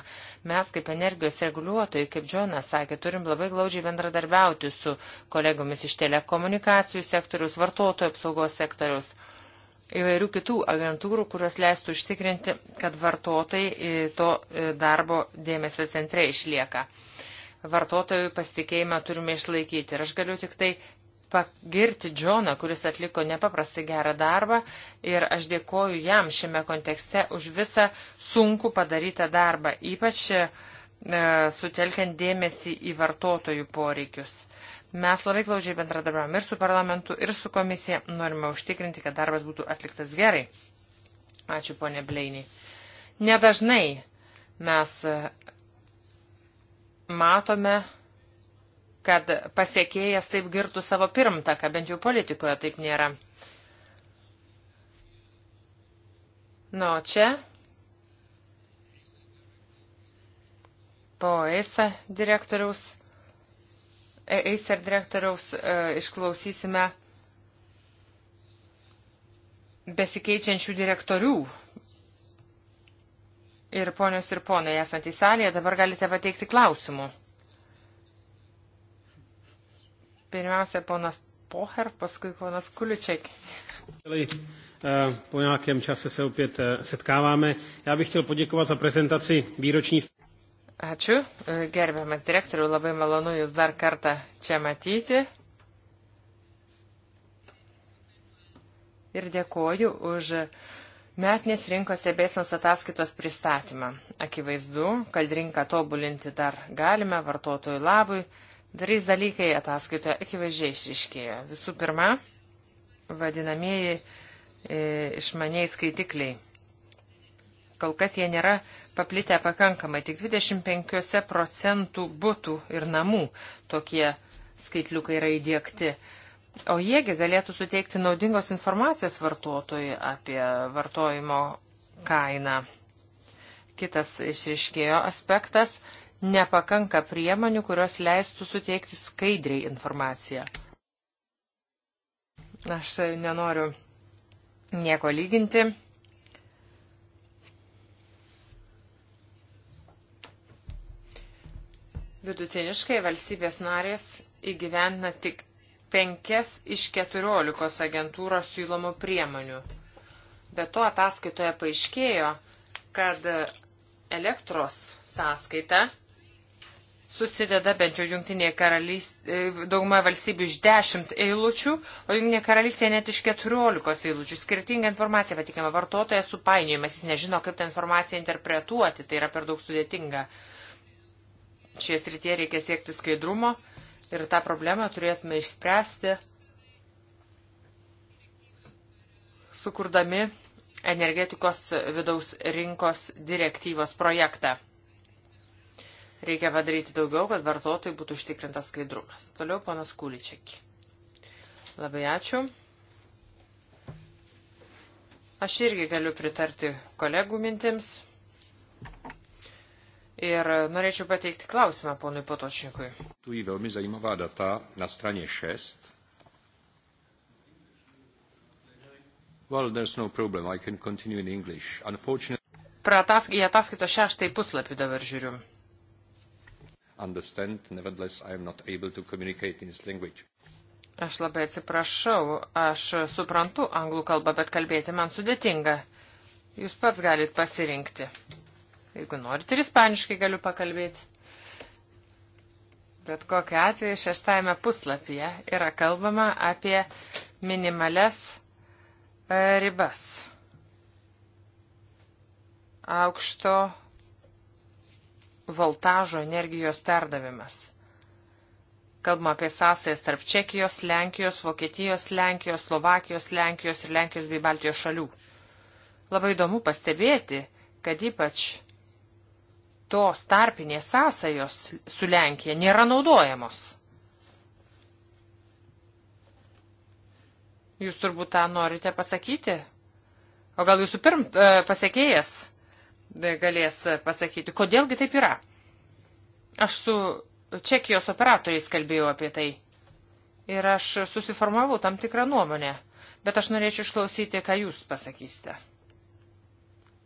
Mes kaip energijos reguliuotojai, kaip Džonas sakė, turim labai glaudžiai bendradarbiauti su kolegomis iš telekomunikacijų sektorius, vartotojų apsaugos sektorius. Įvairių kitų agentūrų, kurios leistų užtikrinti, kad vartotojai to darbo dėmesio centre išlieka vartotojų pasitikėjimą turime išlaikyti. Ir aš galiu tik tai pagirti Džoną, kuris atliko nepaprastai gerą darbą ir aš dėkoju jam šiame kontekste už visą sunku padarytą darbą, ypač e, sutelkiant dėmesį į vartotojų poreikius. Mes labai glaudžiai bendradarbiavame ir su parlamentu, ir su komisija, norime užtikrinti, kad darbas būtų atliktas gerai. Ačiū, ponė Bleiniai. Nedažnai mes matome, kad pasiekėjas taip girtų savo pirmtaką, bent jau politikoje taip nėra. Nu, čia po EISA direktoriaus, EISA direktoriaus e, išklausysime besikeičiančių direktorių Ir ponios ir ponai, esantys salėje, dabar galite pateikti klausimų. Pirmiausia, ponas Poher, paskui ponas Kuliček. Eh, po nějakém čase se opět eh, setkáváme. Já bych chtěl poděkovat za prezentaci výroční. Ačiū, e, gerbiamas direktoriu, labai malonu Jūs dar kartą čia matyti. Ir dėkoju už uh, Metinės rinkos stebėsinos ataskaitos pristatymą. Akivaizdu, kad rinką tobulinti dar galime vartotojų labui. Darys dalykai ataskaitoje akivaizdžiai išriškėjo. Visų pirma, vadinamieji e, išmaniai skaitikliai. Kol kas jie nėra paplitę pakankamai, tik 25 procentų būtų ir namų tokie skaitliukai yra įdėkti. O jiegi galėtų suteikti naudingos informacijos vartotojui apie vartojimo kainą. Kitas išriškėjo aspektas - nepakanka priemonių, kurios leistų suteikti skaidriai informaciją. Aš nenoriu nieko lyginti. Vidutiniškai valstybės narės įgyvendina tik penkias iš keturiolikos agentūros siūlomų priemonių. Be to ataskaitoje paaiškėjo, kad elektros sąskaita susideda bent jau Junktinėje karalystėje dauguma valstybių iš 10 eilučių, o Junktinėje karalystėje net iš 14 eilučių. Skirtinga informacija patikima vartotoje supainiojimas, jis nežino, kaip tą informaciją interpretuoti, tai yra per daug sudėtinga. Šie srityje reikia siekti skaidrumo Ir tą problemą turėtume išspręsti, sukurdami energetikos vidaus rinkos direktyvos projektą. Reikia padaryti daugiau, kad vartotojai būtų užtikrintas skaidrumas. Toliau ponas Kuličiak. Labai ačiū. Aš irgi galiu pritarti kolegų mintims. Ir norėčiau pateikti klausimą ponui Potočnikui. Tu į velmi zajímavá data na straně 6. Well, there's no problem. I can continue in English. Unfortunately... Atask į ataskaito šeštąjį puslapį dabar žiūriu. Understand, nevertheless, I am not able to communicate in this language. Aš labai atsiprašau, aš suprantu anglų kalbą, bet kalbėti man sudėtinga. Jūs pats galit pasirinkti. Jeigu norite, ir ispaniškai galiu pakalbėti. Bet kokiu atveju šeštajame puslapyje yra kalbama apie minimales e, ribas. Aukšto voltažo energijos perdavimas. Kalbama apie sąsajas tarp Čekijos, Lenkijos, Vokietijos, Lenkijos, Slovakijos, Lenkijos ir Lenkijos bei Baltijos šalių. Labai įdomu pastebėti, kad ypač tos tarpinės sąsajos su Lenkija nėra naudojamos. Jūs turbūt tą norite pasakyti? O gal jūsų pirm e, pasiekėjas e, galės pasakyti, kodėlgi taip yra? Aš su Čekijos operatoriais kalbėjau apie tai ir aš susiformavau tam tikrą nuomonę, bet aš norėčiau išklausyti, ką jūs pasakysite.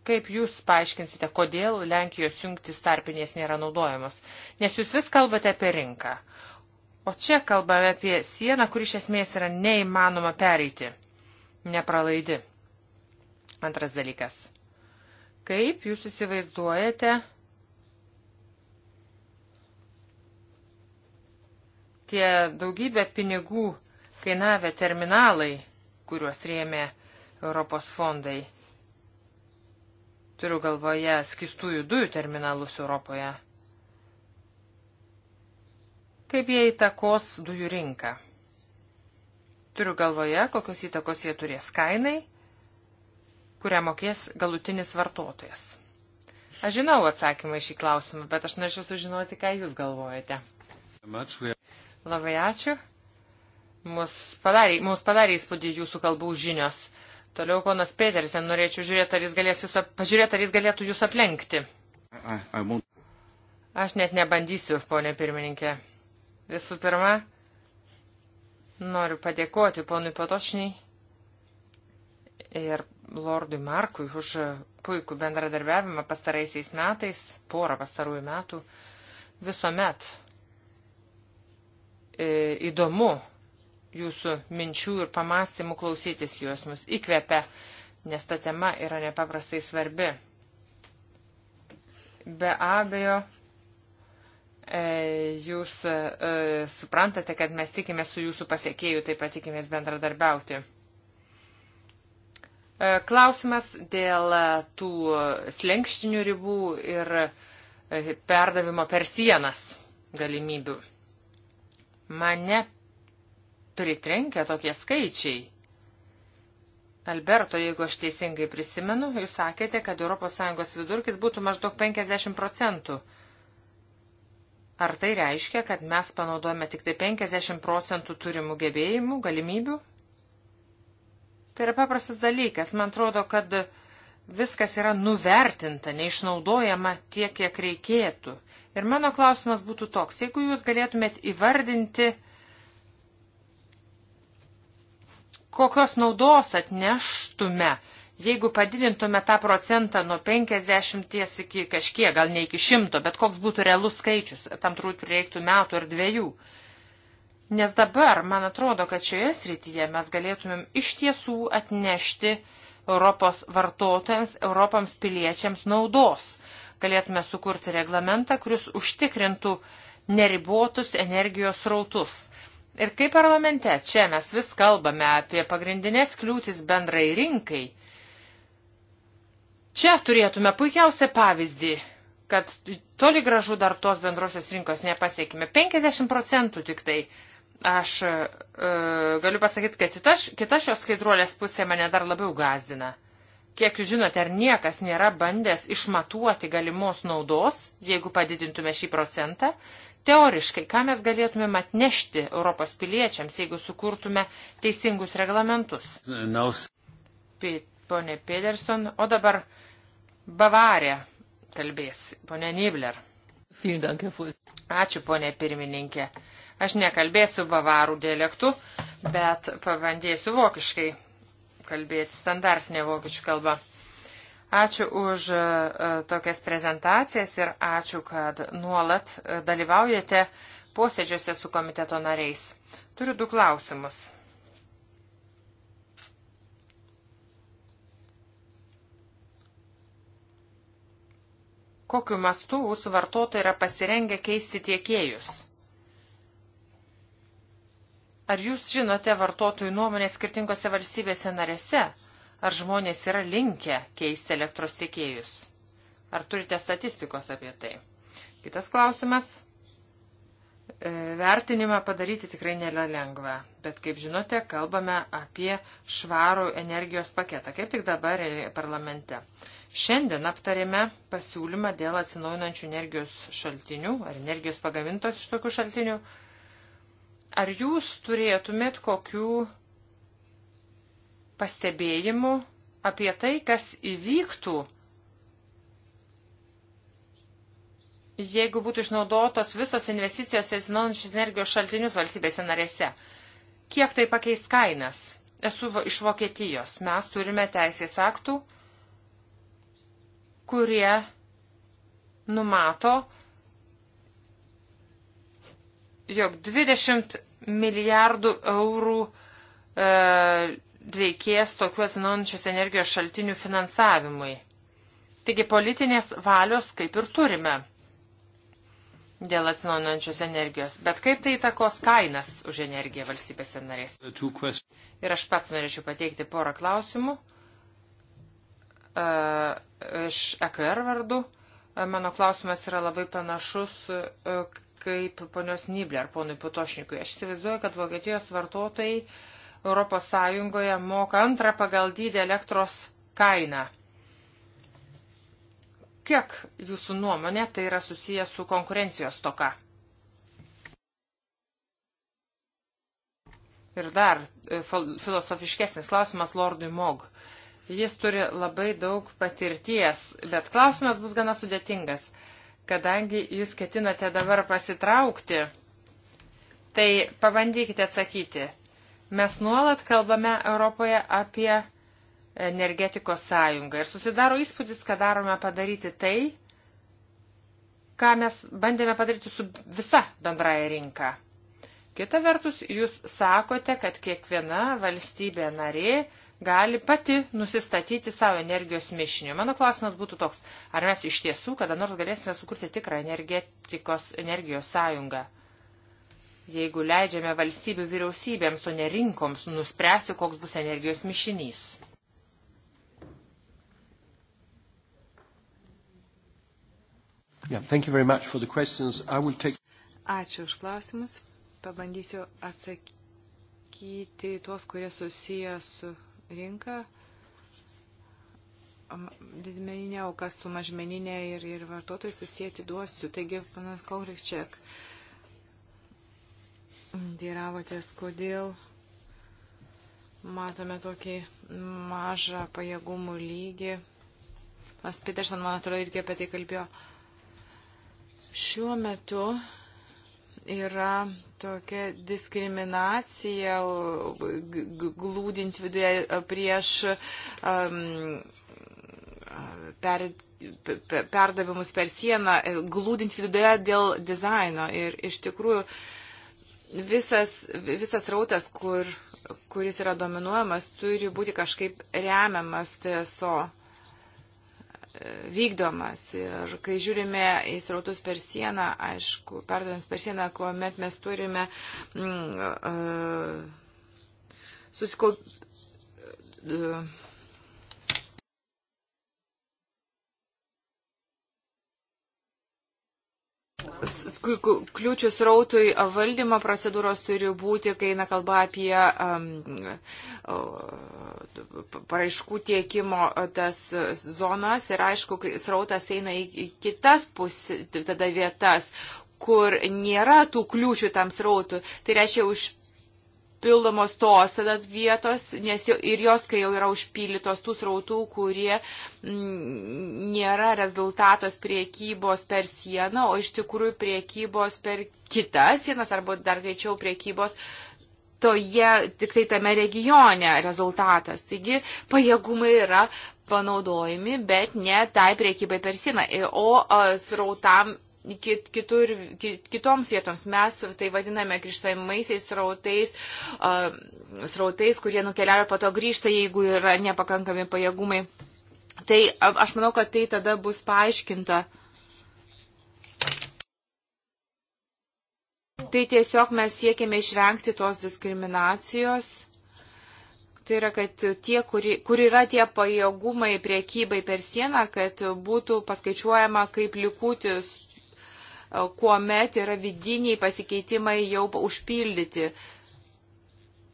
Kaip jūs paaiškinsite, kodėl Lenkijos jungtis tarpinės nėra naudojamos? Nes jūs vis kalbate apie rinką. O čia kalbame apie sieną, kuri iš esmės yra neįmanoma pereiti. Nepralaidi. Antras dalykas. Kaip jūs įsivaizduojate tie daugybė pinigų kainavę terminalai, kuriuos rėmė Europos fondai? Turiu galvoje skistųjų dujų terminalus Europoje. Kaip jie įtakos dujų rinką? Turiu galvoje, kokios įtakos jie turės kainai, kurią mokės galutinis vartotojas. Aš žinau atsakymą šį klausimą, bet aš norėčiau sužinoti, ką jūs galvojate. Labai ačiū. Mus padarė, mus padarė įspūdį jūsų kalbų žinios. Toliau konas Petersen, norėčiau žiūrėti, ar jis, galės jūs, pažiūrėti, ar jis galėtų jūs aplenkti. Aš net nebandysiu, ponė pirmininkė. Visų pirma, noriu padėkoti ponui Patočniai ir Lordui Markui už puikų bendradarbiavimą pastaraisiais metais, porą pastarųjų metų. Visuomet e, įdomu jūsų minčių ir pamastymų klausytis juos mus įkvepia, nes ta tema yra nepaprastai svarbi. Be abejo, e, jūs e, suprantate, kad mes tikime su jūsų pasiekėjų, taip pat tikimės bendradarbiauti. E, klausimas dėl tų slengštinių ribų ir perdavimo per sienas galimybių. Mane pritrenkia tokie skaičiai. Alberto, jeigu aš teisingai prisimenu, jūs sakėte, kad ES vidurkis būtų maždaug 50 procentų. Ar tai reiškia, kad mes panaudojame tik tai 50 procentų turimų gebėjimų, galimybių? Tai yra paprastas dalykas. Man atrodo, kad viskas yra nuvertinta, neišnaudojama tiek, kiek reikėtų. Ir mano klausimas būtų toks, jeigu jūs galėtumėt įvardinti, uh, kokios naudos atneštume, jeigu padidintume tą procentą nuo 50 iki kažkiek, gal ne iki 100, bet koks būtų realus skaičius, tam turbūt reiktų metų ar dviejų. Nes dabar, man atrodo, kad šioje srityje mes galėtumėm iš tiesų atnešti Europos vartotojams, Europams piliečiams naudos. Galėtume sukurti reglamentą, kuris užtikrintų neribotus energijos rautus Ir kaip parlamente, čia mes vis kalbame apie pagrindinės kliūtis bendrai rinkai. Čia turėtume puikiausią pavyzdį, kad toli gražu dar tos bendrosios rinkos nepasiekime. 50 procentų tik tai. Aš e, galiu pasakyti, kad kita, kita šios skaidruolės pusė mane dar labiau gazina. Kiek jūs žinote, ar niekas nėra bandęs išmatuoti galimos naudos, jeigu padidintume šį procentą, Teoriškai, ką mes galėtumėm atnešti Europos piliečiams, jeigu sukurtume teisingus reglamentus? Pone Pederson, o dabar Bavarė kalbės, ponė Nibler. Ačiū, ponė pirmininkė. Aš nekalbėsiu bavarų dialektu, bet pabandėsiu vokiškai kalbėti standartinę vokiečių kalbą. Ačiū už e, tokias prezentacijas ir ačiū, kad nuolat e, dalyvaujate posėdžiuose su komiteto nariais. Turiu du klausimus. kokiu mastu mūsų vartotojai yra pasirengę keisti tiekėjus. Ar jūs žinote vartotojų nuomonę skirtingose valstybėse narėse? Ar žmonės yra linkę keisti elektros tiekėjus? Ar turite statistikos apie tai? Kitas klausimas. E, vertinimą padaryti tikrai nėra lengva, bet kaip žinote, kalbame apie švarų energijos paketą, kaip tik dabar e, parlamente. Šiandien aptarėme pasiūlymą dėl atsinaujinančių energijos šaltinių ar energijos pagamintos iš tokių šaltinių. Ar jūs turėtumėt kokių pastebėjimų apie tai, kas įvyktų, jeigu būtų išnaudotos visos investicijos į atsinaujinančius energijos šaltinius valstybėse narėse. Kiek tai pakeis kainas? Esu iš Vokietijos. Mes turime teisės aktų, kurie numato, jog 20 milijardų eurų e, reikės tokių atsinaujančios energijos šaltinių finansavimui. Taigi politinės valios kaip ir turime dėl atsinaujančios energijos, bet kaip tai įtakos kainas už energiją valstybėse narės. Ir aš pats norėčiau pateikti porą klausimų uh, iš EKR vardų. E, mano klausimas yra labai panašus uh, kaip ponios Nyblė ar ponui Putošnikui. Aš įsivaizduoju, kad Vokietijos vartotojai uh, ES moka antrą pagal dydį elektros kainą. Kiek jūsų nuomonė tai yra susijęs su konkurencijos toka? Ir dar e, filosofiškesnis klausimas Lordui Mog. Jis turi labai daug patirties, bet klausimas bus gana sudėtingas, kadangi jūs ketinate dabar pasitraukti. Tai pabandykite atsakyti. Mes nuolat kalbame Europoje apie energetikos sąjungą ir susidaro įspūdis, kad darome padaryti tai, ką mes bandėme padaryti su visa bendraja rinka. Kita vertus, jūs sakote, kad kiekviena valstybė narė gali pati nusistatyti savo energijos mišinį. Mano klausimas būtų toks, ar mes iš tiesų kada nors galėsime sukurti tikrą energetikos energijos sąjungą? jeigu leidžiame valstybių vyriausybėms, o ne rinkoms nuspręsti, koks bus energijos mišinys. Yeah, take... Ačiū už klausimus. Pabandysiu atsakyti tuos, kurie susiję su rinka. Didmeninė aukas su mažmeninė ir, ir vartotojai susijęti duosiu. Taigi, panas Kaurikčiak. Uh, Deiravotės, kodėl matome tokį mažą pajėgumų lygį. Mas Peterson, man atrodo, irgi apie tai kalbėjo. Šiuo metu yra tokia diskriminacija glūdint viduje prieš um, per, perdavimus per sieną, glūdint viduje dėl dizaino. Ir iš tikrųjų uh, visas, visas rautas, kur, kuris yra dominuojamas, turi būti kažkaip remiamas TSO e, vykdomas. Ir kai žiūrime į srautus per sieną, aišku, perdavant per sieną, kuomet mes turime mm, uh, e, susikaupti. Uh, kliūčių srautui valdymo procedūros turi būti, kai eina kalba apie um, paraiškų tiekimo tas zonas ir aišku, kai srautas eina į kitas pusės, tada vietas, kur nėra tų kliūčių tam srautui. Tai reiškia, už papildomos tos tada vietos, nes jau, ir jos, kai jau yra užpildytos tų srautų, kurie m, mm, nėra rezultatos priekybos per sieną, o iš tikrųjų priekybos per kitas sienas arba dar greičiau priekybos toje tik tai tame regione rezultatas. Taigi pajėgumai yra panaudojami, bet ne tai priekybai per sieną, o srautam kit, kitur, kit, kitoms vietoms. Mes tai vadiname grįžtamaisiais srautais, uh, srautais, kurie nukeliavo po to grįžta, jeigu yra nepakankami pajėgumai. Tai aš manau, kad tai tada bus paaiškinta. Tai tiesiog mes siekėme išvengti tos diskriminacijos. Tai yra, kad tie, kur, kur yra tie pajėgumai priekybai per sieną, kad būtų paskaičiuojama kaip likutis kuomet yra vidiniai pasikeitimai jau užpildyti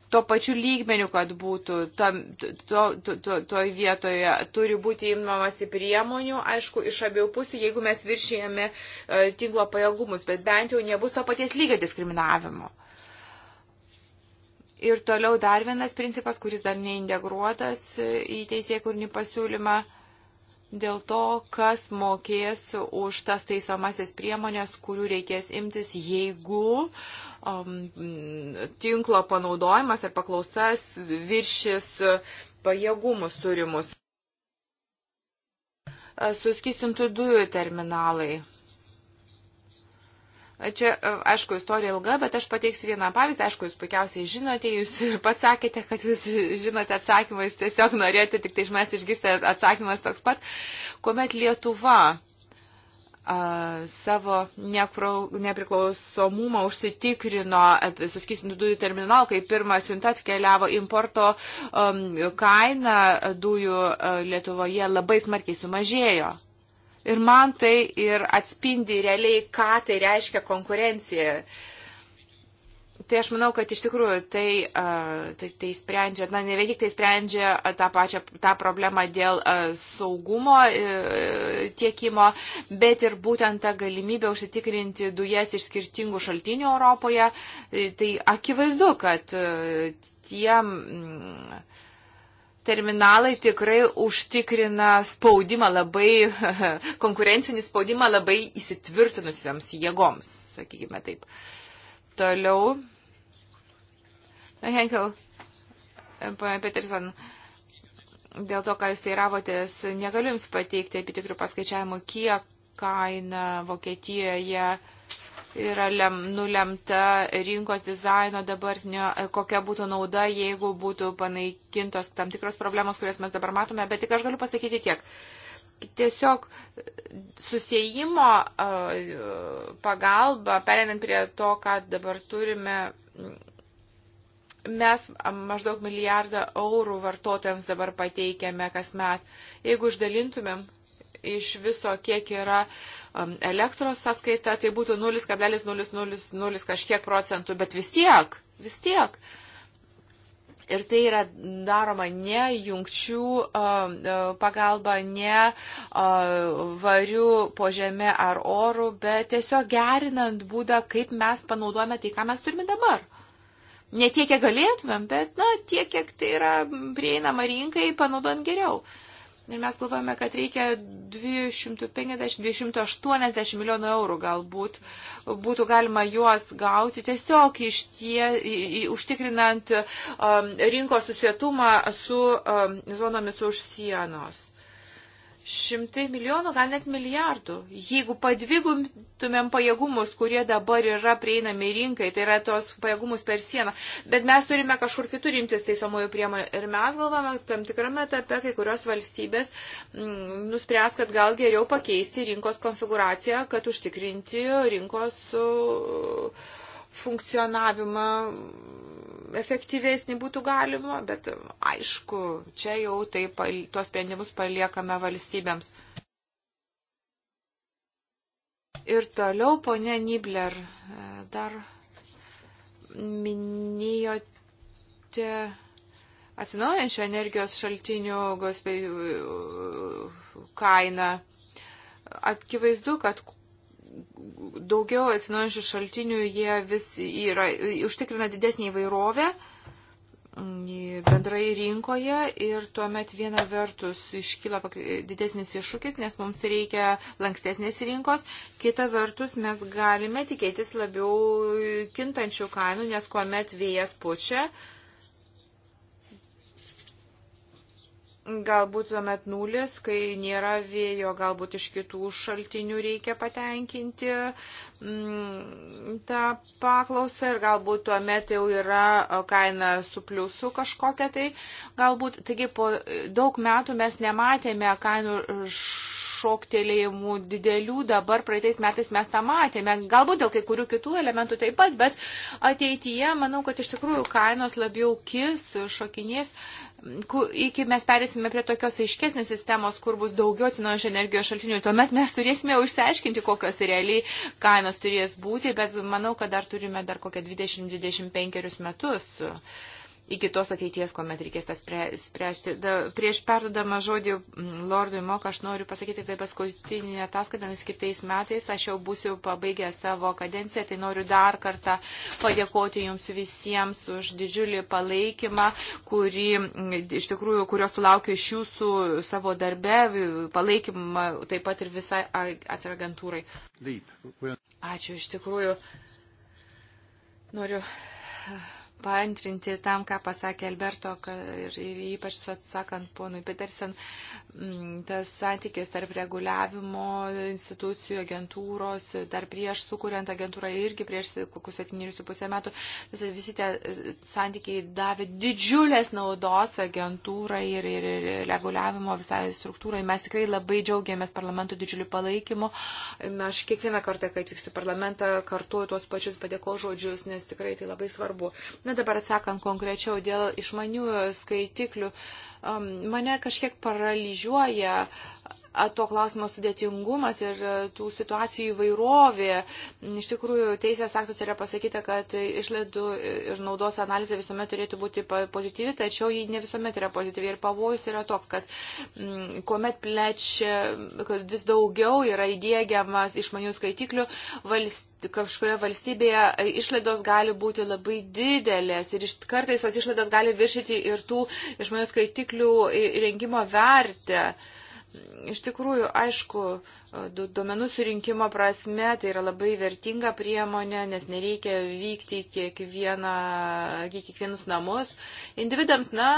tuo pačiu lygmeniu, kad būtų tam, to, to, to, toj vietoje, turi būti imamasi priemonių, aišku, iš abiejų pusių, jeigu mes viršėjame e, tinklo pajėgumus, bet bent jau nebus to paties lygio diskriminavimo. Ir toliau dar vienas principas, kuris dar neintegruotas e, į teisėkurnį pasiūlymą. E, dėl to, kas mokės už tas taisomasias priemonės, kurių reikės imtis, jeigu um, tinklo panaudojimas ar paklausas viršis pajėgumus turimus. Suskistintų dujų terminalai. Čia, e, aišku, istorija ilga, bet aš pateiksiu vieną pavyzdį. Aišku, jūs puikiausiai žinote, jūs ir pats sakėte, kad jūs žinote atsakymą, jūs tiesiog norėjote tik tai iš manęs išgirsti atsakymas toks pat, kuomet Lietuva a, savo nepriklausomumą užsitikrino e, suskysintų dujų terminal, kai pirmas siunta atkeliavo importo um, kaina dujų e, Lietuvoje labai smarkiai sumažėjo. Ir man tai ir atspindi realiai, ką tai reiškia konkurencija. Tai aš manau, kad iš tikrųjų tai, tai, tai sprendžia, na, ne vien tik tai sprendžia tą pačią tą problemą dėl saugumo e, tiekimo, bet ir būtent tą galimybę užsitikrinti dujas iš skirtingų šaltinių Europoje. E, tai akivaizdu, kad e, tiem terminalai tikrai užtikrina spaudimą labai, konkurencinį spaudimą labai įsitvirtinusiams jėgoms, sakykime taip. Toliau. Henkel, pana Peterson, dėl to, ką jūs teiravotės, negaliu jums pateikti apitikrių paskaičiavimų, kiek kaina Vokietijoje yra lem, nulemta rinkos dizaino dabartinio, e, kokia būtų nauda, jeigu būtų panaikintos tam tikros problemos, kurias mes dabar matome, bet tik aš galiu pasakyti tiek. Tiesiog susijimo e, pagalba, perinant prie to, ką dabar turime, mes maždaug milijardą eurų vartotojams dabar pateikiame kasmet. Jeigu išdalintumėm iš viso, kiek yra uh, Um, elektros sąskaita, tai būtų 0,000 kažkiek procentų, bet vis tiek, vis tiek. Ir tai yra daroma ne jungčių um, e, pagalba, ne e, varių po žemę ar orų, bet tiesiog gerinant būdą, kaip mes panaudojame tai, ką mes turime dabar. Ne tiek, kiek galėtumėm, bet na, tiek, kiek tai yra prieinama rinkai, panaudojant geriau. Uh, Ir mes galvojame, kad reikia 250-280 milijonų eurų galbūt būtų galima juos gauti tiesiog iš tie, užtikrinant um, rinkos susietumą su um, zonomis už sienos šimtai milijonų, gal net milijardų. Jeigu padvigumtumėm pajėgumus, kurie dabar yra prieinami rinkai, tai yra tos pajėgumus per sieną, bet mes turime kažkur kitur imtis teisomųjų priemonių. Ir mes galvame, tam tikrame etape kai kurios valstybės m, mm, nuspręs, kad gal geriau pakeisti rinkos konfiguraciją, kad užtikrinti rinkos uh, funkcionavimą efektyvesnį būtų galima, bet aišku, čia jau tai, tuos sprendimus paliekame valstybėms. Ir toliau, ponė Nibler, dar minėjote atsinaujančio energijos šaltinių kainą. Akivaizdu, kad daugiau atsinaujančių šaltinių, jie vis yra, užtikrina didesnį įvairovę mm, bendrai rinkoje ir tuomet viena vertus iškyla didesnis iššūkis, nes mums reikia lankstesnės rinkos, kita vertus mes galime tikėtis labiau kintančių kainų, nes kuomet vėjas pučia, uh, Galbūt tuomet nulis, kai nėra vėjo, galbūt iš kitų šaltinių reikia patenkinti Mm, tą paklausą ir galbūt tuo metu jau yra kaina su pliusu kažkokia tai. Galbūt, taigi po daug metų mes nematėme kainų šoktelėjimų didelių, dabar praeitais metais mes tą matėme. Galbūt dėl kai kurių kitų elementų taip pat, bet ateityje manau, kad iš tikrųjų kainos labiau kis, šokinės iki mes perėsime prie tokios aiškesnės sistemos, kur bus daugiau atsinaujančių energijos šaltinių, tuomet mes turėsime jau išsiaiškinti, kokios realiai kainos planas turės būti, bet manau, kad dar turime dar kokią 20-25 metus iki tos ateities, kuomet reikės tą spręsti. Da, prieš perdodama žodį Lordui Mok, aš noriu pasakyti, kad paskutinė ataskaita, nes kitais metais aš jau būsiu pabaigę savo kadenciją, tai noriu dar kartą padėkoti jums visiems už didžiulį palaikymą, kurį, iš tikrųjų, kurio sulaukiu iš jūsų savo darbe, palaikymą taip pat ir visai atsiragentūrai. Ačiū, iš tikrųjų. Noriu paantrinti tam, ką pasakė Alberto ir, ir ypač atsakant ponui Petersen, mm, tas santykis tarp reguliavimo institucijų, agentūros, dar prieš sukuriant agentūrą irgi prieš kokius 7,5 metų, visi tie e, santykiai davė didžiulės naudos agentūrai ir, ir, ir reguliavimo visai struktūrai. Mes tikrai labai džiaugiamės parlamento didžiuliu palaikymu. Aš kiekvieną kartą, kai atvyksiu parlamentą, kartuoju tuos pačius padėko žodžius, nes tikrai tai labai svarbu. Na dabar atsakant konkrečiau dėl išmaniųjų skaitiklių, um, mane kažkiek paralyžiuoja uh, to klausimo sudėtingumas ir tų situacijų įvairovė. Iš tikrųjų, teisės aktuose yra pasakyta, kad išlaidų ir naudos analizė visuomet turėtų būti pozityvi, tačiau ji ne visuomet yra pozityvi. Ir pavojus yra toks, kad mm, kuomet plečia, kad vis daugiau yra įdėgiamas išmanių skaitiklių valstybės kažkurioje valstybėje išlaidos gali būti labai didelės ir iš, kartais tos išlaidos gali viršyti ir tų išmanių skaitiklių įrengimo vertę. Uh, Iš tikrųjų, aišku, duomenų surinkimo prasme tai yra labai vertinga priemonė, nes nereikia vykti į kiekvieną, kiekvienus namus. Individams, na,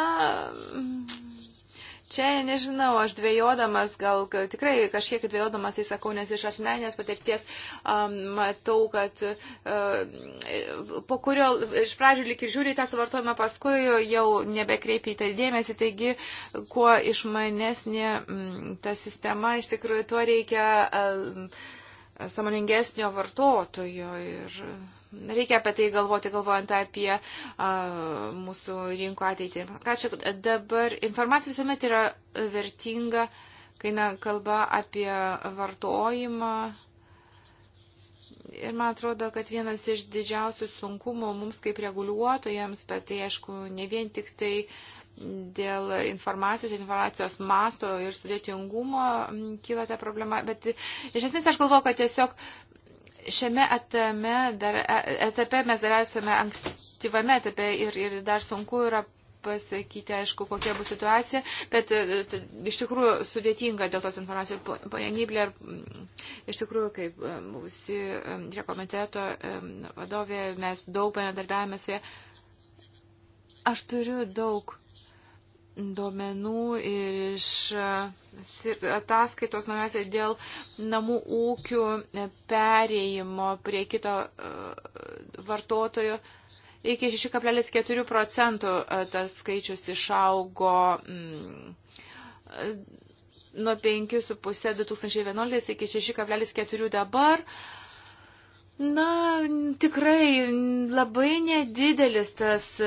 Čia nežinau, aš dvėjodamas, gal tikrai kažkiek dvėjodamas tai sakau, nes iš asmenės patirties um, matau, kad uh, po kurio iš pradžių lik ir žiūri tą suvartojimą, paskui jau nebekreipi į tai dėmesį, taigi kuo išmanesnė m, ta sistema, iš tikrųjų tuo reikia um, e, samoningesnio vartotojo. Ir, uh, Reikia apie tai galvoti, galvojant apie a, mūsų rinko ateitį. Ką čia dabar informacija visuomet yra vertinga, kai na, kalba apie vartojimą. Ir man atrodo, kad vienas iš didžiausių sunkumų mums kaip reguliuotojams, bet tai aišku, ne vien tik tai dėl informacijos, informacijos masto ir sudėtingumo kyla ta problema, bet iš esmės aš galvoju, kad tiesiog šiame etame, dar, e, etape mes dar esame ankstyvame etape ir, ir dar sunku yra pasakyti, aišku, kokia bus situacija, bet e, iš tikrųjų sudėtinga dėl tos informacijos. Pane Nibler, mm, iš tikrųjų, kaip e, buvusi rekomiteto vadovė, mes daug bendradarbiavame su ja. Aš turiu daug duomenų ir iš e, ataskaitos naujausiai dėl namų ūkių e, perėjimo prie kito e, vartotojo. Iki 6,4 procentų tas skaičius išaugo mm, nuo 5,5 2011 iki 6,4 dabar. Na, tikrai labai nedidelis tas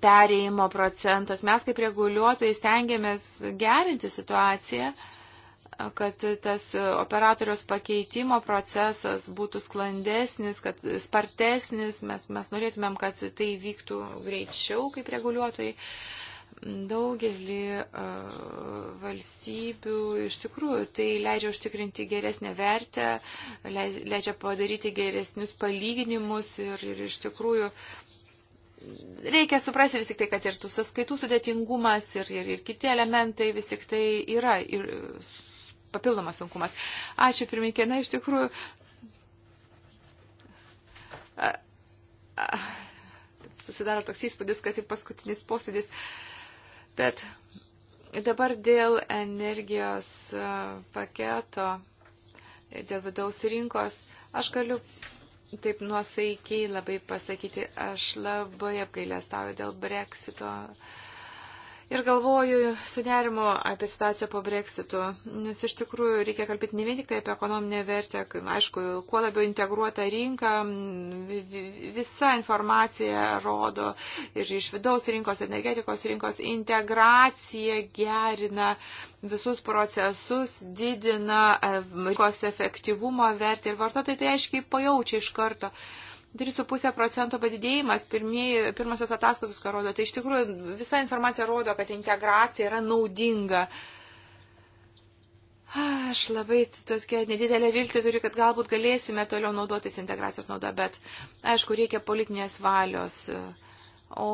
perėjimo procentas. Mes kaip reguliuotojai stengiamės gerinti situaciją, kad tas operatorius pakeitimo procesas būtų sklandesnis, kad spartesnis. Mes, mes norėtumėm, kad tai vyktų greičiau kaip reguliuotojai. Daugelį uh, valstybių iš tikrųjų tai leidžia užtikrinti geresnę vertę, leidžia padaryti geresnius palyginimus ir, ir iš tikrųjų uh, reikia suprasti vis tik tai, kad ir tų sąskaitų sudėtingumas ir, ir, ir kiti elementai vis tik tai yra ir papildomas sunkumas. Ačiū pirminkė, na iš tikrųjų. A, a, susidaro toks įspūdis, kad tai paskutinis posėdis. Bet dabar dėl energijos paketo, dėl vidaus rinkos, aš galiu taip nuosaikiai labai pasakyti, aš labai apgailestauju dėl breksito. Uh, Ir galvoju su nerimo apie situaciją po breksito, nes iš tikrųjų reikia kalbėti ne vien tik tai apie ekonominę vertę, aišku, kuo labiau integruota rinka, visa informacija rodo ir iš vidaus rinkos, energetikos rinkos integracija gerina visus procesus, didina e, rinkos efektyvumo vertę ir vartotojai tai aiškiai pajaučia iš karto. Uh, 3,5 procento padidėjimas, pirmieji, pirmasios ataskaitos, ką rodo, tai iš tikrųjų visa informacija rodo, kad integracija yra naudinga. Aš labai tokia nedidelė viltį turiu, kad galbūt galėsime toliau naudotis integracijos nauda, bet aišku, reikia politinės valios. O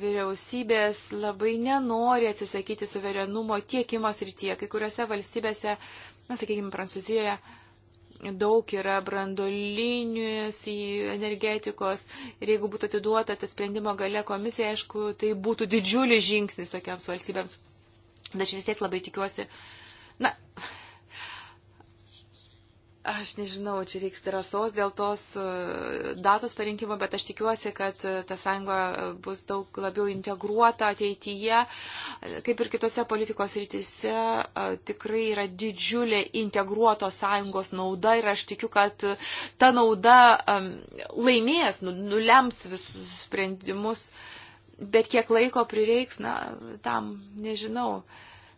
vyriausybės labai nenori atsisakyti suverenumo tiek imos ir tiek. Kai kuriuose valstybėse, na, sakykime, Prancūzijoje, uh, daug yra brandolinės energetikos ir jeigu būtų atiduota tas sprendimo gale komisija, aišku, tai būtų didžiulis žingsnis tokiams valstybėms. Tačiau vis tiek labai tikiuosi, na, Aš nežinau, čia reiks drąsos dėl tos e, datos parinkimo, bet aš tikiuosi, kad e, ta sąjunga e, bus daug labiau integruota ateityje. Kaip ir kitose politikos rytise, tikrai yra didžiulė integruotos sąjungos nauda ir aš tikiu, kad ta nauda laimės, nu, nulems visus sprendimus. Bet kiek laiko prireiks, na, tam nežinau,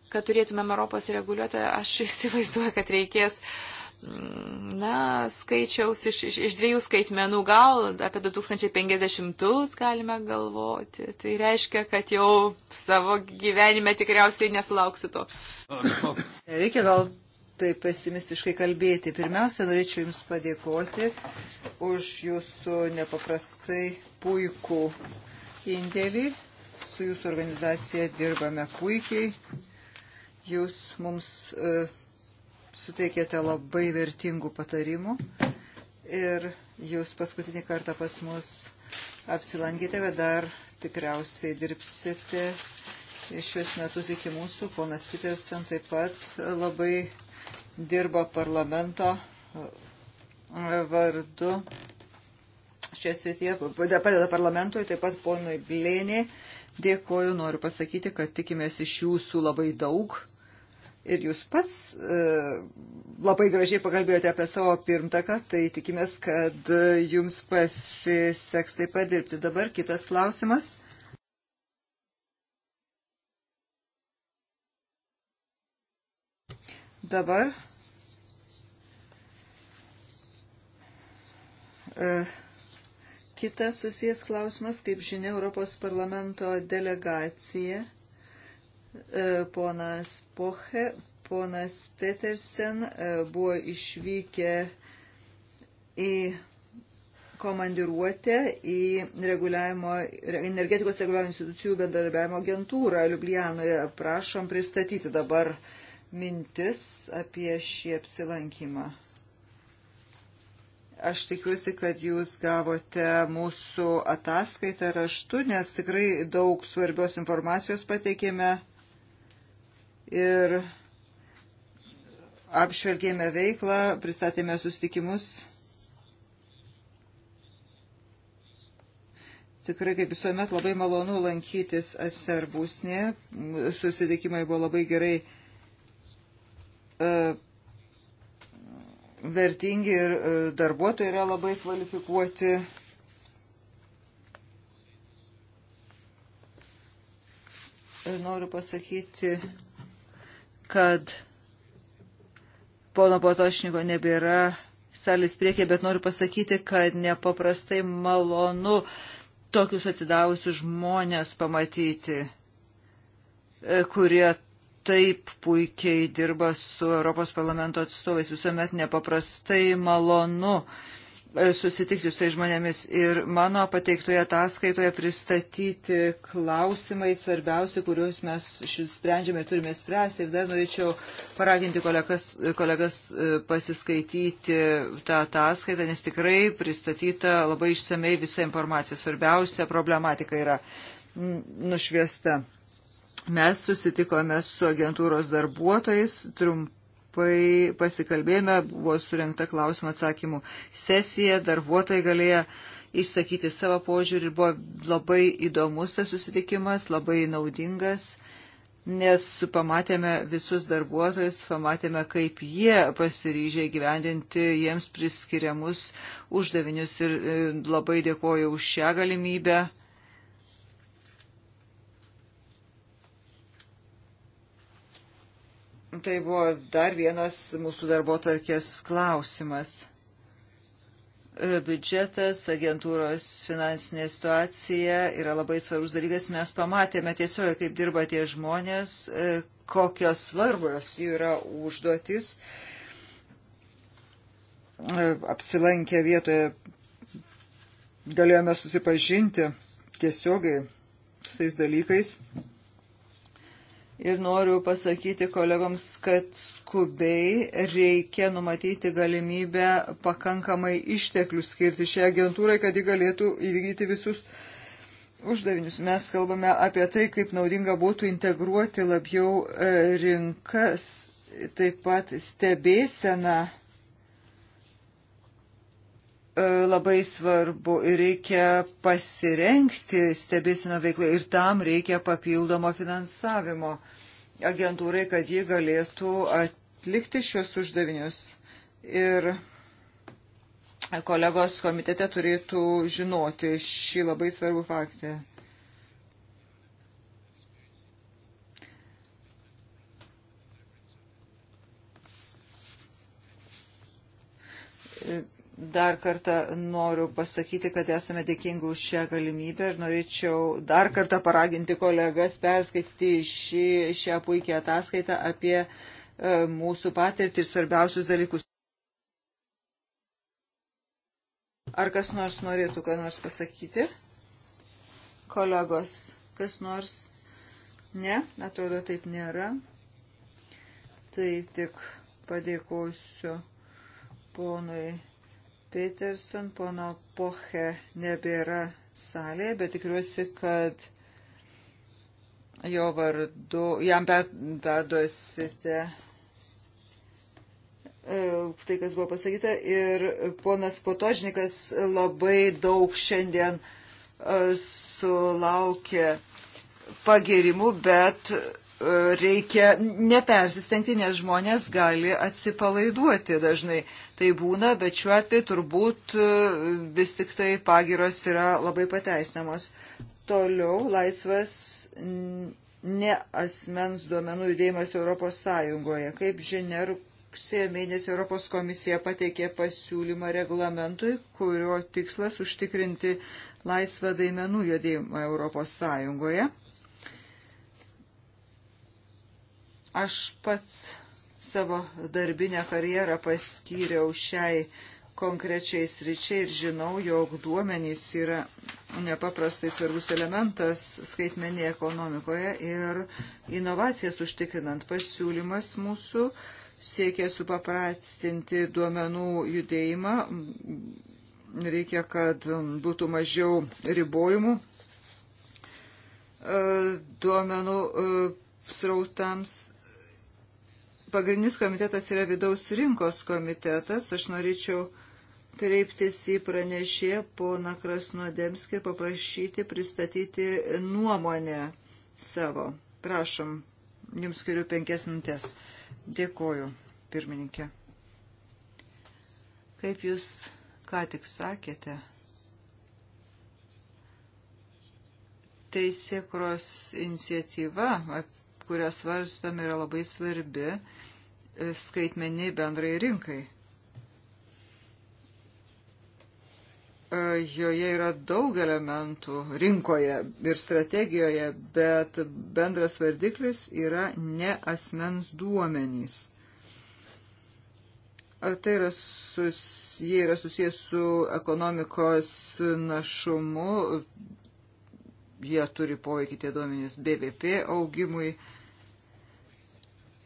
kad turėtumėm Europos reguliuotoją, aš įsivaizduoju, kad reikės. Uh, na, skaičiaus iš, iš, iš dviejų skaitmenų, gal apie 2050 galime galvoti. Tai reiškia, kad jau savo gyvenime tikriausiai nesulauksiu to. Reikia gal taip pesimistiškai kalbėti. Pirmiausia, norėčiau Jums padėkoti už Jūsų nepaprastai puikų indėlį. Su Jūsų organizacija dirbame puikiai. Jūs mums. Uh, suteikėte labai vertingų patarimų ir jūs paskutinį kartą pas mus apsilankėte, bet dar tikriausiai dirbsite šios metus iki mūsų. Ponas Petersen taip pat labai dirba parlamento e, vardu šią srityje, padeda parlamentui, taip pat ponui Blėnė. Dėkoju, noriu pasakyti, kad tikimės iš jūsų labai daug ir jūs pats e, labai gražiai pakalbėjote apie savo pirmtaką, tai tikimės, kad e, jums pasiseks taip pat dirbti. Dabar kitas klausimas. Dabar. E, kitas susijęs klausimas, kaip žinia, Europos parlamento delegacija E, ponas Poche, ponas Petersen e, buvo išvykę į komandiruotę į reguliavimo, energetikos reguliavimo institucijų bendarbiavimo agentūrą Liublianoje. Prašom pristatyti dabar mintis apie šį apsilankymą. Aš tikiuosi, kad jūs gavote mūsų ataskaitą raštu, nes tikrai daug svarbios informacijos pateikėme ir apšvelgėme veiklą, pristatėme susitikimus. Tikrai, kaip visuomet, labai malonu lankytis Aser būsnė. Susitikimai buvo labai gerai uh, vertingi ir uh, darbuotojai yra labai kvalifikuoti. E, noriu pasakyti kad pono Potošniko nebėra salės priekė, bet noriu pasakyti, kad nepaprastai malonu tokius atsidavusius žmonės pamatyti, e, kurie taip puikiai dirba su Europos parlamento atstovais. Visuomet nepaprastai malonu uh, E, susitikti su tai žmonėmis ir mano pateiktoje ataskaitoje pristatyti klausimai svarbiausi, kuriuos mes sprendžiame ir turime spręsti. Ir dar norėčiau paraginti kolegas, kolegas e, pasiskaityti tą ataskaitą, nes tikrai pristatyta labai išsamei visa informacija. Svarbiausia problematika yra nušviesta. Mes susitikome su agentūros darbuotojais, trump trumpai pasikalbėjome, buvo surinkta klausimų atsakymų sesija, darbuotojai galėjo išsakyti savo požiūrį ir buvo labai įdomus tas susitikimas, labai naudingas. Nes pamatėme visus darbuotojus, pamatėme, kaip jie pasiryžė gyvendinti jiems priskiriamus uždavinius ir e, labai dėkoju už šią galimybę Tai buvo dar vienas mūsų darbo tarkės klausimas. E, biudžetas, agentūros finansinė situacija yra labai svarbus dalykas. Mes pamatėme tiesiog, kaip dirba tie žmonės, e, kokios svarbios jų yra užduotis. E, apsilankę vietoje galėjome susipažinti tiesiogiai su tais dalykais ir noriu pasakyti kolegoms, kad skubiai reikia numatyti galimybę pakankamai išteklių skirti šiai agentūrai, kad ji galėtų įvykdyti visus uždavinius. Mes kalbame apie tai, kaip naudinga būtų integruoti labiau e, rinkas, taip pat stebėseną E, labai svarbu ir reikia pasirenkti stebėsino veiklai ir tam reikia papildomo finansavimo agentūrai, kad ji galėtų atlikti šios uždavinius. Ir kolegos komitete turėtų žinoti šį labai svarbų faktą. E, Dar kartą noriu pasakyti, kad esame dėkingi už šią galimybę ir norėčiau dar kartą paraginti kolegas perskaityti šį, šią puikią ataskaitą apie e, mūsų patirtį ir svarbiausius dalykus. Ar kas nors norėtų ką nors pasakyti? Kolegos, kas nors? Ne, atrodo, taip nėra. Tai tik padėkosiu ponui Peterson, pono Poche nebėra salėje, bet tikiuosi, kad jo vardu, jam perduosite e, tai, kas buvo pasakyta. Ir ponas Potožnikas labai daug šiandien e, sulaukė pagirimų, bet reikia nepersistengti, nes žmonės gali atsipalaiduoti dažnai. Tai būna, bet šiuo atveju turbūt e, vis tik tai pagiros yra labai pateisinamos. Toliau laisvas ne asmens duomenų judėjimas Europos Sąjungoje. Kaip žinia, rugsėjo mėnesį Europos komisija pateikė pasiūlymą reglamentui, kurio tikslas užtikrinti laisvą daimenų judėjimą Europos Sąjungoje Aš pats savo darbinę karjerą paskyriau šiai konkrečiai sričiai ir žinau, jog duomenys yra nepaprastai svarbus elementas skaitmenėje ekonomikoje ir inovacijas užtikrinant pasiūlymas mūsų siekia supaprastinti duomenų judėjimą, reikia, kad būtų mažiau ribojimų e, duomenų e, srautams pagrindinis komitetas yra vidaus rinkos komitetas. Aš norėčiau kreiptis į pranešėją poną Krasnodemskį ir paprašyti pristatyti nuomonę savo. Prašom, jums skiriu penkias minutės. Dėkoju, pirmininkė. Kaip jūs ką tik sakėte, teisėkros iniciatyva, kurią svarstame, yra labai svarbi e, skaitmeniai bendrai rinkai. E, joje yra daug elementų rinkoje ir strategijoje, bet bendras vardiklis yra ne asmens duomenys. Ar e, tai yra, sus, jie yra susijęs su ekonomikos našumu, jie turi poveikį tie duomenys BVP augimui,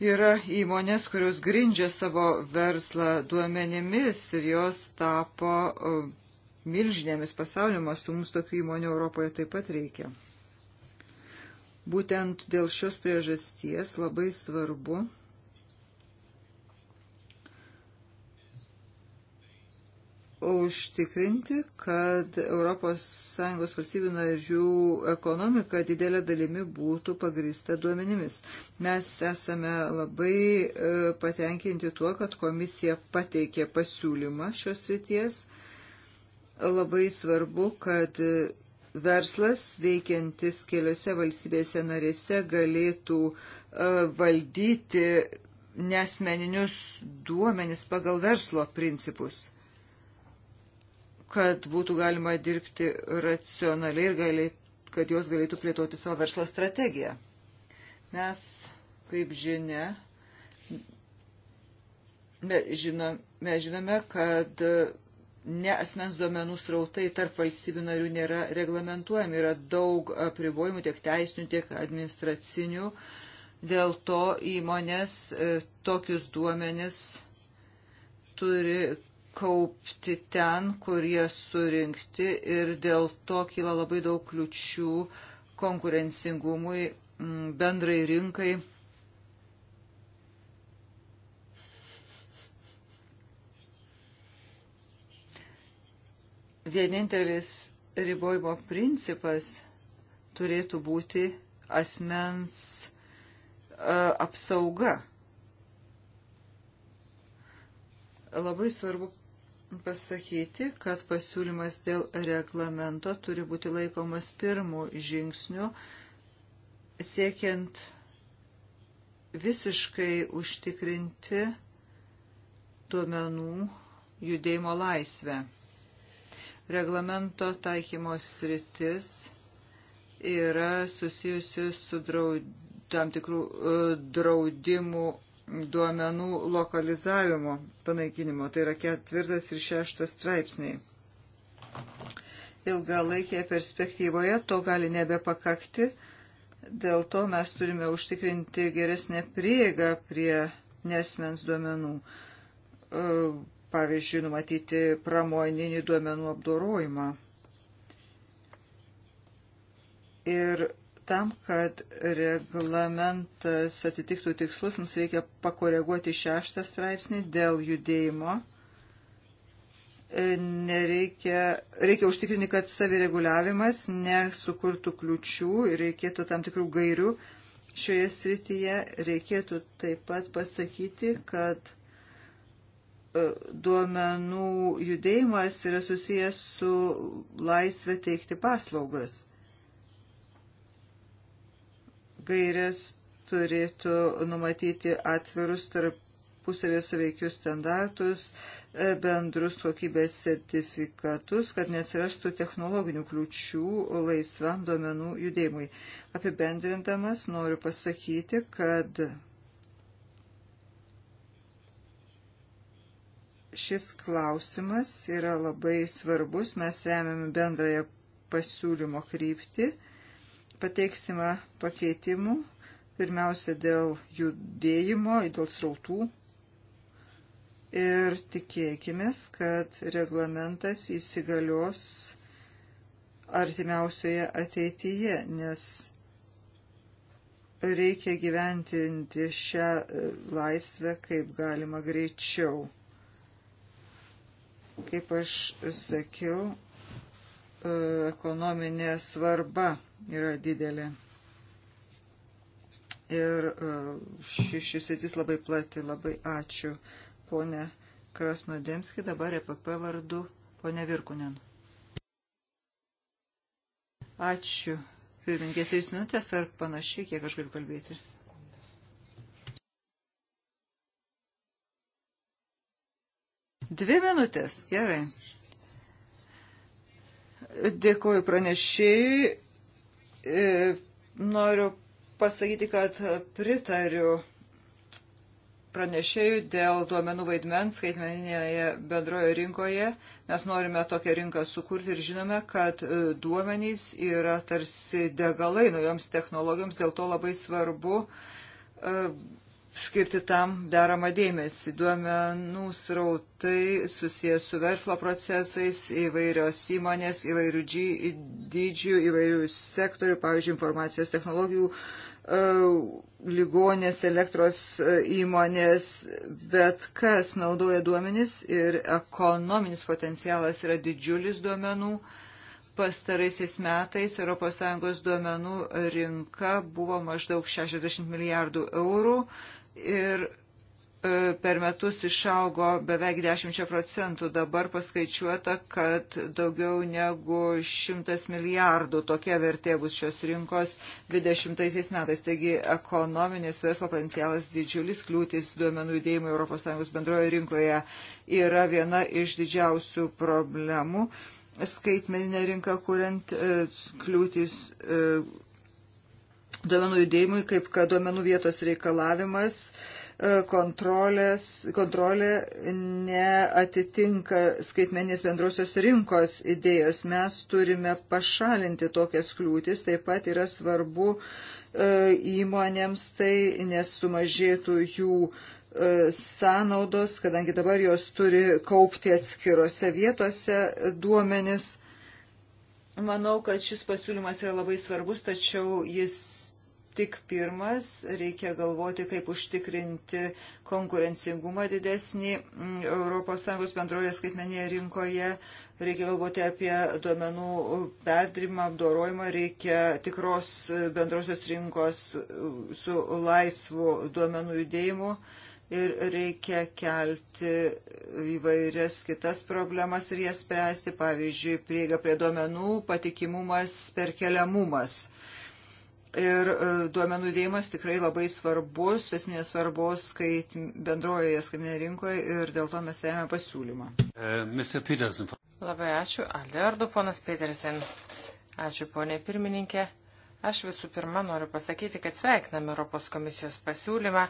Yra įmonės, kurios grindžia savo verslą duomenimis ir jos tapo e, milžinėmis pasaulio mastu. Mums tokių įmonių Europoje taip pat reikia. Būtent dėl šios priežasties labai svarbu užtikrinti, kad ES valstybių narių ekonomika didelė dalimi būtų pagrįsta duomenimis. Mes esame labai e, patenkinti tuo, kad komisija pateikė pasiūlymą šios ryties. Labai svarbu, kad verslas veikiantis keliose valstybėse narėse galėtų e, valdyti nesmeninius duomenis pagal verslo principus kad būtų galima dirbti racionaliai ir galėt, kad jos galėtų plėtoti savo verslo strategiją. Mes, kaip žinia, mes žinome, mes žinome kad ne asmens duomenų srautai tarp valstybių narių nėra reglamentuojami, yra daug apribojimų tiek teisinių, tiek administracinių. Dėl to įmonės e, tokius duomenis turi kaupti ten, kur jie surinkti ir dėl to kyla labai daug kliučių konkurencingumui, mm, bendrai rinkai. Vienintelis ribojimo principas turėtų būti asmens e, apsauga. Labai svarbu pasakyti, kad pasiūlymas dėl reglamento turi būti laikomas pirmų žingsnių, siekiant visiškai užtikrinti duomenų judėjimo laisvę. Reglamento taikymo sritis yra susijusi su draud, tam tikrų e, draudimų duomenų lokalizavimo panaikinimo, tai yra ketvirtas ir šeštas straipsniai. Ilgalaikėje perspektyvoje to gali nebepakakti, dėl to mes turime užtikrinti geresnę prieigą prie nesmens duomenų. E, pavyzdžiui, numatyti pramoninį duomenų apdorojimą. Ir tam, kad reglamentas atitiktų tikslus, mums reikia pakoreguoti šeštą straipsnį dėl judėjimo. E, nereikia, reikia užtikrinti, kad savireguliavimas nesukurtų kliučių ir reikėtų tam tikrų gairių. Šioje srityje reikėtų taip pat pasakyti, kad e, duomenų judėjimas yra susijęs su laisvė teikti paslaugas gairės turėtų numatyti atvirus tarpusavio suveikius standartus, e, bendrus kokybės sertifikatus, kad nesirastų technologinių kliučių laisvam duomenų judėjimui. Apibendrindamas noriu pasakyti, kad šis klausimas yra labai svarbus. Mes remiame bendrąją pasiūlymo kryptį pateiksime pakeitimų, pirmiausia dėl judėjimo, dėl srautų. Ir tikėkime, kad reglamentas įsigalios artimiausioje ateityje, nes reikia gyventinti šią e, laisvę kaip galima greičiau. Kaip aš sakiau, e, ekonominė svarba yra didelė. Ir šis e, ši sėtis labai plati, labai ačiū, ponė Krasnodemski, dabar EPP vardu, ponė Virkunen. Ačiū. Pirmininkė, tris minutės ar panašiai, kiek aš galiu kalbėti. Dvi minutės, gerai. Dėkoju pranešėjui E, noriu pasakyti, kad pritariu pranešėjų dėl duomenų vaidmens skaitmeninėje bendroje rinkoje. Mes norime tokią rinką sukurti ir žinome, kad e, duomenys yra tarsi degalai naujoms technologijoms, dėl to labai svarbu e, skirti tam deramą dėmesį. Duomenų srautai susijęs su verslo procesais, įvairios įmonės, įvairių dydžių, įvairių sektorių, pavyzdžiui, informacijos technologijų, e, lygonės, elektros e, įmonės, bet kas naudoja duomenis ir ekonominis potencialas yra didžiulis duomenų. Pastaraisiais metais ES duomenų rinka buvo maždaug 60 milijardų eurų ir e, per metus išaugo beveik 10 procentų. Dabar paskaičiuota, kad daugiau negu 100 milijardų tokia vertė bus šios rinkos 20 metais. Taigi ekonominis verslo potencialas didžiulis kliūtis duomenų judėjimui ES bendroje rinkoje yra viena iš didžiausių problemų. Skaitmeninė rinka, kuriant e, kliūtis e, duomenų judėjimui, kaip kad duomenų vietos reikalavimas, e, kontrolės, kontrolė neatitinka skaitmenės bendrosios rinkos idėjos. Mes turime pašalinti tokias kliūtis, taip pat yra svarbu e, įmonėms tai, nes sumažėtų jų e, sąnaudos, kadangi dabar jos turi kaupti atskirose vietose duomenis. Manau, kad šis pasiūlymas yra labai svarbus, tačiau jis tik pirmas, reikia galvoti, kaip užtikrinti konkurencingumą didesnį ES bendroje skaitmenėje rinkoje, reikia galvoti apie duomenų perdrimą, apdorojimą, reikia tikros bendrosios rinkos su laisvu duomenų judėjimu ir reikia kelti įvairias kitas problemas ir jas spręsti, pavyzdžiui, prieiga prie duomenų, patikimumas, perkeliamumas. Ir e, duomenų dėjimas tikrai labai svarbus, esminės svarbos skait, bendrojoje skaitinėje rinkoje ir dėl to mes ėmėme pasiūlymą. Uh, labai ačiū. Alerdu, ponas Petersen. Ačiū, ponė pirmininkė. Aš visų pirma noriu pasakyti, kad sveikiname Europos komisijos pasiūlymą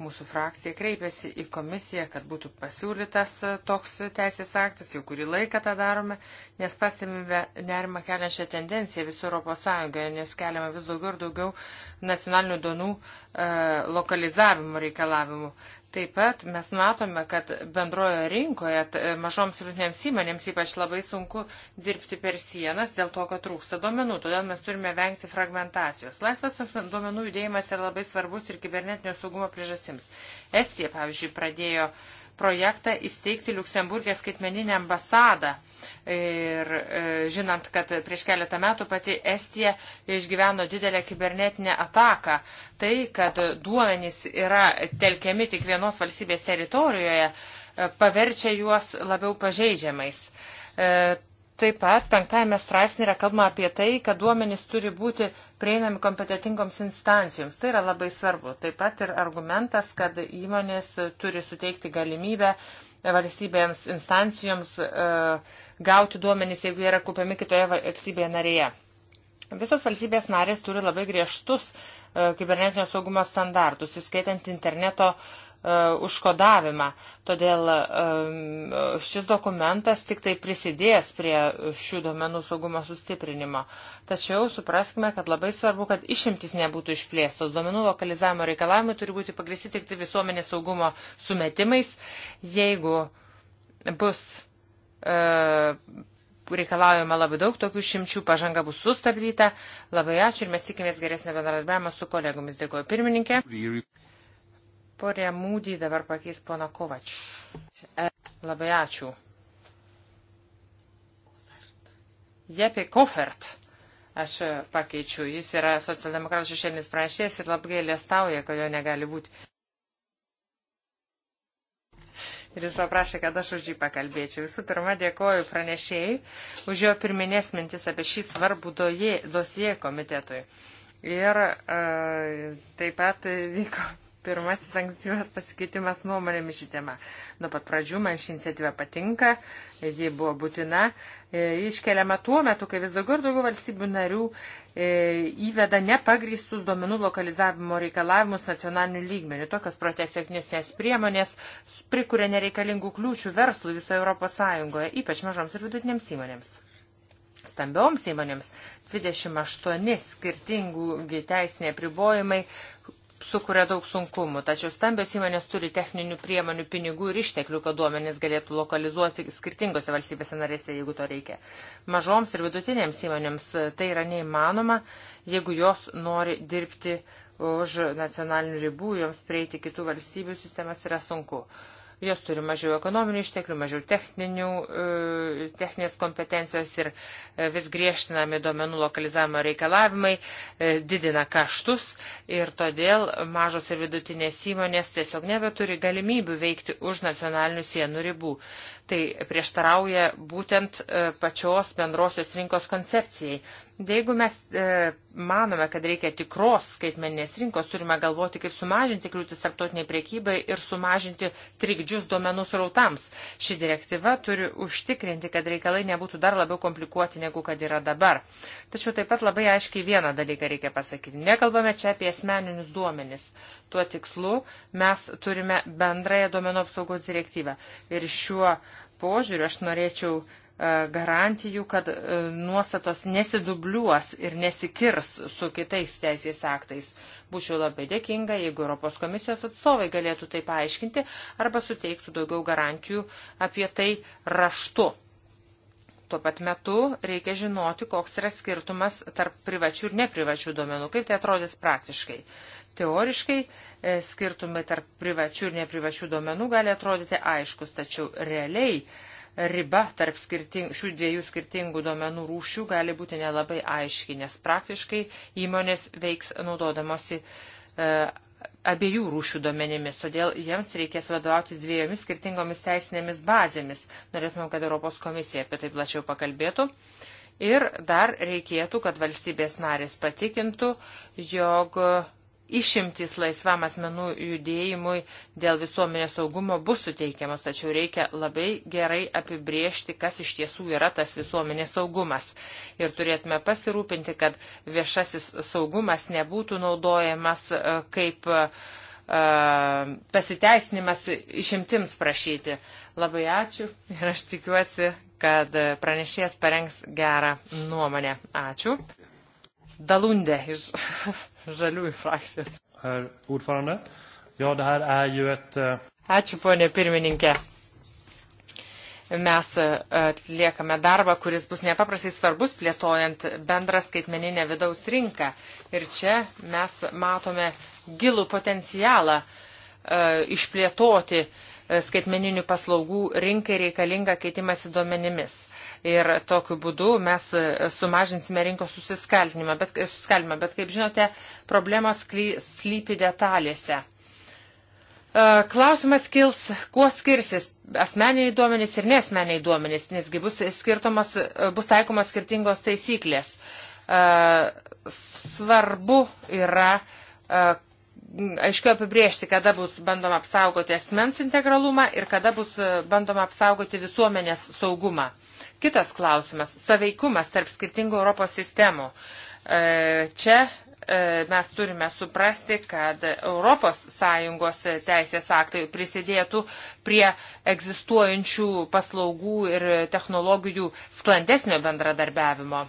Mūsų frakcija kreipėsi į komisiją, kad būtų pasiūlytas e, toks teisės aktas, jau kurį laiką tą darome, nes pasimime nerima keliančią tendenciją visų ES, nes keliame vis daugiau ir daugiau nacionalinių donų e, lokalizavimo reikalavimų. Taip pat mes matome, kad bendrojo rinkoje mažoms rutinėms įmonėms ypač labai sunku dirbti per sienas dėl to, kad trūksta duomenų, todėl mes turime vengti fragmentacijos. Laisvas duomenų judėjimas yra labai svarbus ir kibernetinio saugumo priežasims. Estija, pavyzdžiui, pradėjo uh, projektą įsteigti Luksemburgė skaitmeninę ambasadą. Ir e, žinant, kad prieš keletą metų pati Estija išgyveno didelę kibernetinę ataką, tai, kad duomenys yra telkiami tik vienos valstybės teritorijoje, e, paverčia juos labiau pažeidžiamais e, Taip pat penktajame straipsnė yra kalbama apie tai, kad duomenys turi būti prieinami kompetitingoms instancijoms. Tai yra labai svarbu. Taip pat ir argumentas, kad įmonės turi suteikti galimybę valstybėms instancijoms e, gauti duomenys, jeigu jie yra kupiami kitoje valstybėje narėje. Visos valstybės narės turi labai griežtus e, kibernetinio saugumo standartus, įskaitant interneto e, E, užkodavimą. Todėl e, šis dokumentas tik tai prisidės prie šių domenų saugumo sustiprinimo. Tačiau supraskime, kad labai svarbu, kad išimtis nebūtų išplėstos. Domenų lokalizavimo reikalavimai turi būti pagristi tik tai visuomenės saugumo sumetimais. Jeigu bus e, reikalaujama labai daug tokių šimčių, pažanga bus sustabdyta. Labai ačiū ir mes tikimės geresnio bendradarbiavimo su kolegomis. Dėkuoju pirmininkė. Porė Mūdį dabar pakeis pono Kovač. E. Labai ačiū. Jepė Kofert. Aš pakeičiu. Jis yra socialdemokratų šešėlinis pranešėjas ir labai gailestauja, kad jo negali būti. Ir jis paprašė, kad aš už jį pakalbėčiau. Visų pirma, dėkoju pranešėjai už jo pirminės mintis apie šį svarbų dosie komitetui. Ir e, taip pat vyko pirmasis ankstyvas pasikeitimas nuomonėmis šį temą. Nuo pat pradžių man ši iniciatyva patinka, ji buvo būtina, e, iškeliama tuo metu, kai vis daugiau ir daugiau valstybių narių e, įveda nepagrįstus duomenų lokalizavimo reikalavimus nacionalinių lygmenių. Tokios protekcionistinės priemonės prikuria nereikalingų kliūčių verslui visoje Europos Sąjungoje, ypač mažoms ir vidutinėms įmonėms. Stambioms įmonėms 28 skirtingų teisiniai apribojimai sukuria daug sunkumų, tačiau stambios įmonės turi techninių priemonių, pinigų ir išteklių, kad duomenys galėtų lokalizuoti skirtingose valstybėse narėse, jeigu to reikia. Mažoms ir vidutinėms įmonėms tai yra neįmanoma, jeigu jos nori dirbti už nacionalinių ribų, joms prieiti kitų valstybių sistemas yra sunku. Uh, Jos turi mažiau ekonominių išteklių, mažiau techninių, e, techninės kompetencijos ir e, vis griežtinami duomenų lokalizavimo reikalavimai e, didina kaštus ir todėl mažos ir vidutinės įmonės tiesiog nebeturi galimybių veikti už nacionalinių sienų ribų. Tai prieštarauja būtent e, pačios bendrosios rinkos koncepcijai. Jeigu mes e, manome, kad reikia tikros skaitmeninės rinkos, turime galvoti, kaip sumažinti kliūtis tarptautiniai priekybai ir sumažinti trikdžius duomenų srautams. Ši direktyva turi užtikrinti, kad reikalai nebūtų dar labiau komplikuoti, negu kad yra dabar. Tačiau taip pat labai aiškiai vieną dalyką reikia pasakyti. Nekalbame čia apie asmeninius duomenis. Tuo tikslu mes turime bendrąją duomenų apsaugos direktyvą. Ir šiuo uh, požiūriu aš norėčiau e, garantijų, kad e, nuostatos nesidubliuos ir nesikirs su kitais teisės aktais. Būčiau labai dėkinga, jeigu Europos komisijos atstovai galėtų tai paaiškinti arba suteiktų daugiau garantijų apie tai raštu. Tuo pat metu reikia žinoti, koks yra skirtumas tarp privačių ir neprivačių duomenų, kaip tai atrodys praktiškai. Teoriškai e, skirtumai tarp privačių ir neprivačių duomenų gali atrodyti aiškus, tačiau realiai riba tarp skirting, šių dviejų skirtingų duomenų rūšių gali būti nelabai aiški, nes praktiškai įmonės veiks naudodamosi e, abiejų rūšių duomenimis, todėl jiems reikės vadovautis dviejomis skirtingomis teisinėmis bazėmis. Norėtumėm, kad Europos komisija apie tai plačiau pakalbėtų. Ir dar reikėtų, kad valstybės narės patikintų, jog Išimtys laisvam asmenų judėjimui dėl visuomenės saugumo bus suteikiamos, tačiau reikia labai gerai apibriežti, kas iš tiesų yra tas visuomenės saugumas. Ir turėtume pasirūpinti, kad viešasis saugumas nebūtų naudojamas e, kaip e, pasiteisinimas išimtims prašyti. Labai ačiū ir aš tikiuosi, kad pranešėjas parengs gerą nuomonę. Ačiū. Dalundė iš žaliųjų frakcijos. Herr ordförande. Ja, det här är ju ett... Eh, Ačiū, ponė pirmininkė. Mes eh, atliekame darbą, kuris bus nepaprastai svarbus plėtojant bendrą skaitmeninę vidaus rinką. Ir čia mes matome gilų potencialą eh, išplėtoti skaitmeninių paslaugų rinkai reikalingą keitimąsi duomenimis ir tokiu būdu mes e, sumažinsime rinkos susiskaldinimą. Bet, e, susiskaldinimą. bet kaip žinote, problemos slypi detalėse. E, klausimas kils, kuo skirsis asmeniniai duomenys ir nesmeniai duomenys, nesgi bus, skirtomas, bus taikomas skirtingos taisyklės. Svarbu yra aiškiau apibriežti, kada bus bandoma apsaugoti asmens integralumą ir kada bus bandoma apsaugoti visuomenės saugumą. Kitas klausimas - saveikumas tarp skirtingų Europos sistemų. E, čia e, mes turime suprasti, kad ES teisės aktai prisidėtų prie egzistuojančių paslaugų ir technologijų sklandesnio bendradarbiavimo.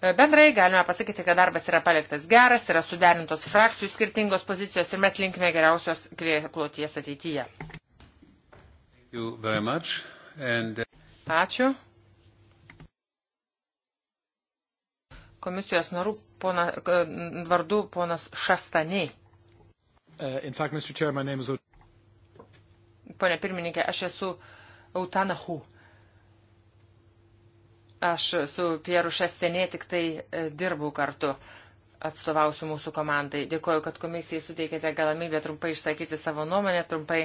E, bendrai galime pasakyti, kad darbas yra paliktas geras, yra suderintos frakcijų skirtingos pozicijos ir mes linkime geriausios kloties ateityje. And... Uh, Ačiū. komisijos narų pona, vardu ponas Šastaniai. Uh, Pone pirmininkė, aš esu Autanahu. Aš su Pieru Šestenė tik tai e, dirbu kartu, atstovausiu mūsų komandai. Dėkuoju, kad komisijai suteikėte galimybę trumpai išsakyti savo nuomonę, trumpai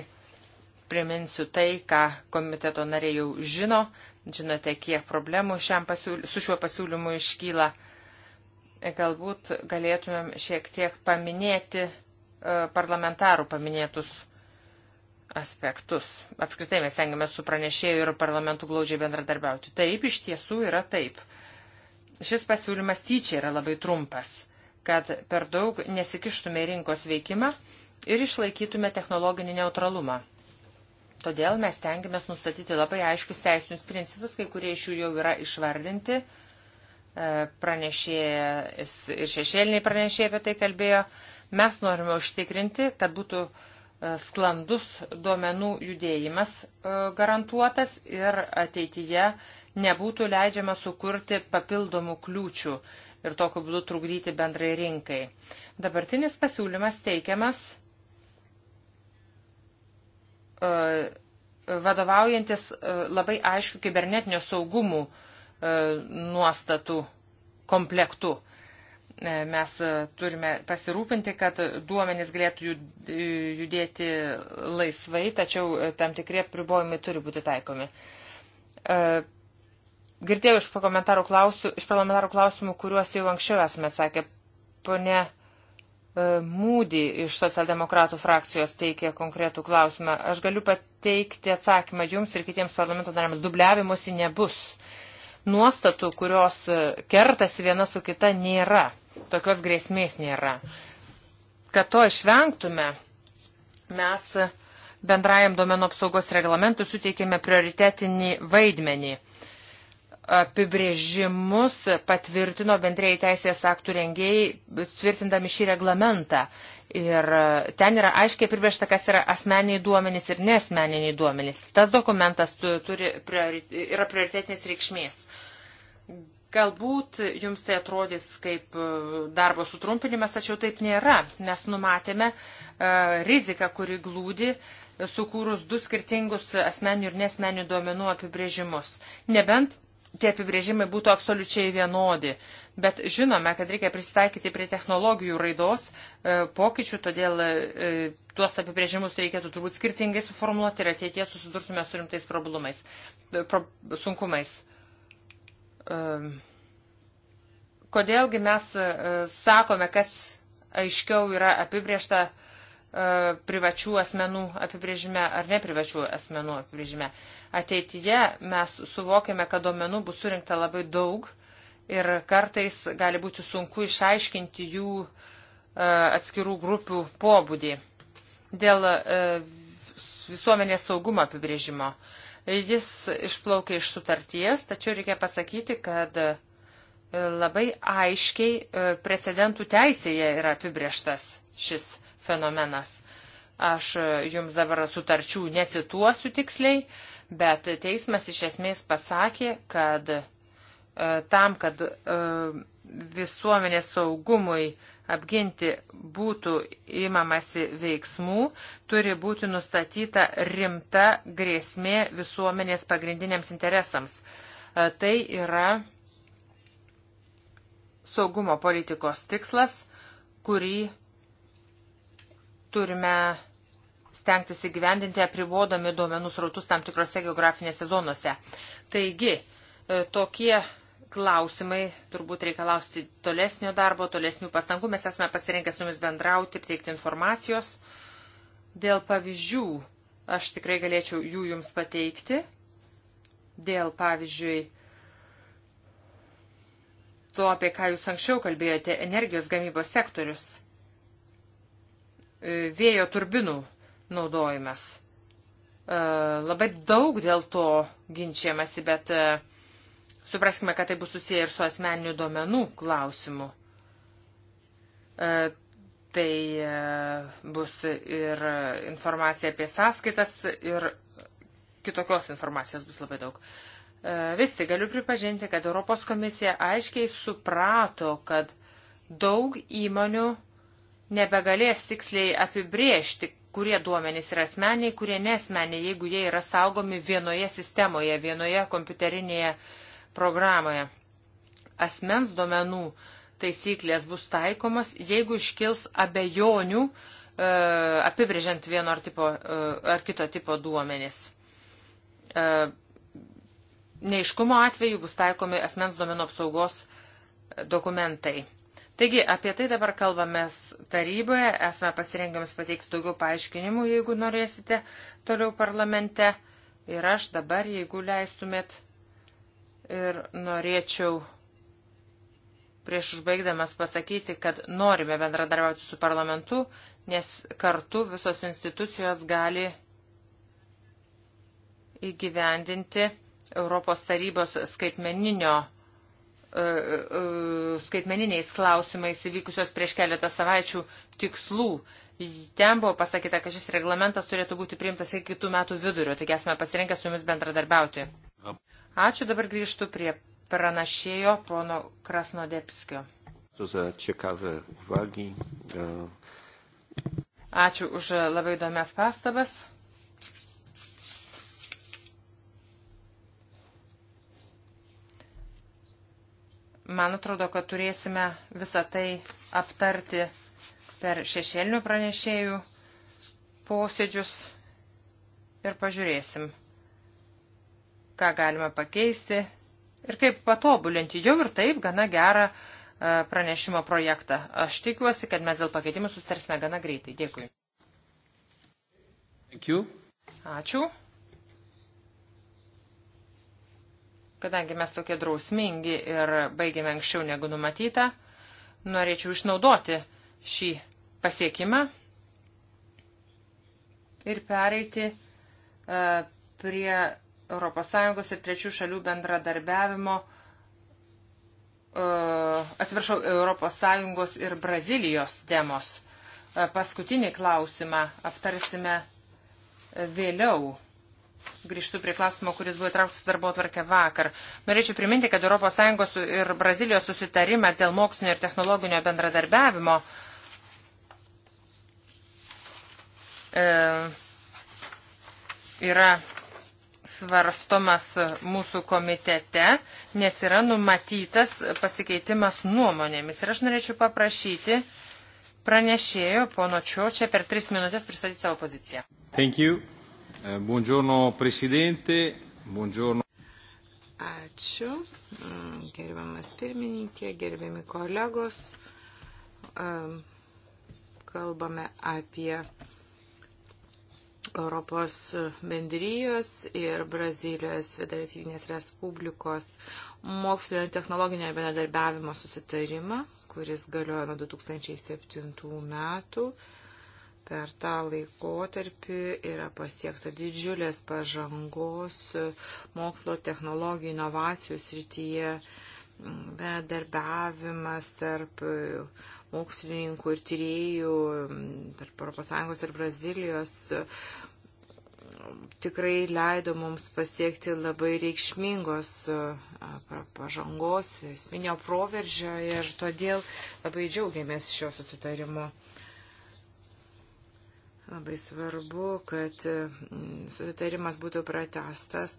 priminsiu tai, ką komiteto nariai jau žino. Žinote, kiek problemų pasiūly, su šiuo pasiūlymu iškyla. Uh, Galbūt galėtumėm šiek tiek paminėti e, parlamentarų paminėtus aspektus. Apskritai mes tengiamės su pranešėju ir parlamentu glaudžiai bendradarbiauti. Taip, iš tiesų yra taip. Šis pasiūlymas tyčia yra labai trumpas, kad per daug nesikištume rinkos veikimą ir išlaikytume technologinį neutralumą. Todėl mes tengiamės nustatyti labai aiškius teisinius principus, kai kurie iš jų jau yra išvardinti E, pranešėjas ir šešėliniai pranešėjai apie tai kalbėjo. Mes norime užtikrinti, kad būtų e, sklandus duomenų judėjimas e, garantuotas ir ateityje nebūtų leidžiama sukurti papildomų kliūčių ir tokiu būdu trukdyti bendrai rinkai. Dabartinis pasiūlymas teikiamas vadovaujantis labai aišku kibernetinio saugumų uh, E, nuostatų komplektu. E, mes e, turime pasirūpinti, kad duomenys galėtų judėti laisvai, tačiau tam tikrie pribojimai turi būti taikomi. Girdėjau iš parlamentarų, klausimų, iš parlamentarų klausimų, kuriuos jau anksčiau esame atsakę. Pone Mūdį iš socialdemokratų frakcijos teikė konkretų klausimą. Aš galiu pateikti atsakymą jums ir kitiems parlamento nariams. Dubliavimuose nebus nuostatų, kurios e, kertasi viena su kita, nėra. Tokios grėsmės nėra. Kad to išvengtume, mes bendrajam domenų apsaugos reglamentui suteikėme prioritetinį vaidmenį. Apibrėžimus patvirtino bendrėjai teisės aktų rengėjai, tvirtindami šį reglamentą. Ir e, ten yra aiškiai apibriešta, kas yra asmeniai duomenys ir nesmeniniai duomenys. Tas dokumentas turi, priori, yra prioritetinės reikšmės. Galbūt jums tai atrodys kaip e, darbo sutrumpinimas, tačiau taip nėra. Mes numatėme uh, riziką, kuri glūdi sukūrus du skirtingus asmenių ir nesmenių duomenų apibrėžimus. Nebent tie apibrėžimai būtų absoliučiai vienodi. Uh, bet žinome, kad reikia prisitaikyti prie technologijų raidos e, pokyčių, todėl e, tuos apibrėžimus reikėtų turbūt skirtingai suformuoluoti ir ateitie susidurtume su rimtais problemais, e, pro, sunkumais. Kodėlgi mes sakome, kas aiškiau yra apibriešta privačių asmenų apibrėžime ar neprivačių asmenų apibrėžime. Ateityje mes suvokėme, kad domenų bus surinkta labai daug ir kartais gali būti sunku išaiškinti jų e, atskirų grupių pobūdį. Dėl e, visuomenės saugumo apibrėžimo. Jis išplaukia iš sutarties, tačiau reikia pasakyti, kad e, labai aiškiai precedentų teisėje yra apibrieštas šis fenomenas. Aš jums dabar sutarčių necituosiu tiksliai, bet teismas iš esmės pasakė, kad E, tam, kad e, visuomenės saugumui apginti būtų įmamasi veiksmų, turi būti nustatyta rimta grėsmė visuomenės pagrindiniams interesams. E, tai yra saugumo politikos tikslas, kurį turime stengtis įgyvendinti apribodami duomenų srautus tam tikrose geografinėse zonose. Taigi, tokie klausimai turbūt reikalausti tolesnio darbo, tolesnių pastangų. Mes esame pasirinkę su jumis bendrauti ir teikti informacijos. Dėl pavyzdžių aš tikrai galėčiau jų jums pateikti. Dėl pavyzdžiui to, apie ką jūs anksčiau kalbėjote, energijos gamybos sektorius, e, vėjo turbinų naudojimas. E, labai daug dėl to ginčiamasi, bet uh, Supraskime, kad tai bus susiję ir su asmeniniu duomenų klausimu. E, tai e, bus ir informacija apie sąskaitas, ir kitokios informacijos bus labai daug. E, vis tik galiu pripažinti, kad Europos komisija aiškiai suprato, kad daug įmonių nebegalės tiksliai apibriežti, kurie duomenys yra asmeniai, kurie nesmeniai, jeigu jie yra saugomi vienoje sistemoje, vienoje kompiuterinėje uh, programoje. Asmens duomenų taisyklės bus taikomas, jeigu iškils abejonių e, apibrėžiant vieno ar, tipo, e, ar kito tipo duomenis. E, neiškumo atveju bus taikomi asmens duomenų apsaugos dokumentai. Taigi, apie tai dabar kalbamės taryboje, esame pasirengiamas pateikti daugiau paaiškinimų, jeigu norėsite, toliau parlamente. Ir aš dabar, jeigu leistumėt, ir norėčiau prieš užbaigdamas pasakyti, kad norime bendradarbiauti su parlamentu, nes kartu visos institucijos gali įgyvendinti Europos tarybos skaitmeninio e, e, skaitmeniniais klausimais įvykusios prieš keletą savaičių tikslų. Ten buvo pasakyta, kad šis reglamentas turėtų būti priimtas iki kitų metų vidurio, taigi esame pasirinkę su jumis bendradarbiauti. Ačiū, dabar grįžtu prie pranašėjo pono Krasnodepskio. E, Ačiū už labai įdomias pastabas. Man atrodo, kad turėsime visą tai aptarti per šešėlinių pranešėjų posėdžius ir pažiūrėsim ką galima pakeisti ir kaip patobulinti jau ir taip gana gerą e, pranešimo projektą. Aš tikiuosi, kad mes dėl pakeitimų sustarsime gana greitai. Dėkui. Ačiū. Kadangi mes tokie drausmingi ir baigėme anksčiau negu numatyta, norėčiau išnaudoti šį pasiekimą ir pereiti uh, prie ES ir trečių šalių bendradarbiavimo, e, atsiprašau, ES ir Brazilijos temos. E, paskutinį klausimą aptarsime e, vėliau. Grįžtu prie klausimo, kuris buvo įtrauktas darbo atvarkę vakar. Norėčiau priminti, kad ES ir Brazilijos susitarimas dėl mokslinio ir technologinio bendradarbiavimo e, yra svarstomas mūsų komitete, nes yra numatytas pasikeitimas nuomonėmis. Ir aš norėčiau paprašyti pranešėjo pono Čiočia per tris minutės pristatyti savo poziciją. Thank you. Eh, buongiorno, prezidente. Buongiorno. Ačiū, mm, gerbiamas pirmininkė, gerbiami kolegos. Kalbame apie Europos bendrijos ir Brazilijos Federatyvinės Respublikos mokslinio technologinio bendradarbiavimo susitarimą, kuris galioja nuo 2007 metų per tą laikotarpį yra pasiekta didžiulės pažangos mokslo technologijų inovacijų srityje, bendarbiavimas tarp mokslininkų ir tyriejų tarp ES ir Brazilijos tikrai leido mums pasiekti labai reikšmingos pažangos, esminio proveržio ir todėl labai džiaugiamės šio susitarimu. Labai svarbu, kad susitarimas būtų pratestas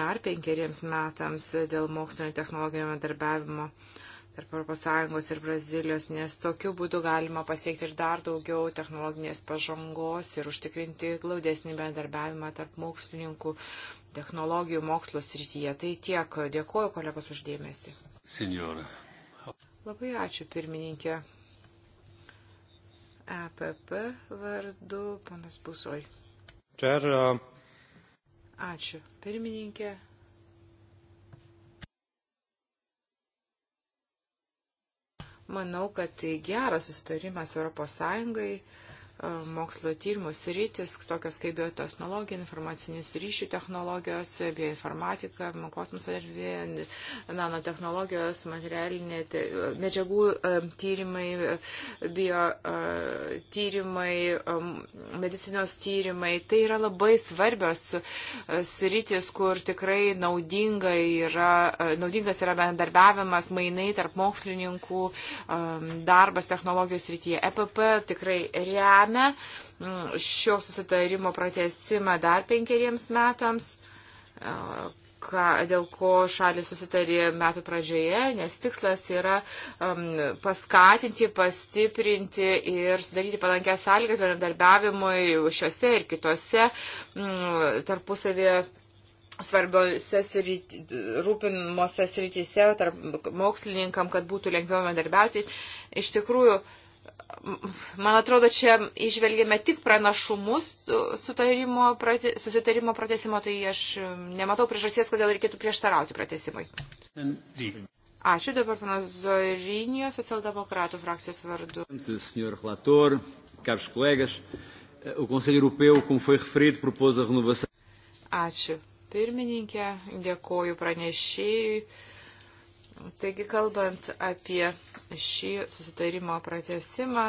dar penkeriems metams dėl mokslinio technologinio darbiavimo tarp ES ir Brazilijos, nes tokiu būdu galima pasiekti ir dar daugiau technologinės pažangos ir užtikrinti glaudesnį bendarbiavimą tarp mokslininkų technologijų mokslo srityje. Tai tiek. Dėkuoju kolegos uždėmesi. Senjora. Labai ačiū pirmininkė. EPP vardu panas Busoj. Čia yra. Uh, ačiū pirmininkė. Manau, kad tai geras sustarimas Europos Sąjungai E, mokslo tyrimus rytis, tokios kaip biotechnologija, informacinis ryšių technologijos, bioinformatika, kosmoso erdvė, nanotehnologijos, materialinė, te, medžiagų e, tyrimai, bio e, tyrimai, medicinos tyrimai. Tai yra labai svarbios sritis, kur tikrai naudinga yra, naudingas yra bendarbiavimas, mainai tarp mokslininkų, darbas technologijos srityje. EPP tikrai remia remia mm, šio susitarimo pratesimą dar penkeriems metams, e, ką, dėl ko šalis susitarė metų pradžioje, nes tikslas yra um, paskatinti, pastiprinti ir sudaryti palankęs sąlygas bendradarbiavimui šiuose ir kitose um, tarpusavėje svarbiose srity, rūpinimose srityse, tarp mokslininkam, kad būtų lengviau bendarbiauti. Iš tikrųjų, uh, Man atrodo, čia išvelgėme tik pranašumus sutarimo, prate, susitarimo pratesimo, tai aš nematau priežasties, kodėl reikėtų prieštarauti pratesimui. Ačiū dabar panas Zorinio, socialdemokratų frakcijos vardu. Ačiū. Pirmininkė, dėkoju pranešėjui. Taigi, kalbant apie šį susitarimo pratesimą,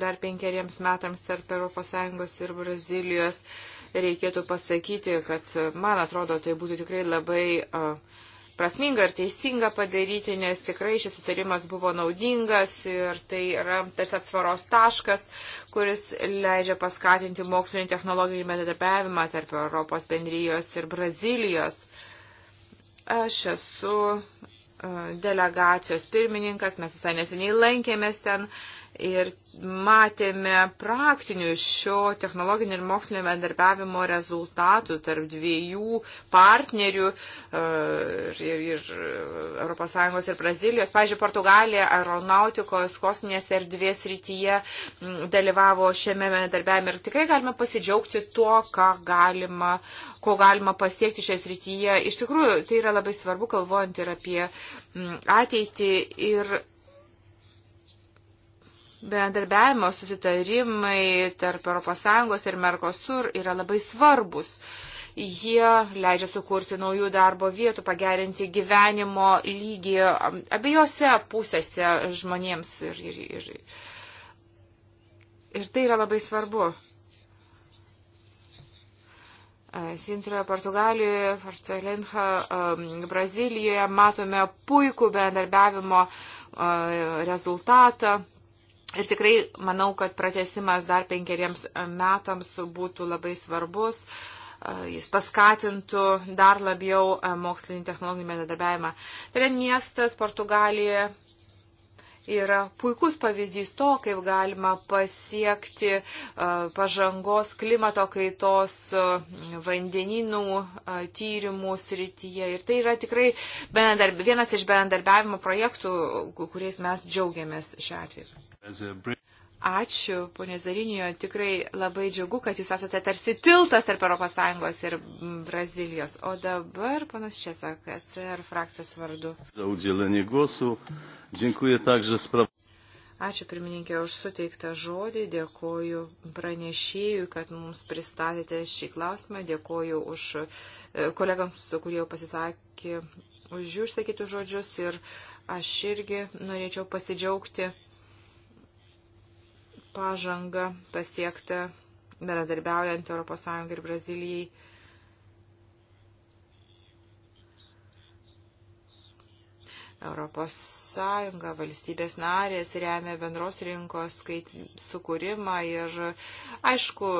dar penkeriems metams tarp ES ir Brazilijos reikėtų pasakyti, kad man atrodo, tai būtų tikrai labai prasminga ir teisinga padaryti, nes tikrai šis sutarimas buvo naudingas ir tai yra tarsi atsvaros taškas, kuris leidžia paskatinti mokslinį technologinį bendradarbiavimą tarp Europos bendrijos ir Brazilijos. Uh, Aš esu e, delegacijos pirmininkas, mes visai neseniai lankėmės ten ir matėme praktinių šio technologinio ir mokslinio bendarbiavimo rezultatų tarp dviejų partnerių uh, ir, ir uh, ES ir Brazilijos. Pavyzdžiui, Portugalija aeronautikos kosminės erdvės rytyje mm, dalyvavo šiame bendarbiavime ir tikrai galime pasidžiaugti tuo, ką galima, ko galima pasiekti šioje srityje. Iš tikrųjų, tai yra labai svarbu, kalbant ir apie mm, ateitį. Ir bendarbiavimo susitarimai tarp ES ir Mercosur yra labai svarbus. Jie leidžia sukurti naujų darbo vietų, pagerinti gyvenimo lygį abiejose pusėse žmonėms. Ir, ir, ir, ir tai yra labai svarbu. Sintroje, Portugalijoje, Fortalenha, um, Brazilijoje matome puikų bendarbiavimo uh, rezultatą Ir tikrai manau, kad pratesimas dar penkeriems metams būtų labai svarbus. E, jis paskatintų dar labiau e, mokslinį technologinį bendradarbiavimą. Tren tai miestas Portugalijoje yra puikus pavyzdys to, kaip galima pasiekti e, pažangos klimato kaitos vandeninų tyrimų srityje. Ir tai yra tikrai vienas iš bendarbiavimo projektų, kuriais mes džiaugiamės šią atveju. Ačiū, ponė Zarinijo. Tikrai labai džiugu, kad jūs esate tarsi tiltas tarp ES ir mm, Brazilijos. O dabar panas Česak, CR frakcijos vardu. Ačiū pirmininkė už suteiktą žodį, dėkoju pranešėjui, kad mums pristatėte šį klausimą, dėkoju už e, kolegams, kurie jau pasisakė už jų išsakytų žodžius ir aš irgi norėčiau pasidžiaugti pažanga pasiekta bendradarbiaujant ES ir Brazilijai. Europos Sąjunga, valstybės narės remia bendros rinkos skait, sukūrimą ir, aišku,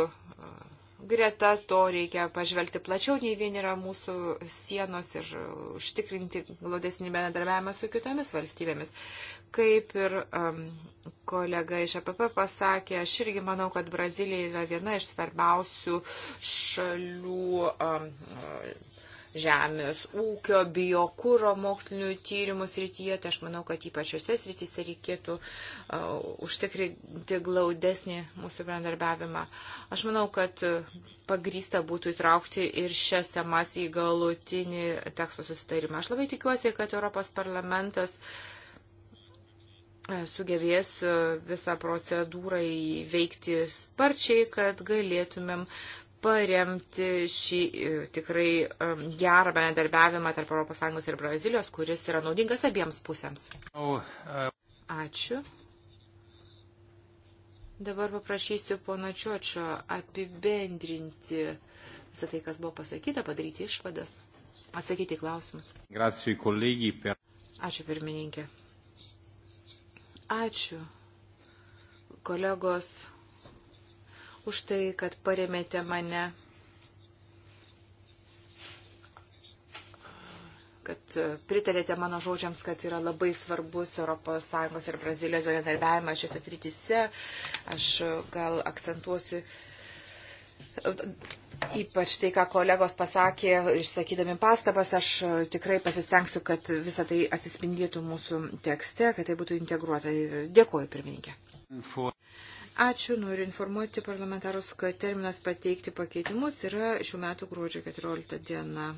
greta to reikia pažvelgti plačiau, nei vien yra mūsų sienos ir užtikrinti glaudesnį bendradarbiavimą su kitomis valstybėmis. Kaip ir um, kolega iš APP pasakė, aš irgi manau, kad Brazilija yra viena iš svarbiausių šalių. Um, žemės ūkio, biokūro mokslinių tyrimų srityje, tai aš manau, kad ypač šiuose srityse reikėtų uh, užtikrinti glaudesnį mūsų bendarbiavimą. Aš manau, kad pagrysta būtų įtraukti ir šias temas į galutinį teksto susitarimą. Aš labai tikiuosi, kad Europos parlamentas sugebės visą procedūrą įveikti sparčiai, kad galėtumėm paremti šį e, tikrai gerą bendarbiavimą tarp ES ir Brazilijos, kuris yra naudingas abiems pusėms. E. Ačiū. Dabar paprašysiu pono Čiočio apibendrinti visą tai, kas buvo pasakyta, padaryti išvadas, atsakyti klausimus. Ačiū pirmininkė. Ačiū kolegos už tai, kad paremėte mane, kad e, pritarėte mano žodžiams, kad yra labai svarbus ES ir Brazilijos bendradarbiavimas šiuose srityse. Aš e, gal akcentuosiu Ypač tai, ką kolegos pasakė, išsakydami pastabas, aš e, tikrai pasistengsiu, kad visa tai atsispindėtų mūsų tekste, kad tai būtų integruota. Dėkuoju, pirmininkė. Ačiū, noriu informuoti parlamentarus, kad terminas pateikti pakeitimus yra šių metų gruodžio 14 diena.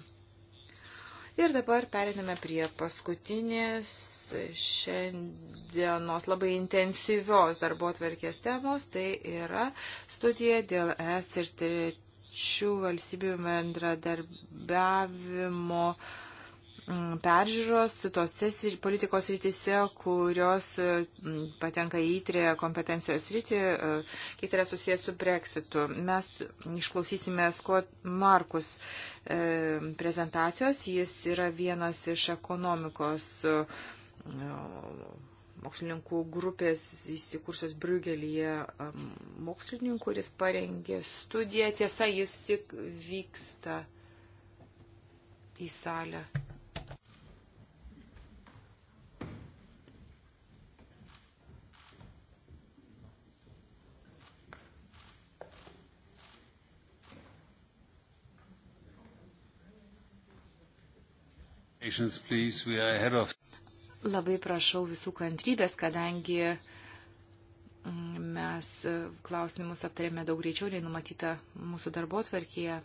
Ir dabar periname prie paskutinės šiandienos labai intensyvios darbo atverkės temos, tai yra studija dėl ES ir trečių valstybių bendradarbiavimo uh, Mm, peržiūros tose politikos rytise, kurios e, patenka į įtrį kompetencijos rytį, e, kiek yra susijęs su breksitu. Mes išklausysime Scott Markus e, prezentacijos, jis yra vienas iš ekonomikos mokslininkų grupės įsikursios Briugelyje mokslininkų, kuris parengė studiją. Tiesa, jis tik vyksta į salę. Labai prašau visų kantrybės, kadangi mm, mes e, klausimus aptarėme daug greičiau nei numatyta mūsų darbo tvarkėje.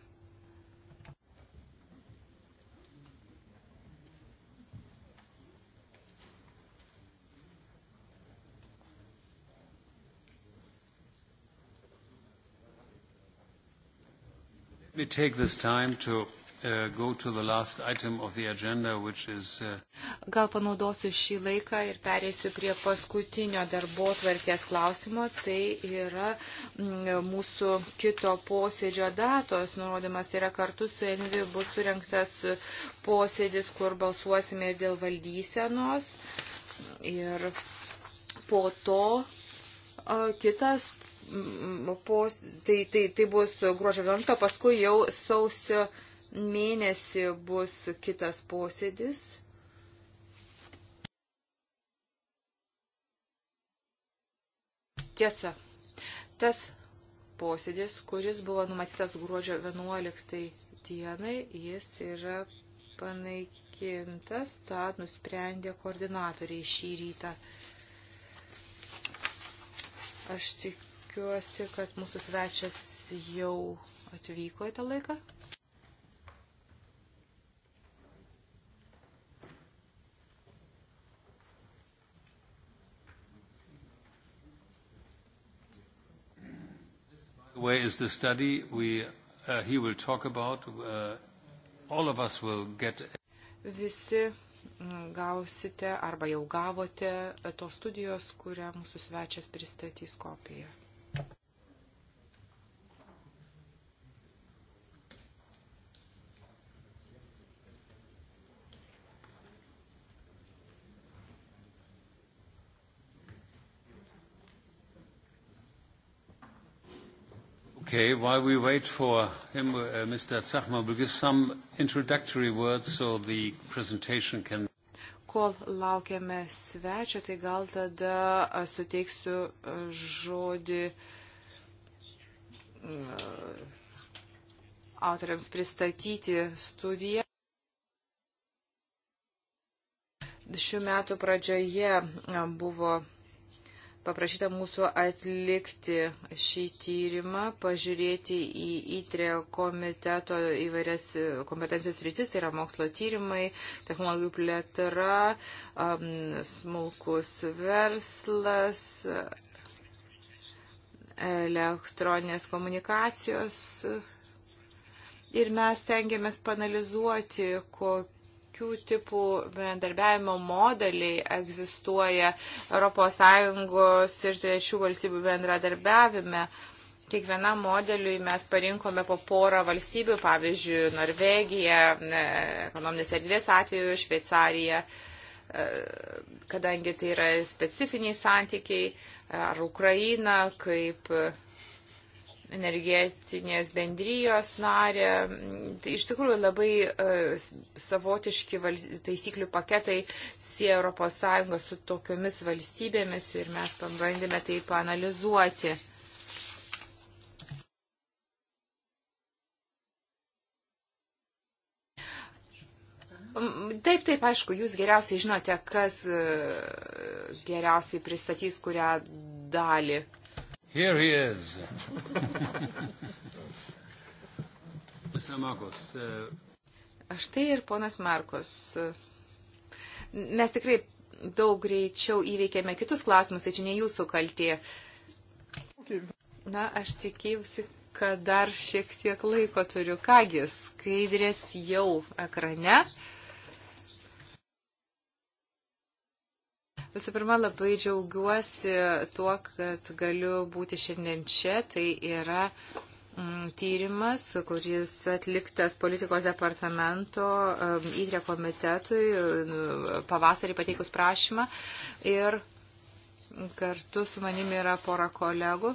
Let me take this time to Uh, agenda, is, uh... Gal panaudosiu šį laiką ir perėsiu prie paskutinio darbo tvarkės klausimo. Tai yra mm, mūsų kito posėdžio datos nurodymas. Tai yra kartu su Envi bus surinktas posėdis, kur balsuosime ir dėl valdysenos. Ir po to uh, kitas mm, mm, pos, tai, tai, tai bus gruožio 11, paskui jau sausio mėnesį bus kitas posėdis. Tiesa, tas posėdis, kuris buvo numatytas gruodžio 11 dienai, jis yra panaikintas, tad nusprendė koordinatoriai šį rytą. Aš tikiuosi, kad mūsų svečias jau atvyko į tą laiką. where is the study we, uh, he will talk about. Uh, all of us will get. Visi mm, gausite arba jau gavote tos studijos, kurią mūsų svečias pristatys kopiją. Okay, while we wait for him, uh, Mr. Zachman will give some introductory words so the presentation can kol laukiame svečio, tai gal tada suteiksiu žodį autoriams pristatyti studiją. Šių metų pradžioje buvo paprašyta mūsų atlikti šį tyrimą, pažiūrėti į įtrė komiteto įvairias kompetencijos rytis, tai yra mokslo tyrimai, technologijų plėtra, smulkus verslas, elektroninės komunikacijos. Ir mes tengiamės panalizuoti, kokie kokių tipų bendarbiavimo modeliai egzistuoja ES ir trečių valstybių bendradarbiavime. Kiekvienam modeliui mes parinkome po porą valstybių, pavyzdžiui, Norvegija, ekonominės erdvės atveju, Šveicarija, e, kadangi tai yra specifiniai santykiai, ar Ukraina kaip energetinės bendrijos narė. Tai iš tikrųjų labai e, savotiški taisyklių paketai sieja ES su tokiomis valstybėmis ir mes pabandėme tai panalizuoti. Taip, taip, aišku, jūs geriausiai žinote, kas e, geriausiai pristatys kurią dalį. Here he is. Mr. Markus. Uh, aš tai ir ponas Markus. Mes tikrai daug greičiau įveikėme kitus klausimus, tai čia ne jūsų kaltė. Na, aš tikėjausi, kad dar šiek tiek laiko turiu. Kągi, skaidrės jau ekrane. Uh, Visų pirma, labai džiaugiuosi tuo, kad galiu būti šiandien čia. Tai yra mm, tyrimas, kuris atliktas politikos departamento mm, įtrė komitetui mm, pavasarį pateikus prašymą. Ir kartu su manimi yra pora kolegų.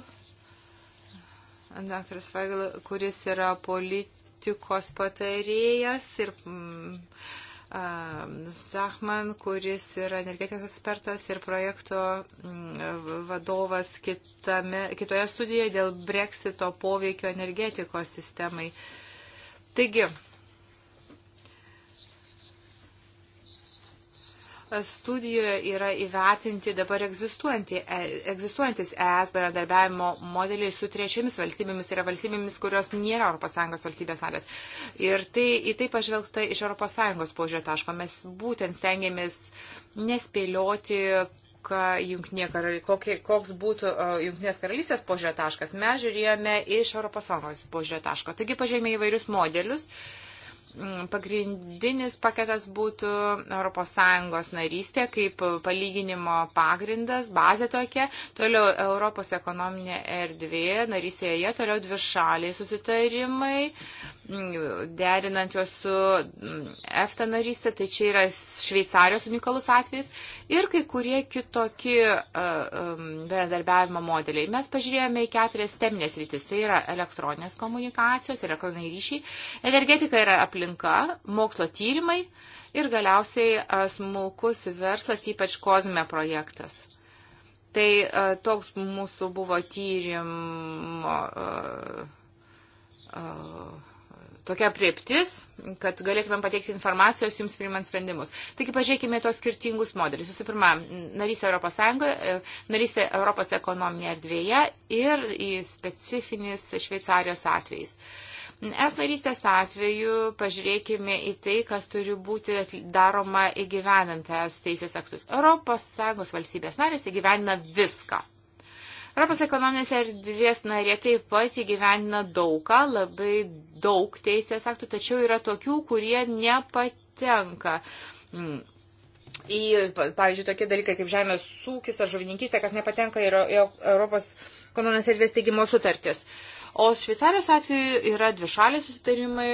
Dr. Svaigal, kuris yra politikos patarėjas ir. Mm, Zachman, kuris yra energetikos ekspertas ir projekto mm, vadovas kitame, kitoje studijoje dėl breksito poveikio energetikos sistemai. Taigi, studijoje yra įvertinti dabar e, egzistuojantis ES bendradarbiavimo modeliai su trečiomis valstybėmis, yra valstybėmis, kurios nėra ES valstybės narės. Ir tai, į tai pažvelgta iš ES požiūrio taško. Mes būtent stengiamės nespėlioti, Karal... Kokie, koks būtų Junktinės karalystės požiūrio taškas. Mes žiūrėjome iš ES požiūrio taško. Taigi pažiūrėjome įvairius modelius. Uh, Mm, pagrindinis paketas būtų ES narystė kaip palyginimo pagrindas, bazė tokia, toliau Europos ekonominė erdvė, narystėje, toliau dvišaliai susitarimai, derinant juos su mm, EFTA narystė, tai čia yra Šveicarijos unikalus atvejis ir kai kurie kitokie e, bendradarbiavimo modeliai. Mes pažiūrėjome į keturias teminės rytis, tai yra elektroninės komunikacijos, elektroniniai ryšiai, energetika yra aplinka, mokslo tyrimai ir galiausiai e, smulkus verslas, ypač kozme projektas. Tai e, toks mūsų buvo tyrimo. Uh, uh, tokia prieptis, kad galėtumėm pateikti informacijos jums priimant sprendimus. Taigi pažiūrėkime tos skirtingus modelius. Visų pirma, narysė Europos Sąjungoje, e, narysė Europos ekonominėje erdvėje ir specifinis Šveicarijos atvejais. Es narystės atveju pažiūrėkime į tai, kas turi būti daroma įgyvenant es teisės aktus. Europos Sąjungos valstybės narės įgyvena viską Europos ekonominės erdvės narė taip pat įgyvendina daugą, labai daug teisės aktų, tačiau yra tokių, kurie nepatenka. Mm. Į, pavyzdžiui, tokie dalykai kaip žemės ūkis ar žuvininkystė, kas nepatenka į Europos ekonominės erdvės teigimo sutartis. O Šveicarijos atveju yra dvišaliai susitarimai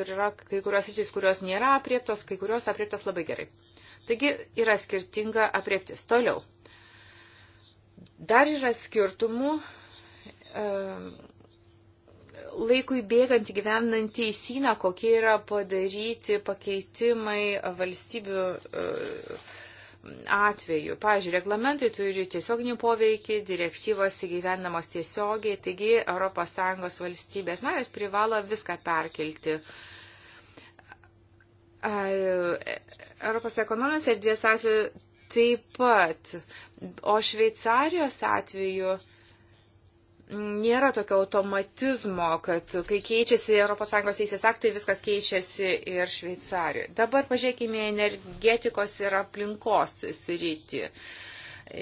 ir yra kai kurios sritys, kurios nėra apriektos, kai kurios apriektos labai gerai. Taigi yra skirtinga apriektis. Toliau. Dar yra skirtumų laikui bėgant gyvenant teisyną, kokie yra padaryti pakeitimai valstybių atveju. Pavyzdžiui, reglamentai turi tiesioginį poveikį, direktyvos įgyvenamos tiesiogiai, taigi ES valstybės narės privalo viską perkelti. Europos ekonominės erdvės atveju taip pat. O Šveicarijos atveju nėra tokio automatizmo, kad kai keičiasi ES teisės aktai, viskas keičiasi ir Šveicarijoje. Dabar pažiūrėkime energetikos ir aplinkos sritį.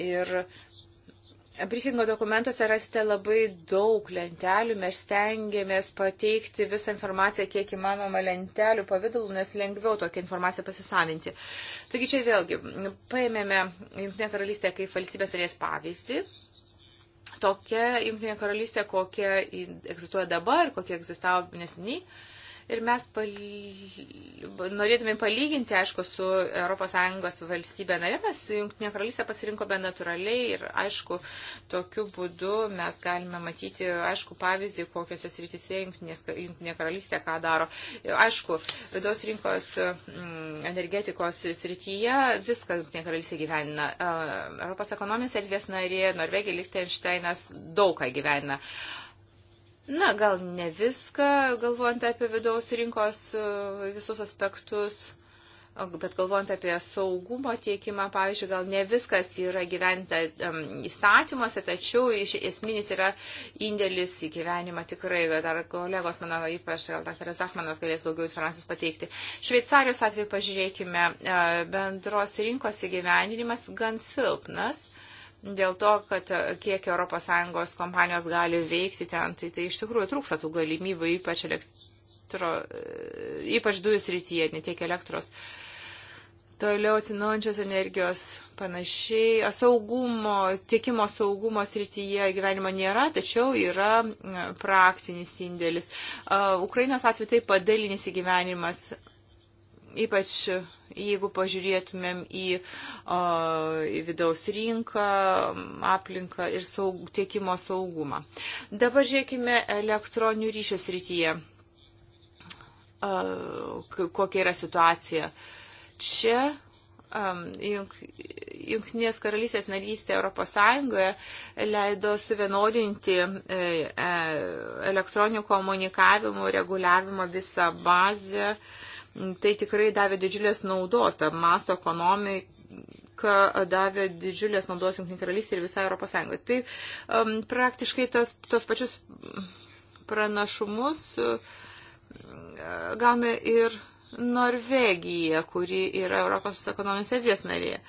Ir Briefingo dokumentuose rasite labai daug lentelių, mes stengiamės pateikti visą informaciją, kiek įmanoma lentelių pavydalų, nes lengviau tokią informaciją pasisavinti. Taigi čia vėlgi, paėmėme Junktinę karalystę kaip valstybės narės pavyzdį. Tokia Junktinė karalystė, kokia egzistuoja dabar, kokia egzistavo nesiniai. Ir mes pal... norėtume palyginti, aišku, su ES valstybė narėmis. Junktinė karalystė pasirinkome natūraliai ir, aišku, tokiu būdu mes galime matyti, aišku, pavyzdį, kokiuose srityse Junktinė karalystė ką daro. Aišku, vidaus rinkos mm, energetikos srityje viską Junktinė karalystė gyvenina. Europos ekonominės erdvės narė, Norvegija, Lichtensteinas daug ką gyvenina. Uh, Na, gal ne viską, galvojant apie vidaus rinkos e, visus aspektus, bet galvojant apie saugumo tiekimą, pavyzdžiui, gal ne viskas yra gyventa um, įstatymuose, tačiau iš esminis yra indėlis į gyvenimą tikrai, dar kolegos, mano ypač, gal dr. Zachmanas galės daugiau informacijos pateikti. Šveicarijos atveju pažiūrėkime, e, bendros rinkos įgyvendinimas gan silpnas. Uh, dėl to, kad e, kiek ES kompanijos gali veikti ten, tai, tai iš tikrųjų trūksta tų galimybių, ypač, elektro, e, ypač dujų srityje, ne tiek elektros. Toliau atsinaujančios energijos panašiai, saugumo, tiekimo saugumo srityje gyvenimo nėra, tačiau yra e, praktinis indėlis. Ukrainos atveju tai padalinis įgyvenimas Ypač jeigu pažiūrėtumėm į, o, į vidaus rinką, aplinką ir saug, tiekimo saugumą. Dabar žiūrėkime elektroninių ryšių srityje, o, kokia yra situacija. Čia Junktinės karalystės narystė Europos Sąjungoje leido suvienodinti e, e, elektroninių komunikavimų reguliavimo visą bazę. E, tai tikrai davė didžiulės naudos, ta masto ekonomika davė didžiulės naudos Junktinė karalystė ir visai Europos Sąjungoje. Tai um, praktiškai tas, tos pačius pranašumus uh, gauna ir Norvegija, kuri yra Europos ekonominės erdvės narė.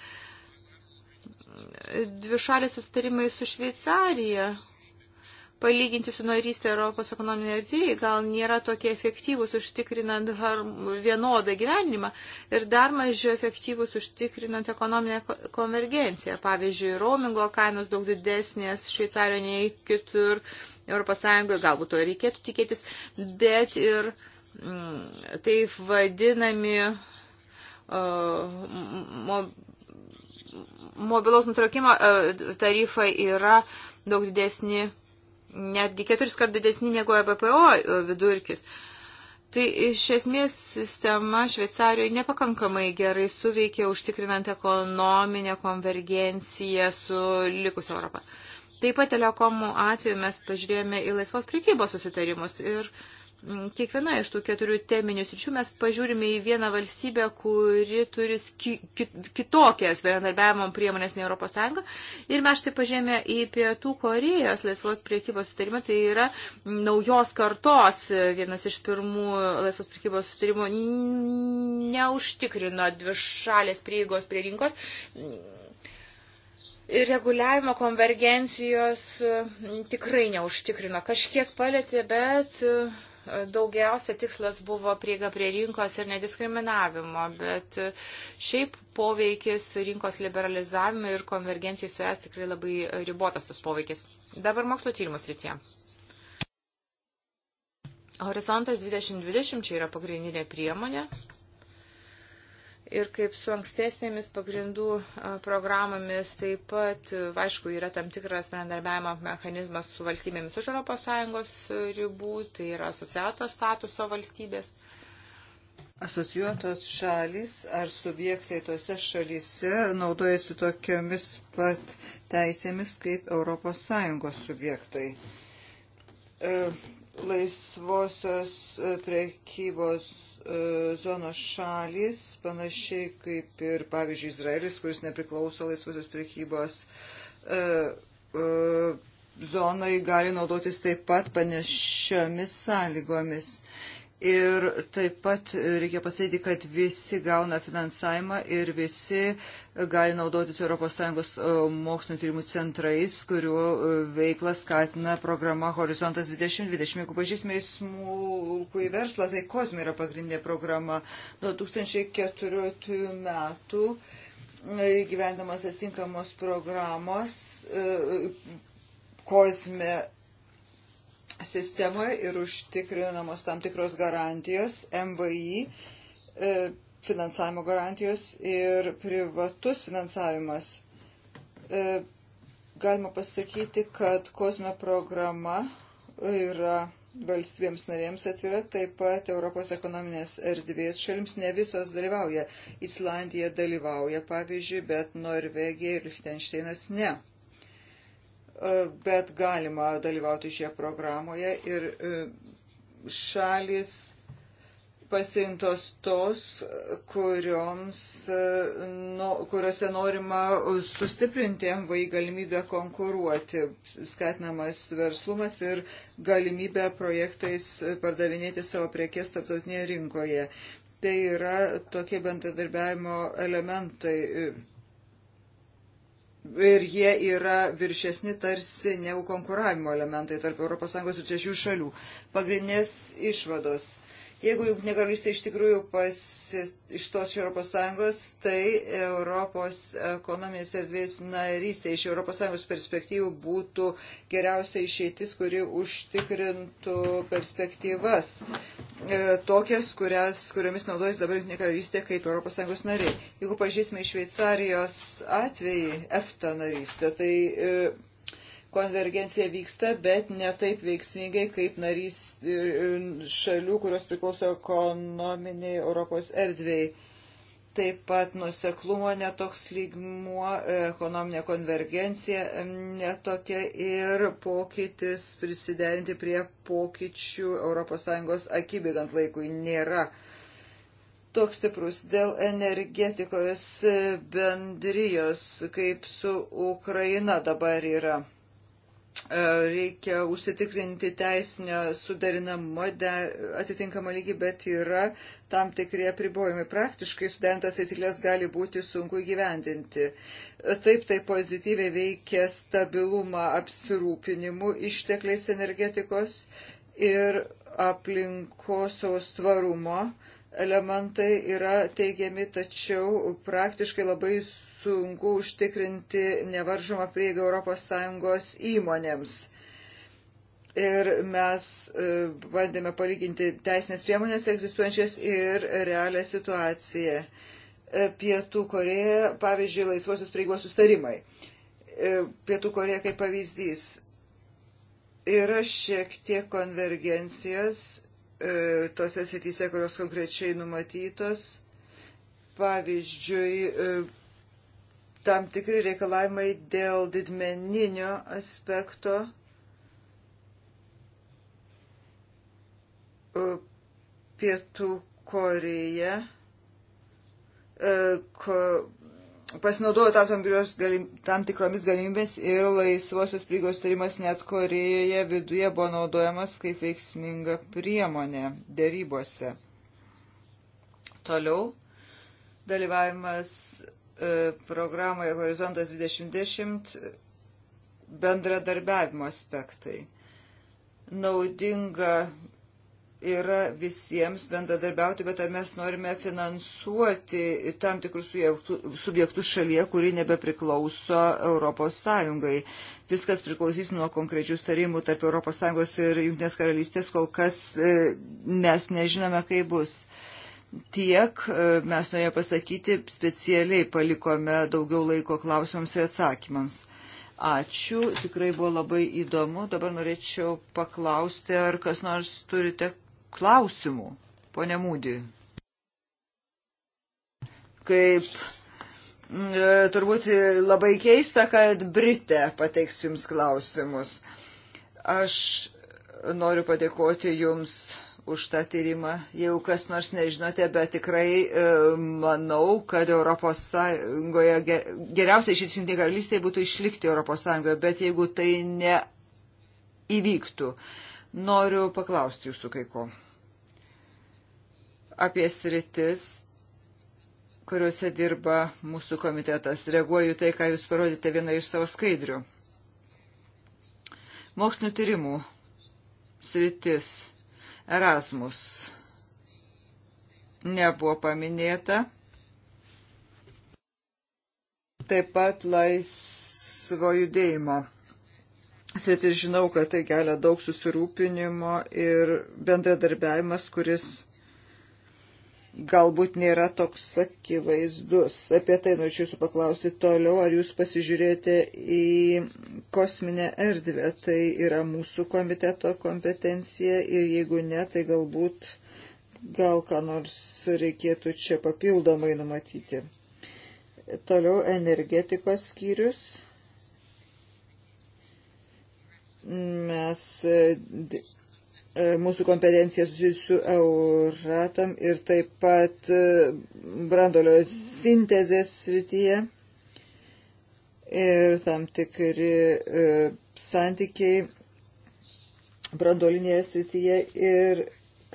Dvišalės sustarimai su Šveicarija palyginti su narystė Europos ekonominėje erdvėje, gal nėra tokie efektyvūs užtikrinant vienodą gyvenimą ir dar mažiau efektyvūs užtikrinant ekonominę konvergenciją. Pavyzdžiui, roamingo kainos daug didesnės Šveicarijoje nei kitur Europos Sąjungoje, galbūt to reikėtų tikėtis, bet ir mm, taip vadinami uh, mo, mobilaus nutraukimo uh, tarifai yra daug didesni netgi keturis kart didesni negu EBPO vidurkis. Tai iš esmės sistema Šveicarijoje nepakankamai gerai suveikė užtikrinant ekonominę konvergenciją su likus Europą. Taip pat telekomų atveju mes pažiūrėjome į laisvos prekybos susitarimus ir uh, kiekviena iš tų keturių teminių sričių mes pažiūrime į vieną valstybę, kuri turi ki ki kitokias bendradarbiavimo priemonės nei Europos Sąjunga. Ir mes štai pažėmė į Pietų Korejos laisvos priekybos sutarimą. Tai yra naujos kartos vienas iš pirmų laisvos priekybos sutarimų neužtikrino dvišalės prieigos prie rinkos reguliavimo konvergencijos mm, tikrai neužtikrino. Kažkiek palėtė, bet daugiausia tikslas buvo prieiga prie rinkos ir nediskriminavimo, bet šiaip poveikis rinkos liberalizavimui ir konvergencijai su es tikrai labai ribotas tas poveikis. Dabar mokslo tyrimus rytie. Horizontas 2020 čia yra pagrindinė priemonė, Ir kaip su ankstesnėmis pagrindų programomis, taip pat, aišku, yra tam tikras bendarbiavimo mechanizmas su valstybėmis už ES ribų, tai yra asociatos statuso valstybės. Asociuotos šalis ar subjektai tose šalise naudojasi tokiamis pat teisėmis kaip ES subjektai. E, laisvosios e, prekybos E, zonos šalis, panašiai kaip ir, pavyzdžiui, Izraelis, kuris nepriklauso laisvosios priekybos e, e, zonai, gali naudotis taip pat panašiomis sąlygomis. Ir taip pat reikia pasakyti, kad visi gauna finansavimą ir visi gali naudotis ES mokslinio tyrimų centrais, kurių veikla skatina programa Horizontas 2020. Jeigu pažįsime į smulkų į verslą, tai Kozmi yra pagrindinė programa nuo 2014 metų gyvendamas atitinkamos programos e, Kozme sistemoje ir užtikrinamos tam tikros garantijos MVI e, finansavimo garantijos ir privatus finansavimas. E, galima pasakyti, kad kosme programa yra valstybėms narėms atvira, taip pat Europos ekonominės erdvės šalims ne visos dalyvauja. Islandija dalyvauja, pavyzdžiui, bet Norvegija ir Liechtensteinas ne. E, bet galima dalyvauti šioje programoje ir e, šalis pasirinktos tos, kurioms, e, no, kuriuose norima sustiprinti MVI galimybę konkuruoti, skatinamas verslumas ir galimybę projektais pardavinėti savo prekės tarptautinėje rinkoje. Tai yra tokie bendradarbiavimo elementai ir jie yra viršesni tarsi negu konkuravimo elementai tarp ES ir čia šių šalių. Pagrindinės išvados Jeigu Junktinė karalystė iš tikrųjų išstos iš Europos Sąjungos, tai Europos ekonominės erdvės narystė iš Europos Sąjungos perspektyvų būtų geriausia išeitis, kuri užtikrintų perspektyvas e, tokias, kurias, kuriomis naudojasi dabar Junktinė karalystė kaip Europos Sąjungos nariai. Jeigu pažįsime Šveicarijos atvejį EFTA narystę, tai e, konvergencija vyksta, bet ne taip veiksmingai kaip narys e, e, šalių, kurios priklauso ekonominiai Europos erdvėjai. Taip pat nuseklumo netoks lygmuo, e, ekonominė konvergencija netokia ir pokytis prisiderinti prie pokyčių ES akybėgant laikui nėra toks stiprus dėl energetikos bendrijos, kaip su Ukraina dabar yra. E, reikia užsitikrinti teisinio sudarinamo atitinkamą lygį, bet yra tam tikrie pribojimai. Praktiškai sudarintas taisyklės gali būti sunku įgyvendinti. E, taip tai pozityviai veikia stabilumą apsirūpinimu ištekliais energetikos ir aplinkosaus tvarumo elementai yra teigiami, tačiau praktiškai labai sunku sunku užtikrinti nevaržomą prieigą ES įmonėms. Ir mes e, bandėme palyginti teisinės priemonės egzistuojančias ir realią situaciją. E, Pietų Koreja, pavyzdžiui, laisvosios prieigos sustarimai. E, Pietų Koreja kaip pavyzdys. Yra šiek tiek konvergencijos tose sityse, kurios konkrečiai numatytos. Pavyzdžiui, tam tikri reikalavimai dėl didmeninio aspekto e, Pietų Koreja e, pasinaudojo tam tikromis galimybės ir laisvosios prigos tarimas net Korejoje viduje buvo naudojamas kaip veiksminga priemonė dėrybose. Toliau dalyvavimas E, programoje Horizontas 2010 e, bendradarbiavimo aspektai. Naudinga yra visiems bendradarbiauti, bet ar mes norime finansuoti tam tikrus subjektus šalyje, kuri nebepriklauso Europos Sąjungai. Viskas priklausys nuo konkrečių starimų tarp Europos Sąjungos ir Junktinės karalystės, kol kas e, mes nežinome, kaip bus. E, tiek e, mes norėjome pasakyti, specialiai palikome daugiau laiko klausimams ir atsakymams. Ačiū, tikrai buvo labai įdomu. Dabar norėčiau paklausti, ar kas nors turite klausimų, ponė Mūdį. Kaip e, turbūt labai keista, kad Brite pateiks jums klausimus. Aš noriu padėkoti jums už tą tyrimą. Jeigu kas nors nežinote, bet tikrai e, manau, kad Europos Sąjungoje ger, geriausia išeitis jungtinė karalystė būtų išlikti Europos Sąjungoje, bet jeigu tai neįvyktų, noriu paklausti jūsų kai ko apie sritis, kuriuose dirba mūsų komitetas. Reaguoju tai, ką jūs parodėte vieną iš savo skaidrių. Mokslinių tyrimų sritis Erasmus nebuvo paminėta. Taip pat laisvo judėjimo. Sėti žinau, kad tai kelia daug susirūpinimo ir bendradarbiavimas, kuris galbūt nėra toks akivaizdus. Apie tai norėčiau jūsų paklausyti toliau, ar jūs pasižiūrėjote į kosminę erdvę. Tai yra mūsų komiteto kompetencija ir jeigu ne, tai galbūt gal ką nors reikėtų čia papildomai numatyti. Toliau energetikos skyrius mes E, mūsų kompetencija susijusi su Euratom ir taip pat e, brandolio sintezės srityje ir tam tikri e, santykiai brandolinėje srityje ir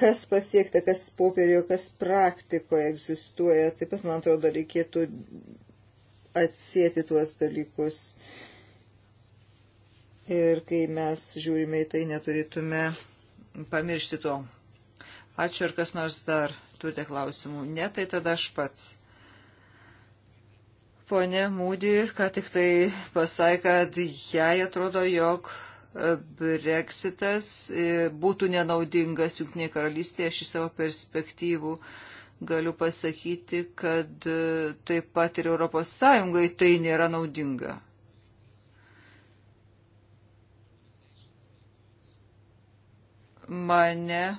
kas pasiekta, kas popierio, kas praktikoje egzistuoja. Taip pat, man atrodo, reikėtų atsėti tuos dalykus. Ir kai mes žiūrime į tai, neturėtume pamiršti to. Ačiū, ar kas nors dar turite klausimų? Ne, tai tada aš pats. Pone Mūdi, ką tik tai pasakė, kad jai atrodo, jog e, Brexitas e, būtų nenaudingas Junktinėje karalystėje. Aš iš savo perspektyvų galiu pasakyti, kad e, taip pat ir ES tai nėra naudinga. mane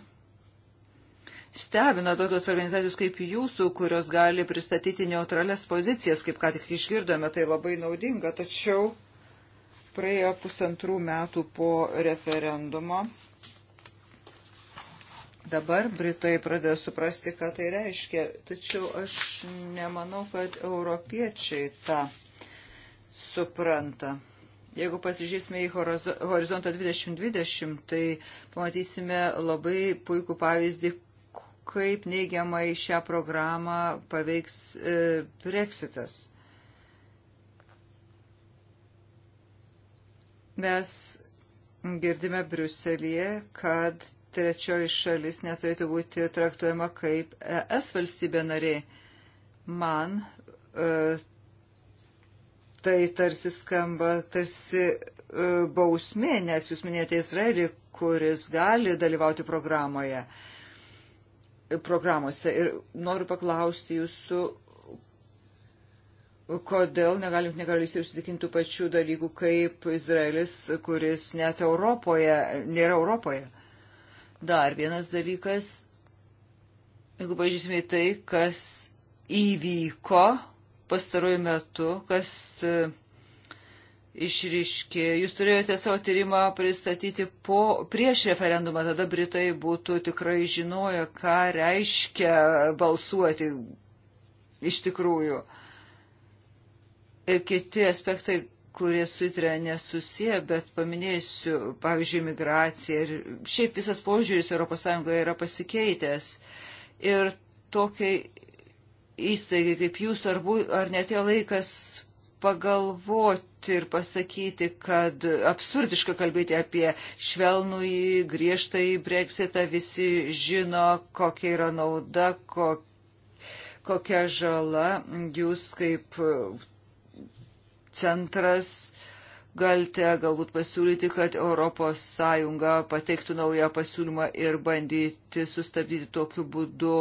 stebina tokios organizacijos kaip jūsų, kurios gali pristatyti neutrales pozicijas, kaip ką tik išgirdome, tai labai naudinga, tačiau praėjo pusantrų metų po referendumo. Dabar Britai pradėjo suprasti, ką tai reiškia, tačiau aš nemanau, kad europiečiai tą supranta. Jeigu pasižiūrėsime į horizontą 2020, tai pamatysime labai puikų pavyzdį, kaip neigiamai šią programą paveiks e, Brexitas. Mes girdime Briuselėje, kad trečioji šalis neturėtų būti traktuojama kaip ES valstybė nariai. Man e, tai tarsi skamba, tarsi e, bausmė, nes jūs minėjote Izraelį, kuris gali dalyvauti programoje, programuose. Ir noriu paklausti jūsų, kodėl negalim negalystė užsitikintų pačių dalykų kaip Izraelis, kuris net Europoje, nėra Europoje. Dar vienas dalykas, jeigu pažiūrėsime tai, kas įvyko pastaruoju metu, kas e, išryškėjo. Jūs turėjote savo tyrimą pristatyti po, prieš referendumą, tada Britai būtų tikrai žinojo, ką reiškia balsuoti iš tikrųjų. Ir kiti aspektai, kurie sutrė nesusiję, bet paminėsiu, pavyzdžiui, migracija ir šiaip visas požiūris ES yra pasikeitęs. Ir tokiai įstaigai kaip jūs, ar, bu, ar netėjo laikas pagalvoti ir pasakyti, kad absurdiška kalbėti apie švelnųjį, griežtąjį breksitą, visi žino, kokia yra nauda, kokia kokia žala jūs kaip centras galite galbūt pasiūlyti, kad ES pateiktų naują pasiūlymą ir bandyti sustabdyti tokiu būdu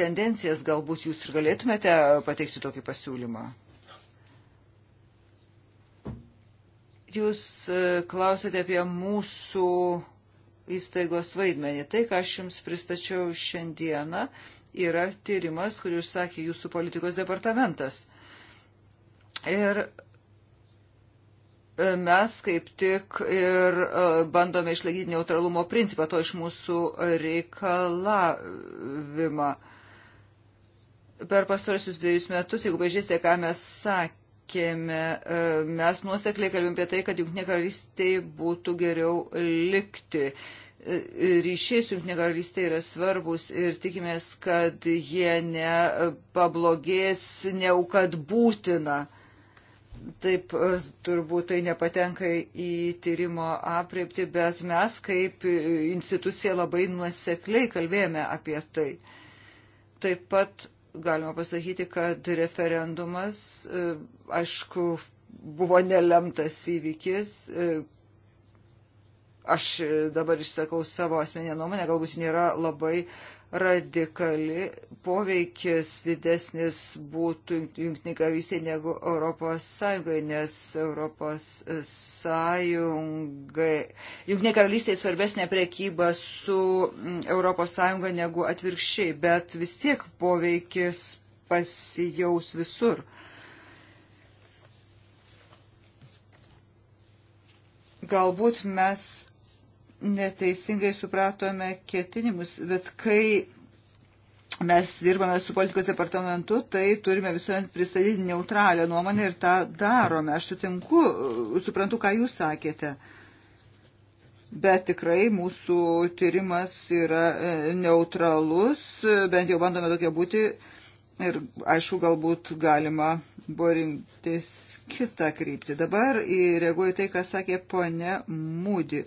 tendencijas, galbūt jūs ir galėtumėte pateikti tokį pasiūlymą? Jūs e, klausėte apie mūsų įstaigos vaidmenį. Tai, ką aš jums pristačiau šiandieną, yra tyrimas, kurį užsakė jūsų politikos departamentas. Ir mes kaip tik ir e, bandome išlaikyti neutralumo principą, to iš mūsų reikalavimą. Per pastarosius dviejus metus, jeigu pažiūrėsite, ką mes sakėme, e, mes nuosekliai kalbėjom apie tai, kad Junktinė karalystė būtų geriau likti. E, ryšiai su Junktinė karalystė yra svarbus ir tikimės, kad jie nepablogės, ne kad būtina Taip, e, turbūt tai nepatenka į tyrimo apriepti, bet mes kaip institucija labai nuosekliai kalbėjome apie tai. Taip pat galima pasakyti, kad referendumas, e, aišku, buvo nelemtas įvykis. E, aš dabar išsakau savo asmenę nuomonę, galbūt nėra labai uh, radikali, poveikis didesnis būtų jungtiniai karalystėje negu Europos Sąjungoje, nes Europos Sąjungai, jungtiniai karalystėje svarbesnė prekyba su mm, Europos Sąjunga negu atvirkščiai, bet vis tiek poveikis pasijaus visur. Galbūt mes neteisingai supratome ketinimus, bet kai mes dirbame su politikos departamentu, tai turime visuomet pristatyti neutralią nuomonę ir tą darome. Aš sutinku, suprantu, ką jūs sakėte. Bet tikrai mūsų tyrimas yra e, neutralus, bent jau bandome tokia būti. Ir aišku, galbūt galima buvo rinktis kitą kryptį. Dabar reaguoju tai, ką sakė ponia Mūdi.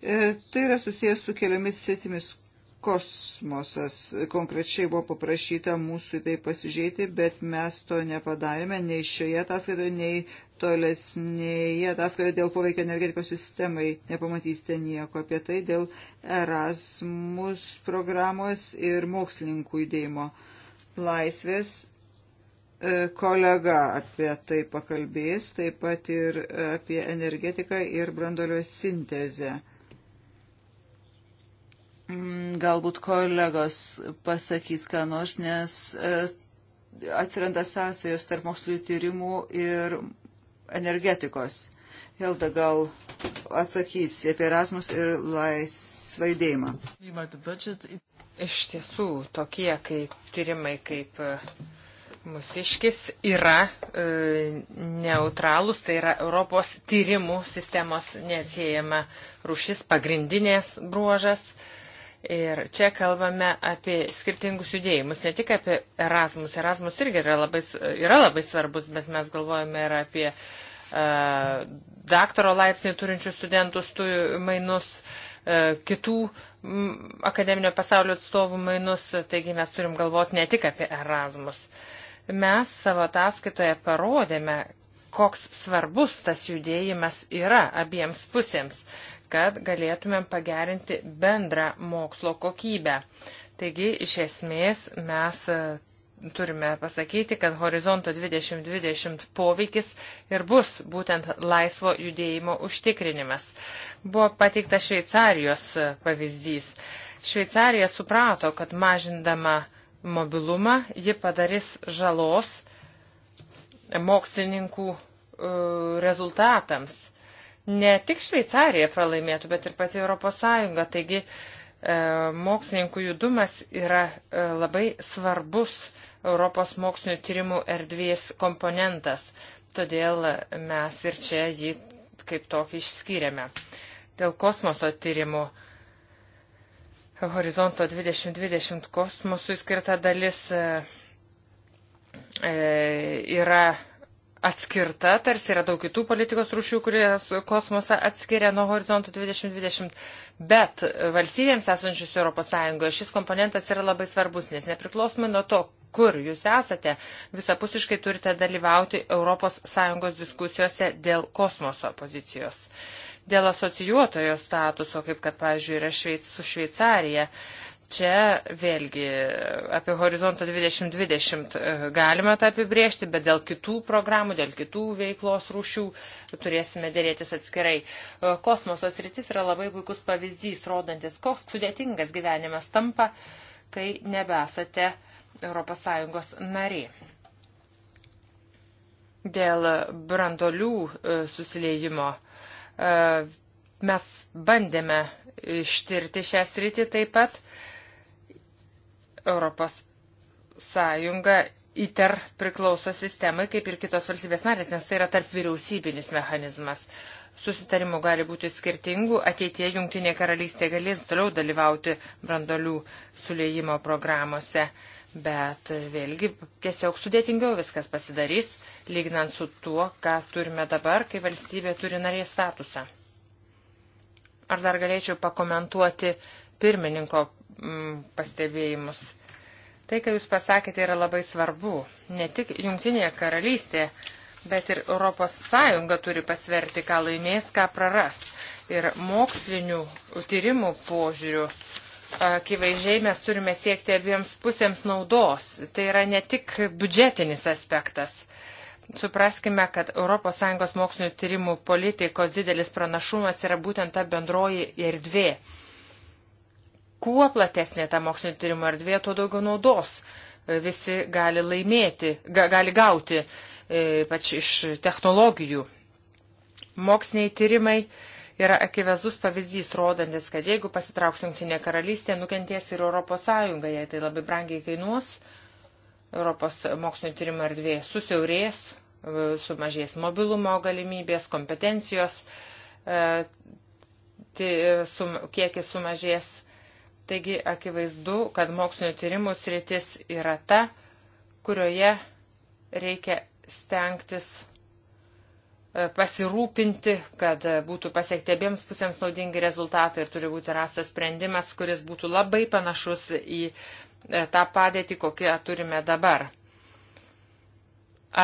E, tai yra susijęs su keliomis sėtimis kosmosas. Konkrečiai buvo paprašyta mūsų į tai pasižiūrėti, bet mes to nepadarėme nei šioje ataskaitoje, nei tolesnėje ataskaitoje dėl poveikio energetikos sistemai. Nepamatysite nieko apie tai dėl Erasmus programos ir mokslininkų judėjimo laisvės e, kolega apie tai pakalbės, taip pat ir apie energetiką ir brandolio sintezę. Mm, galbūt kolegos pasakys, ką nors, nes e, atsiranda sąsajos tarp mokslinių tyrimų ir energetikos. Helda gal atsakys apie Erasmus ir laisvą judėjimą. Iš tiesų, tokie kaip tyrimai kaip e, musiškis yra e, neutralūs, tai yra Europos tyrimų sistemos neatsiejama rušis, pagrindinės bruožas. E, Ir čia kalbame apie skirtingus judėjimus, ne tik apie Erasmus. Erasmus irgi yra labai, yra labai svarbus, bet mes galvojame ir apie uh, daktaro laipsnį turinčių studentų stu, mainus, uh, kitų m, akademinio pasaulio atstovų mainus. Taigi mes turim galvoti ne tik apie Erasmus. Mes savo ataskaitoje parodėme, koks svarbus tas judėjimas yra abiems pusėms. Uh, kad galėtumėm pagerinti bendrą mokslo kokybę. Taigi, iš esmės, mes e, turime pasakyti, kad horizonto 2020 poveikis ir bus būtent laisvo judėjimo užtikrinimas. Buvo pateikta Šveicarijos e, pavyzdys. Šveicarija suprato, kad mažindama mobilumą ji padarys žalos mokslininkų e, rezultatams ne tik Šveicarija pralaimėtų, bet ir pati Europos Sąjunga. Taigi e, mokslininkų judumas yra e, labai svarbus Europos mokslinio tyrimų erdvės komponentas. Todėl mes ir čia jį kaip tokį išskyrėme. Dėl kosmoso tyrimų. Horizonto 2020 kosmosui skirta dalis e, e yra atskirta, tarsi yra daug kitų politikos rūšių, kurias kosmosą atskiria nuo horizontų 2020, bet valstybėms esančius ES šis komponentas yra labai svarbus, nes nepriklausomai nuo to, kur jūs esate, visapusiškai turite dalyvauti ES diskusijose dėl kosmoso pozicijos. Dėl asocijuotojo statuso, kaip kad, pavyzdžiui, yra šveic, su Šveicarija, uh, Čia vėlgi apie horizontą 2020 e, galime tą apibriežti, bet dėl kitų programų, dėl kitų veiklos rūšių turėsime dėrėtis atskirai. E, Kosmosos rytis yra labai puikus pavyzdys, rodantis, koks sudėtingas gyvenimas tampa, kai nebesate ES nariai. Dėl brandolių e, susiliejimo mes bandėme ištirti šią sritį taip pat. Europos Sąjunga ITER priklauso sistemai, kaip ir kitos valstybės narės, nes tai yra tarp vyriausybinis mechanizmas. Susitarimų gali būti skirtingų, ateitie Junktinė karalystė galės toliau dalyvauti brandolių sulėjimo programuose, bet vėlgi tiesiog sudėtingiau viskas pasidarys, lyginant su tuo, ką turime dabar, kai valstybė turi narės statusą. Ar dar galėčiau pakomentuoti pirmininko mm, pastebėjimus? Tai, ką Jūs pasakėte, yra labai svarbu. Ne tik Junktinėje karalystėje, bet ir Europos Sąjunga turi pasverti, ką laimės, ką praras. Ir mokslinių tyrimų požiūrių akivaizdžiai mes turime siekti abiems pusėms naudos. Tai yra ne tik biudžetinis aspektas. Supraskime, kad ES mokslinio tyrimų politikos didelis pranašumas yra būtent ta bendroji erdvė. Ir, Kuo platesnė ta mokslinio tyrimo erdvė, tuo daugiau naudos e, visi gali laimėti, ga, gali gauti, e, ypač iš technologijų. Moksliniai tyrimai yra akivezus pavyzdys, rodantis, kad jeigu pasitrauks Junktinė karalystė, nukenties ir ES, jei tai labai brangiai kainuos, Europos mokslinio tyrimo erdvė susiaurės, e, sumažės mobilumo galimybės, kompetencijos, kiekis sumažės Taigi akivaizdu, kad mokslinio tyrimų sritis yra ta, kurioje reikia stengtis e, pasirūpinti, kad būtų pasiekti abiems pusėms naudingi rezultatai ir turi būti rastas sprendimas, kuris būtų labai panašus į e, tą padėtį, kokią turime dabar.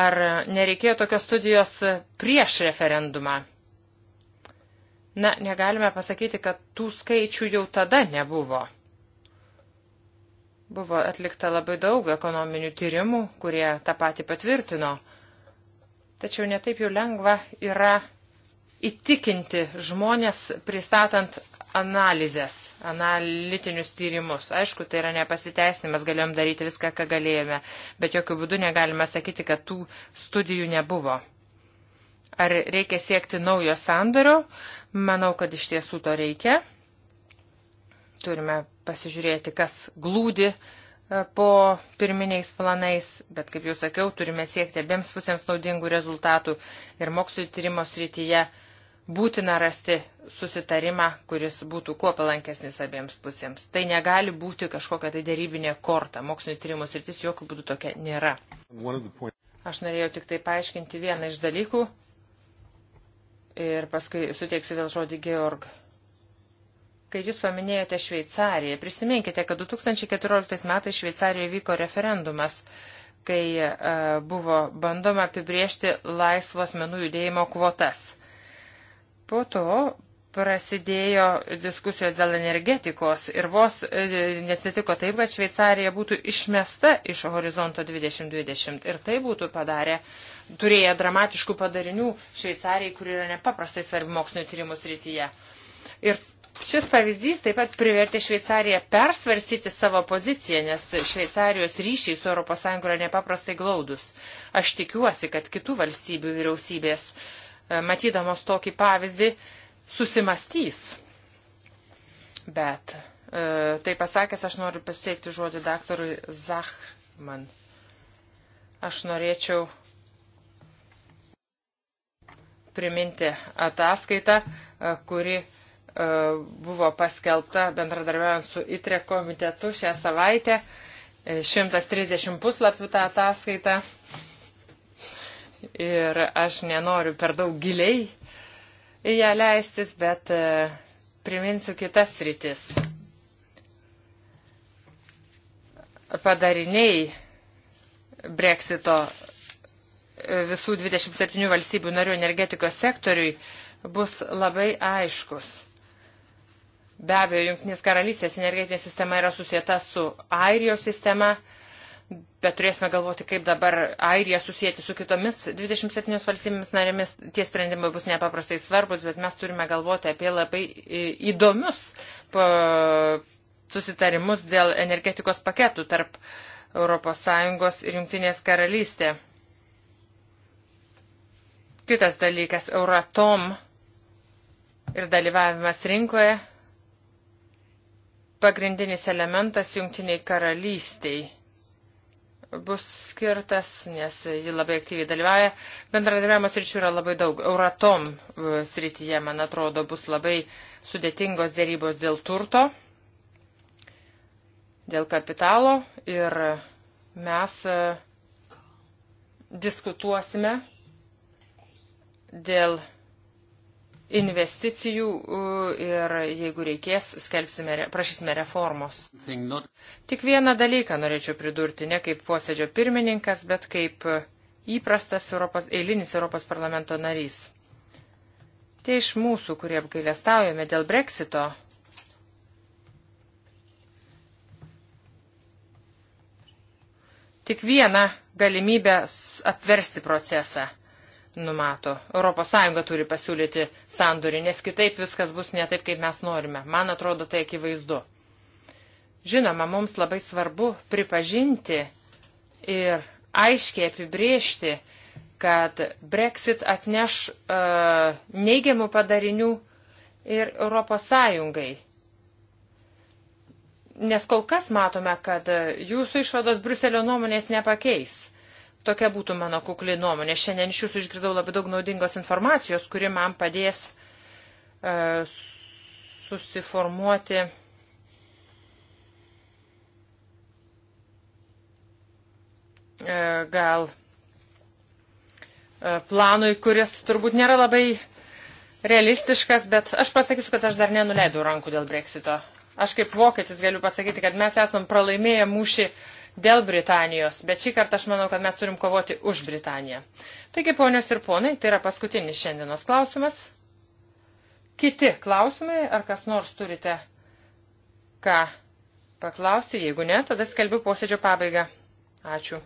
Ar nereikėjo tokios studijos prieš referendumą? Na, negalime pasakyti, kad tų skaičių jau tada nebuvo. Buvo atlikta labai daug ekonominių tyrimų, kurie tą patį patvirtino. Tačiau netaip jau lengva yra įtikinti žmonės pristatant analizės, analitinius tyrimus. Aišku, tai yra nepasiteisimas, galėjom daryti viską, ką galėjome, bet jokių būdų negalime sakyti, kad tų studijų nebuvo. Ar reikia siekti naujo sandorio? Manau, kad iš tiesų to reikia. Turime pasižiūrėti, kas glūdi e, po pirminiais planais, bet kaip jau sakiau, turime siekti abiems pusėms naudingų rezultatų ir mokslo tyrimo srityje būtina rasti susitarimą, kuris būtų kuo palankesnis abiems pusėms. Tai negali būti kažkokia tai dėrybinė korta. Mokslinio tyrimų sritis jokių būdų tokia nėra. Aš norėjau tik tai paaiškinti vieną iš dalykų, ir paskui suteiksiu vėl žodį Georg. Kai jūs paminėjote Šveicariją, prisiminkite, kad 2014 metais Šveicarijoje vyko referendumas, kai e, buvo bandoma apibriežti laisvos menų judėjimo kvotas. Po to prasidėjo diskusijos dėl energetikos ir vos e, nesitiko taip, kad Šveicarija būtų išmesta iš horizonto 2020 ir tai būtų padarę, turėję dramatiškų padarinių Šveicarijai, kuri yra nepaprastai svarbi mokslinio tyrimų srityje. Ir šis pavyzdys taip pat privertė Šveicariją persvarsyti savo poziciją, nes Šveicarijos ryšiai su ES yra nepaprastai glaudus. Aš tikiuosi, kad kitų valstybių vyriausybės, e, matydamos tokį pavyzdį, susimastys. Bet e, tai pasakęs, aš noriu pasiteikti žodį daktarui Zachman. Aš norėčiau priminti ataskaitą, e, kuri e, buvo paskelbta bendradarbiaujant su ITRE komitetu šią savaitę. 130 e, puslapių tą ataskaitą. Ir aš nenoriu per daug giliai į ją leistis, bet e, priminsiu kitas rytis. Padariniai Brexito e, visų 27 valstybių narių energetikos sektoriui bus labai aiškus. Be abejo, Junktinės karalystės energetinė sistema yra susieta su Airijos sistema bet turėsime galvoti, kaip dabar Airija susijęti su kitomis 27 valstybėmis narėmis. Tie sprendimai bus nepaprastai svarbus, bet mes turime galvoti apie labai įdomius susitarimus dėl energetikos paketų tarp ES ir Junktinės karalystė. Kitas dalykas - Euratom ir dalyvavimas rinkoje. Pagrindinis elementas Junktiniai karalystiai bus skirtas, nes ji labai aktyviai dalyvauja. Bendradarbiavimo sričių yra labai daug. Euratom e, srityje, man atrodo, bus labai sudėtingos dėrybos dėl turto, dėl kapitalo ir mes e, diskutuosime dėl investicijų ir jeigu reikės, skelbsime, prašysime reformos. Tik vieną dalyką norėčiau pridurti, ne kaip posėdžio pirmininkas, bet kaip įprastas Europos, eilinis Europos parlamento narys. Tai iš mūsų, kurie apgailestaujame dėl breksito. Tik vieną galimybę apversti procesą numato. ES turi pasiūlyti sandorį, nes kitaip viskas bus ne taip, kaip mes norime. Man atrodo, tai akivaizdu. Žinoma, mums labai svarbu pripažinti ir aiškiai apibriežti, kad Brexit atneš uh, neigiamų padarinių ir ES. Nes kol kas matome, kad e, jūsų išvados Bruselio nuomonės nepakeis Tokia būtų mano kukli nuomonė. Šiandien iš jūsų išgirdau labai daug naudingos informacijos, kuri man padės e, susiformuoti. E, gal e, planui, kuris turbūt nėra labai realistiškas, bet aš pasakysiu, kad aš dar nenuleidau rankų dėl breksito. Aš kaip vokietis galiu pasakyti, kad mes esam pralaimėję mūšį uh, dėl Britanijos, bet šį kartą aš manau, kad mes turim kovoti už Britaniją. Taigi, ponios ir ponai, tai yra paskutinis šiandienos klausimas. Kiti klausimai, ar kas nors turite ką paklausti, jeigu ne, tada skelbiu posėdžio pabaigą. Ačiū.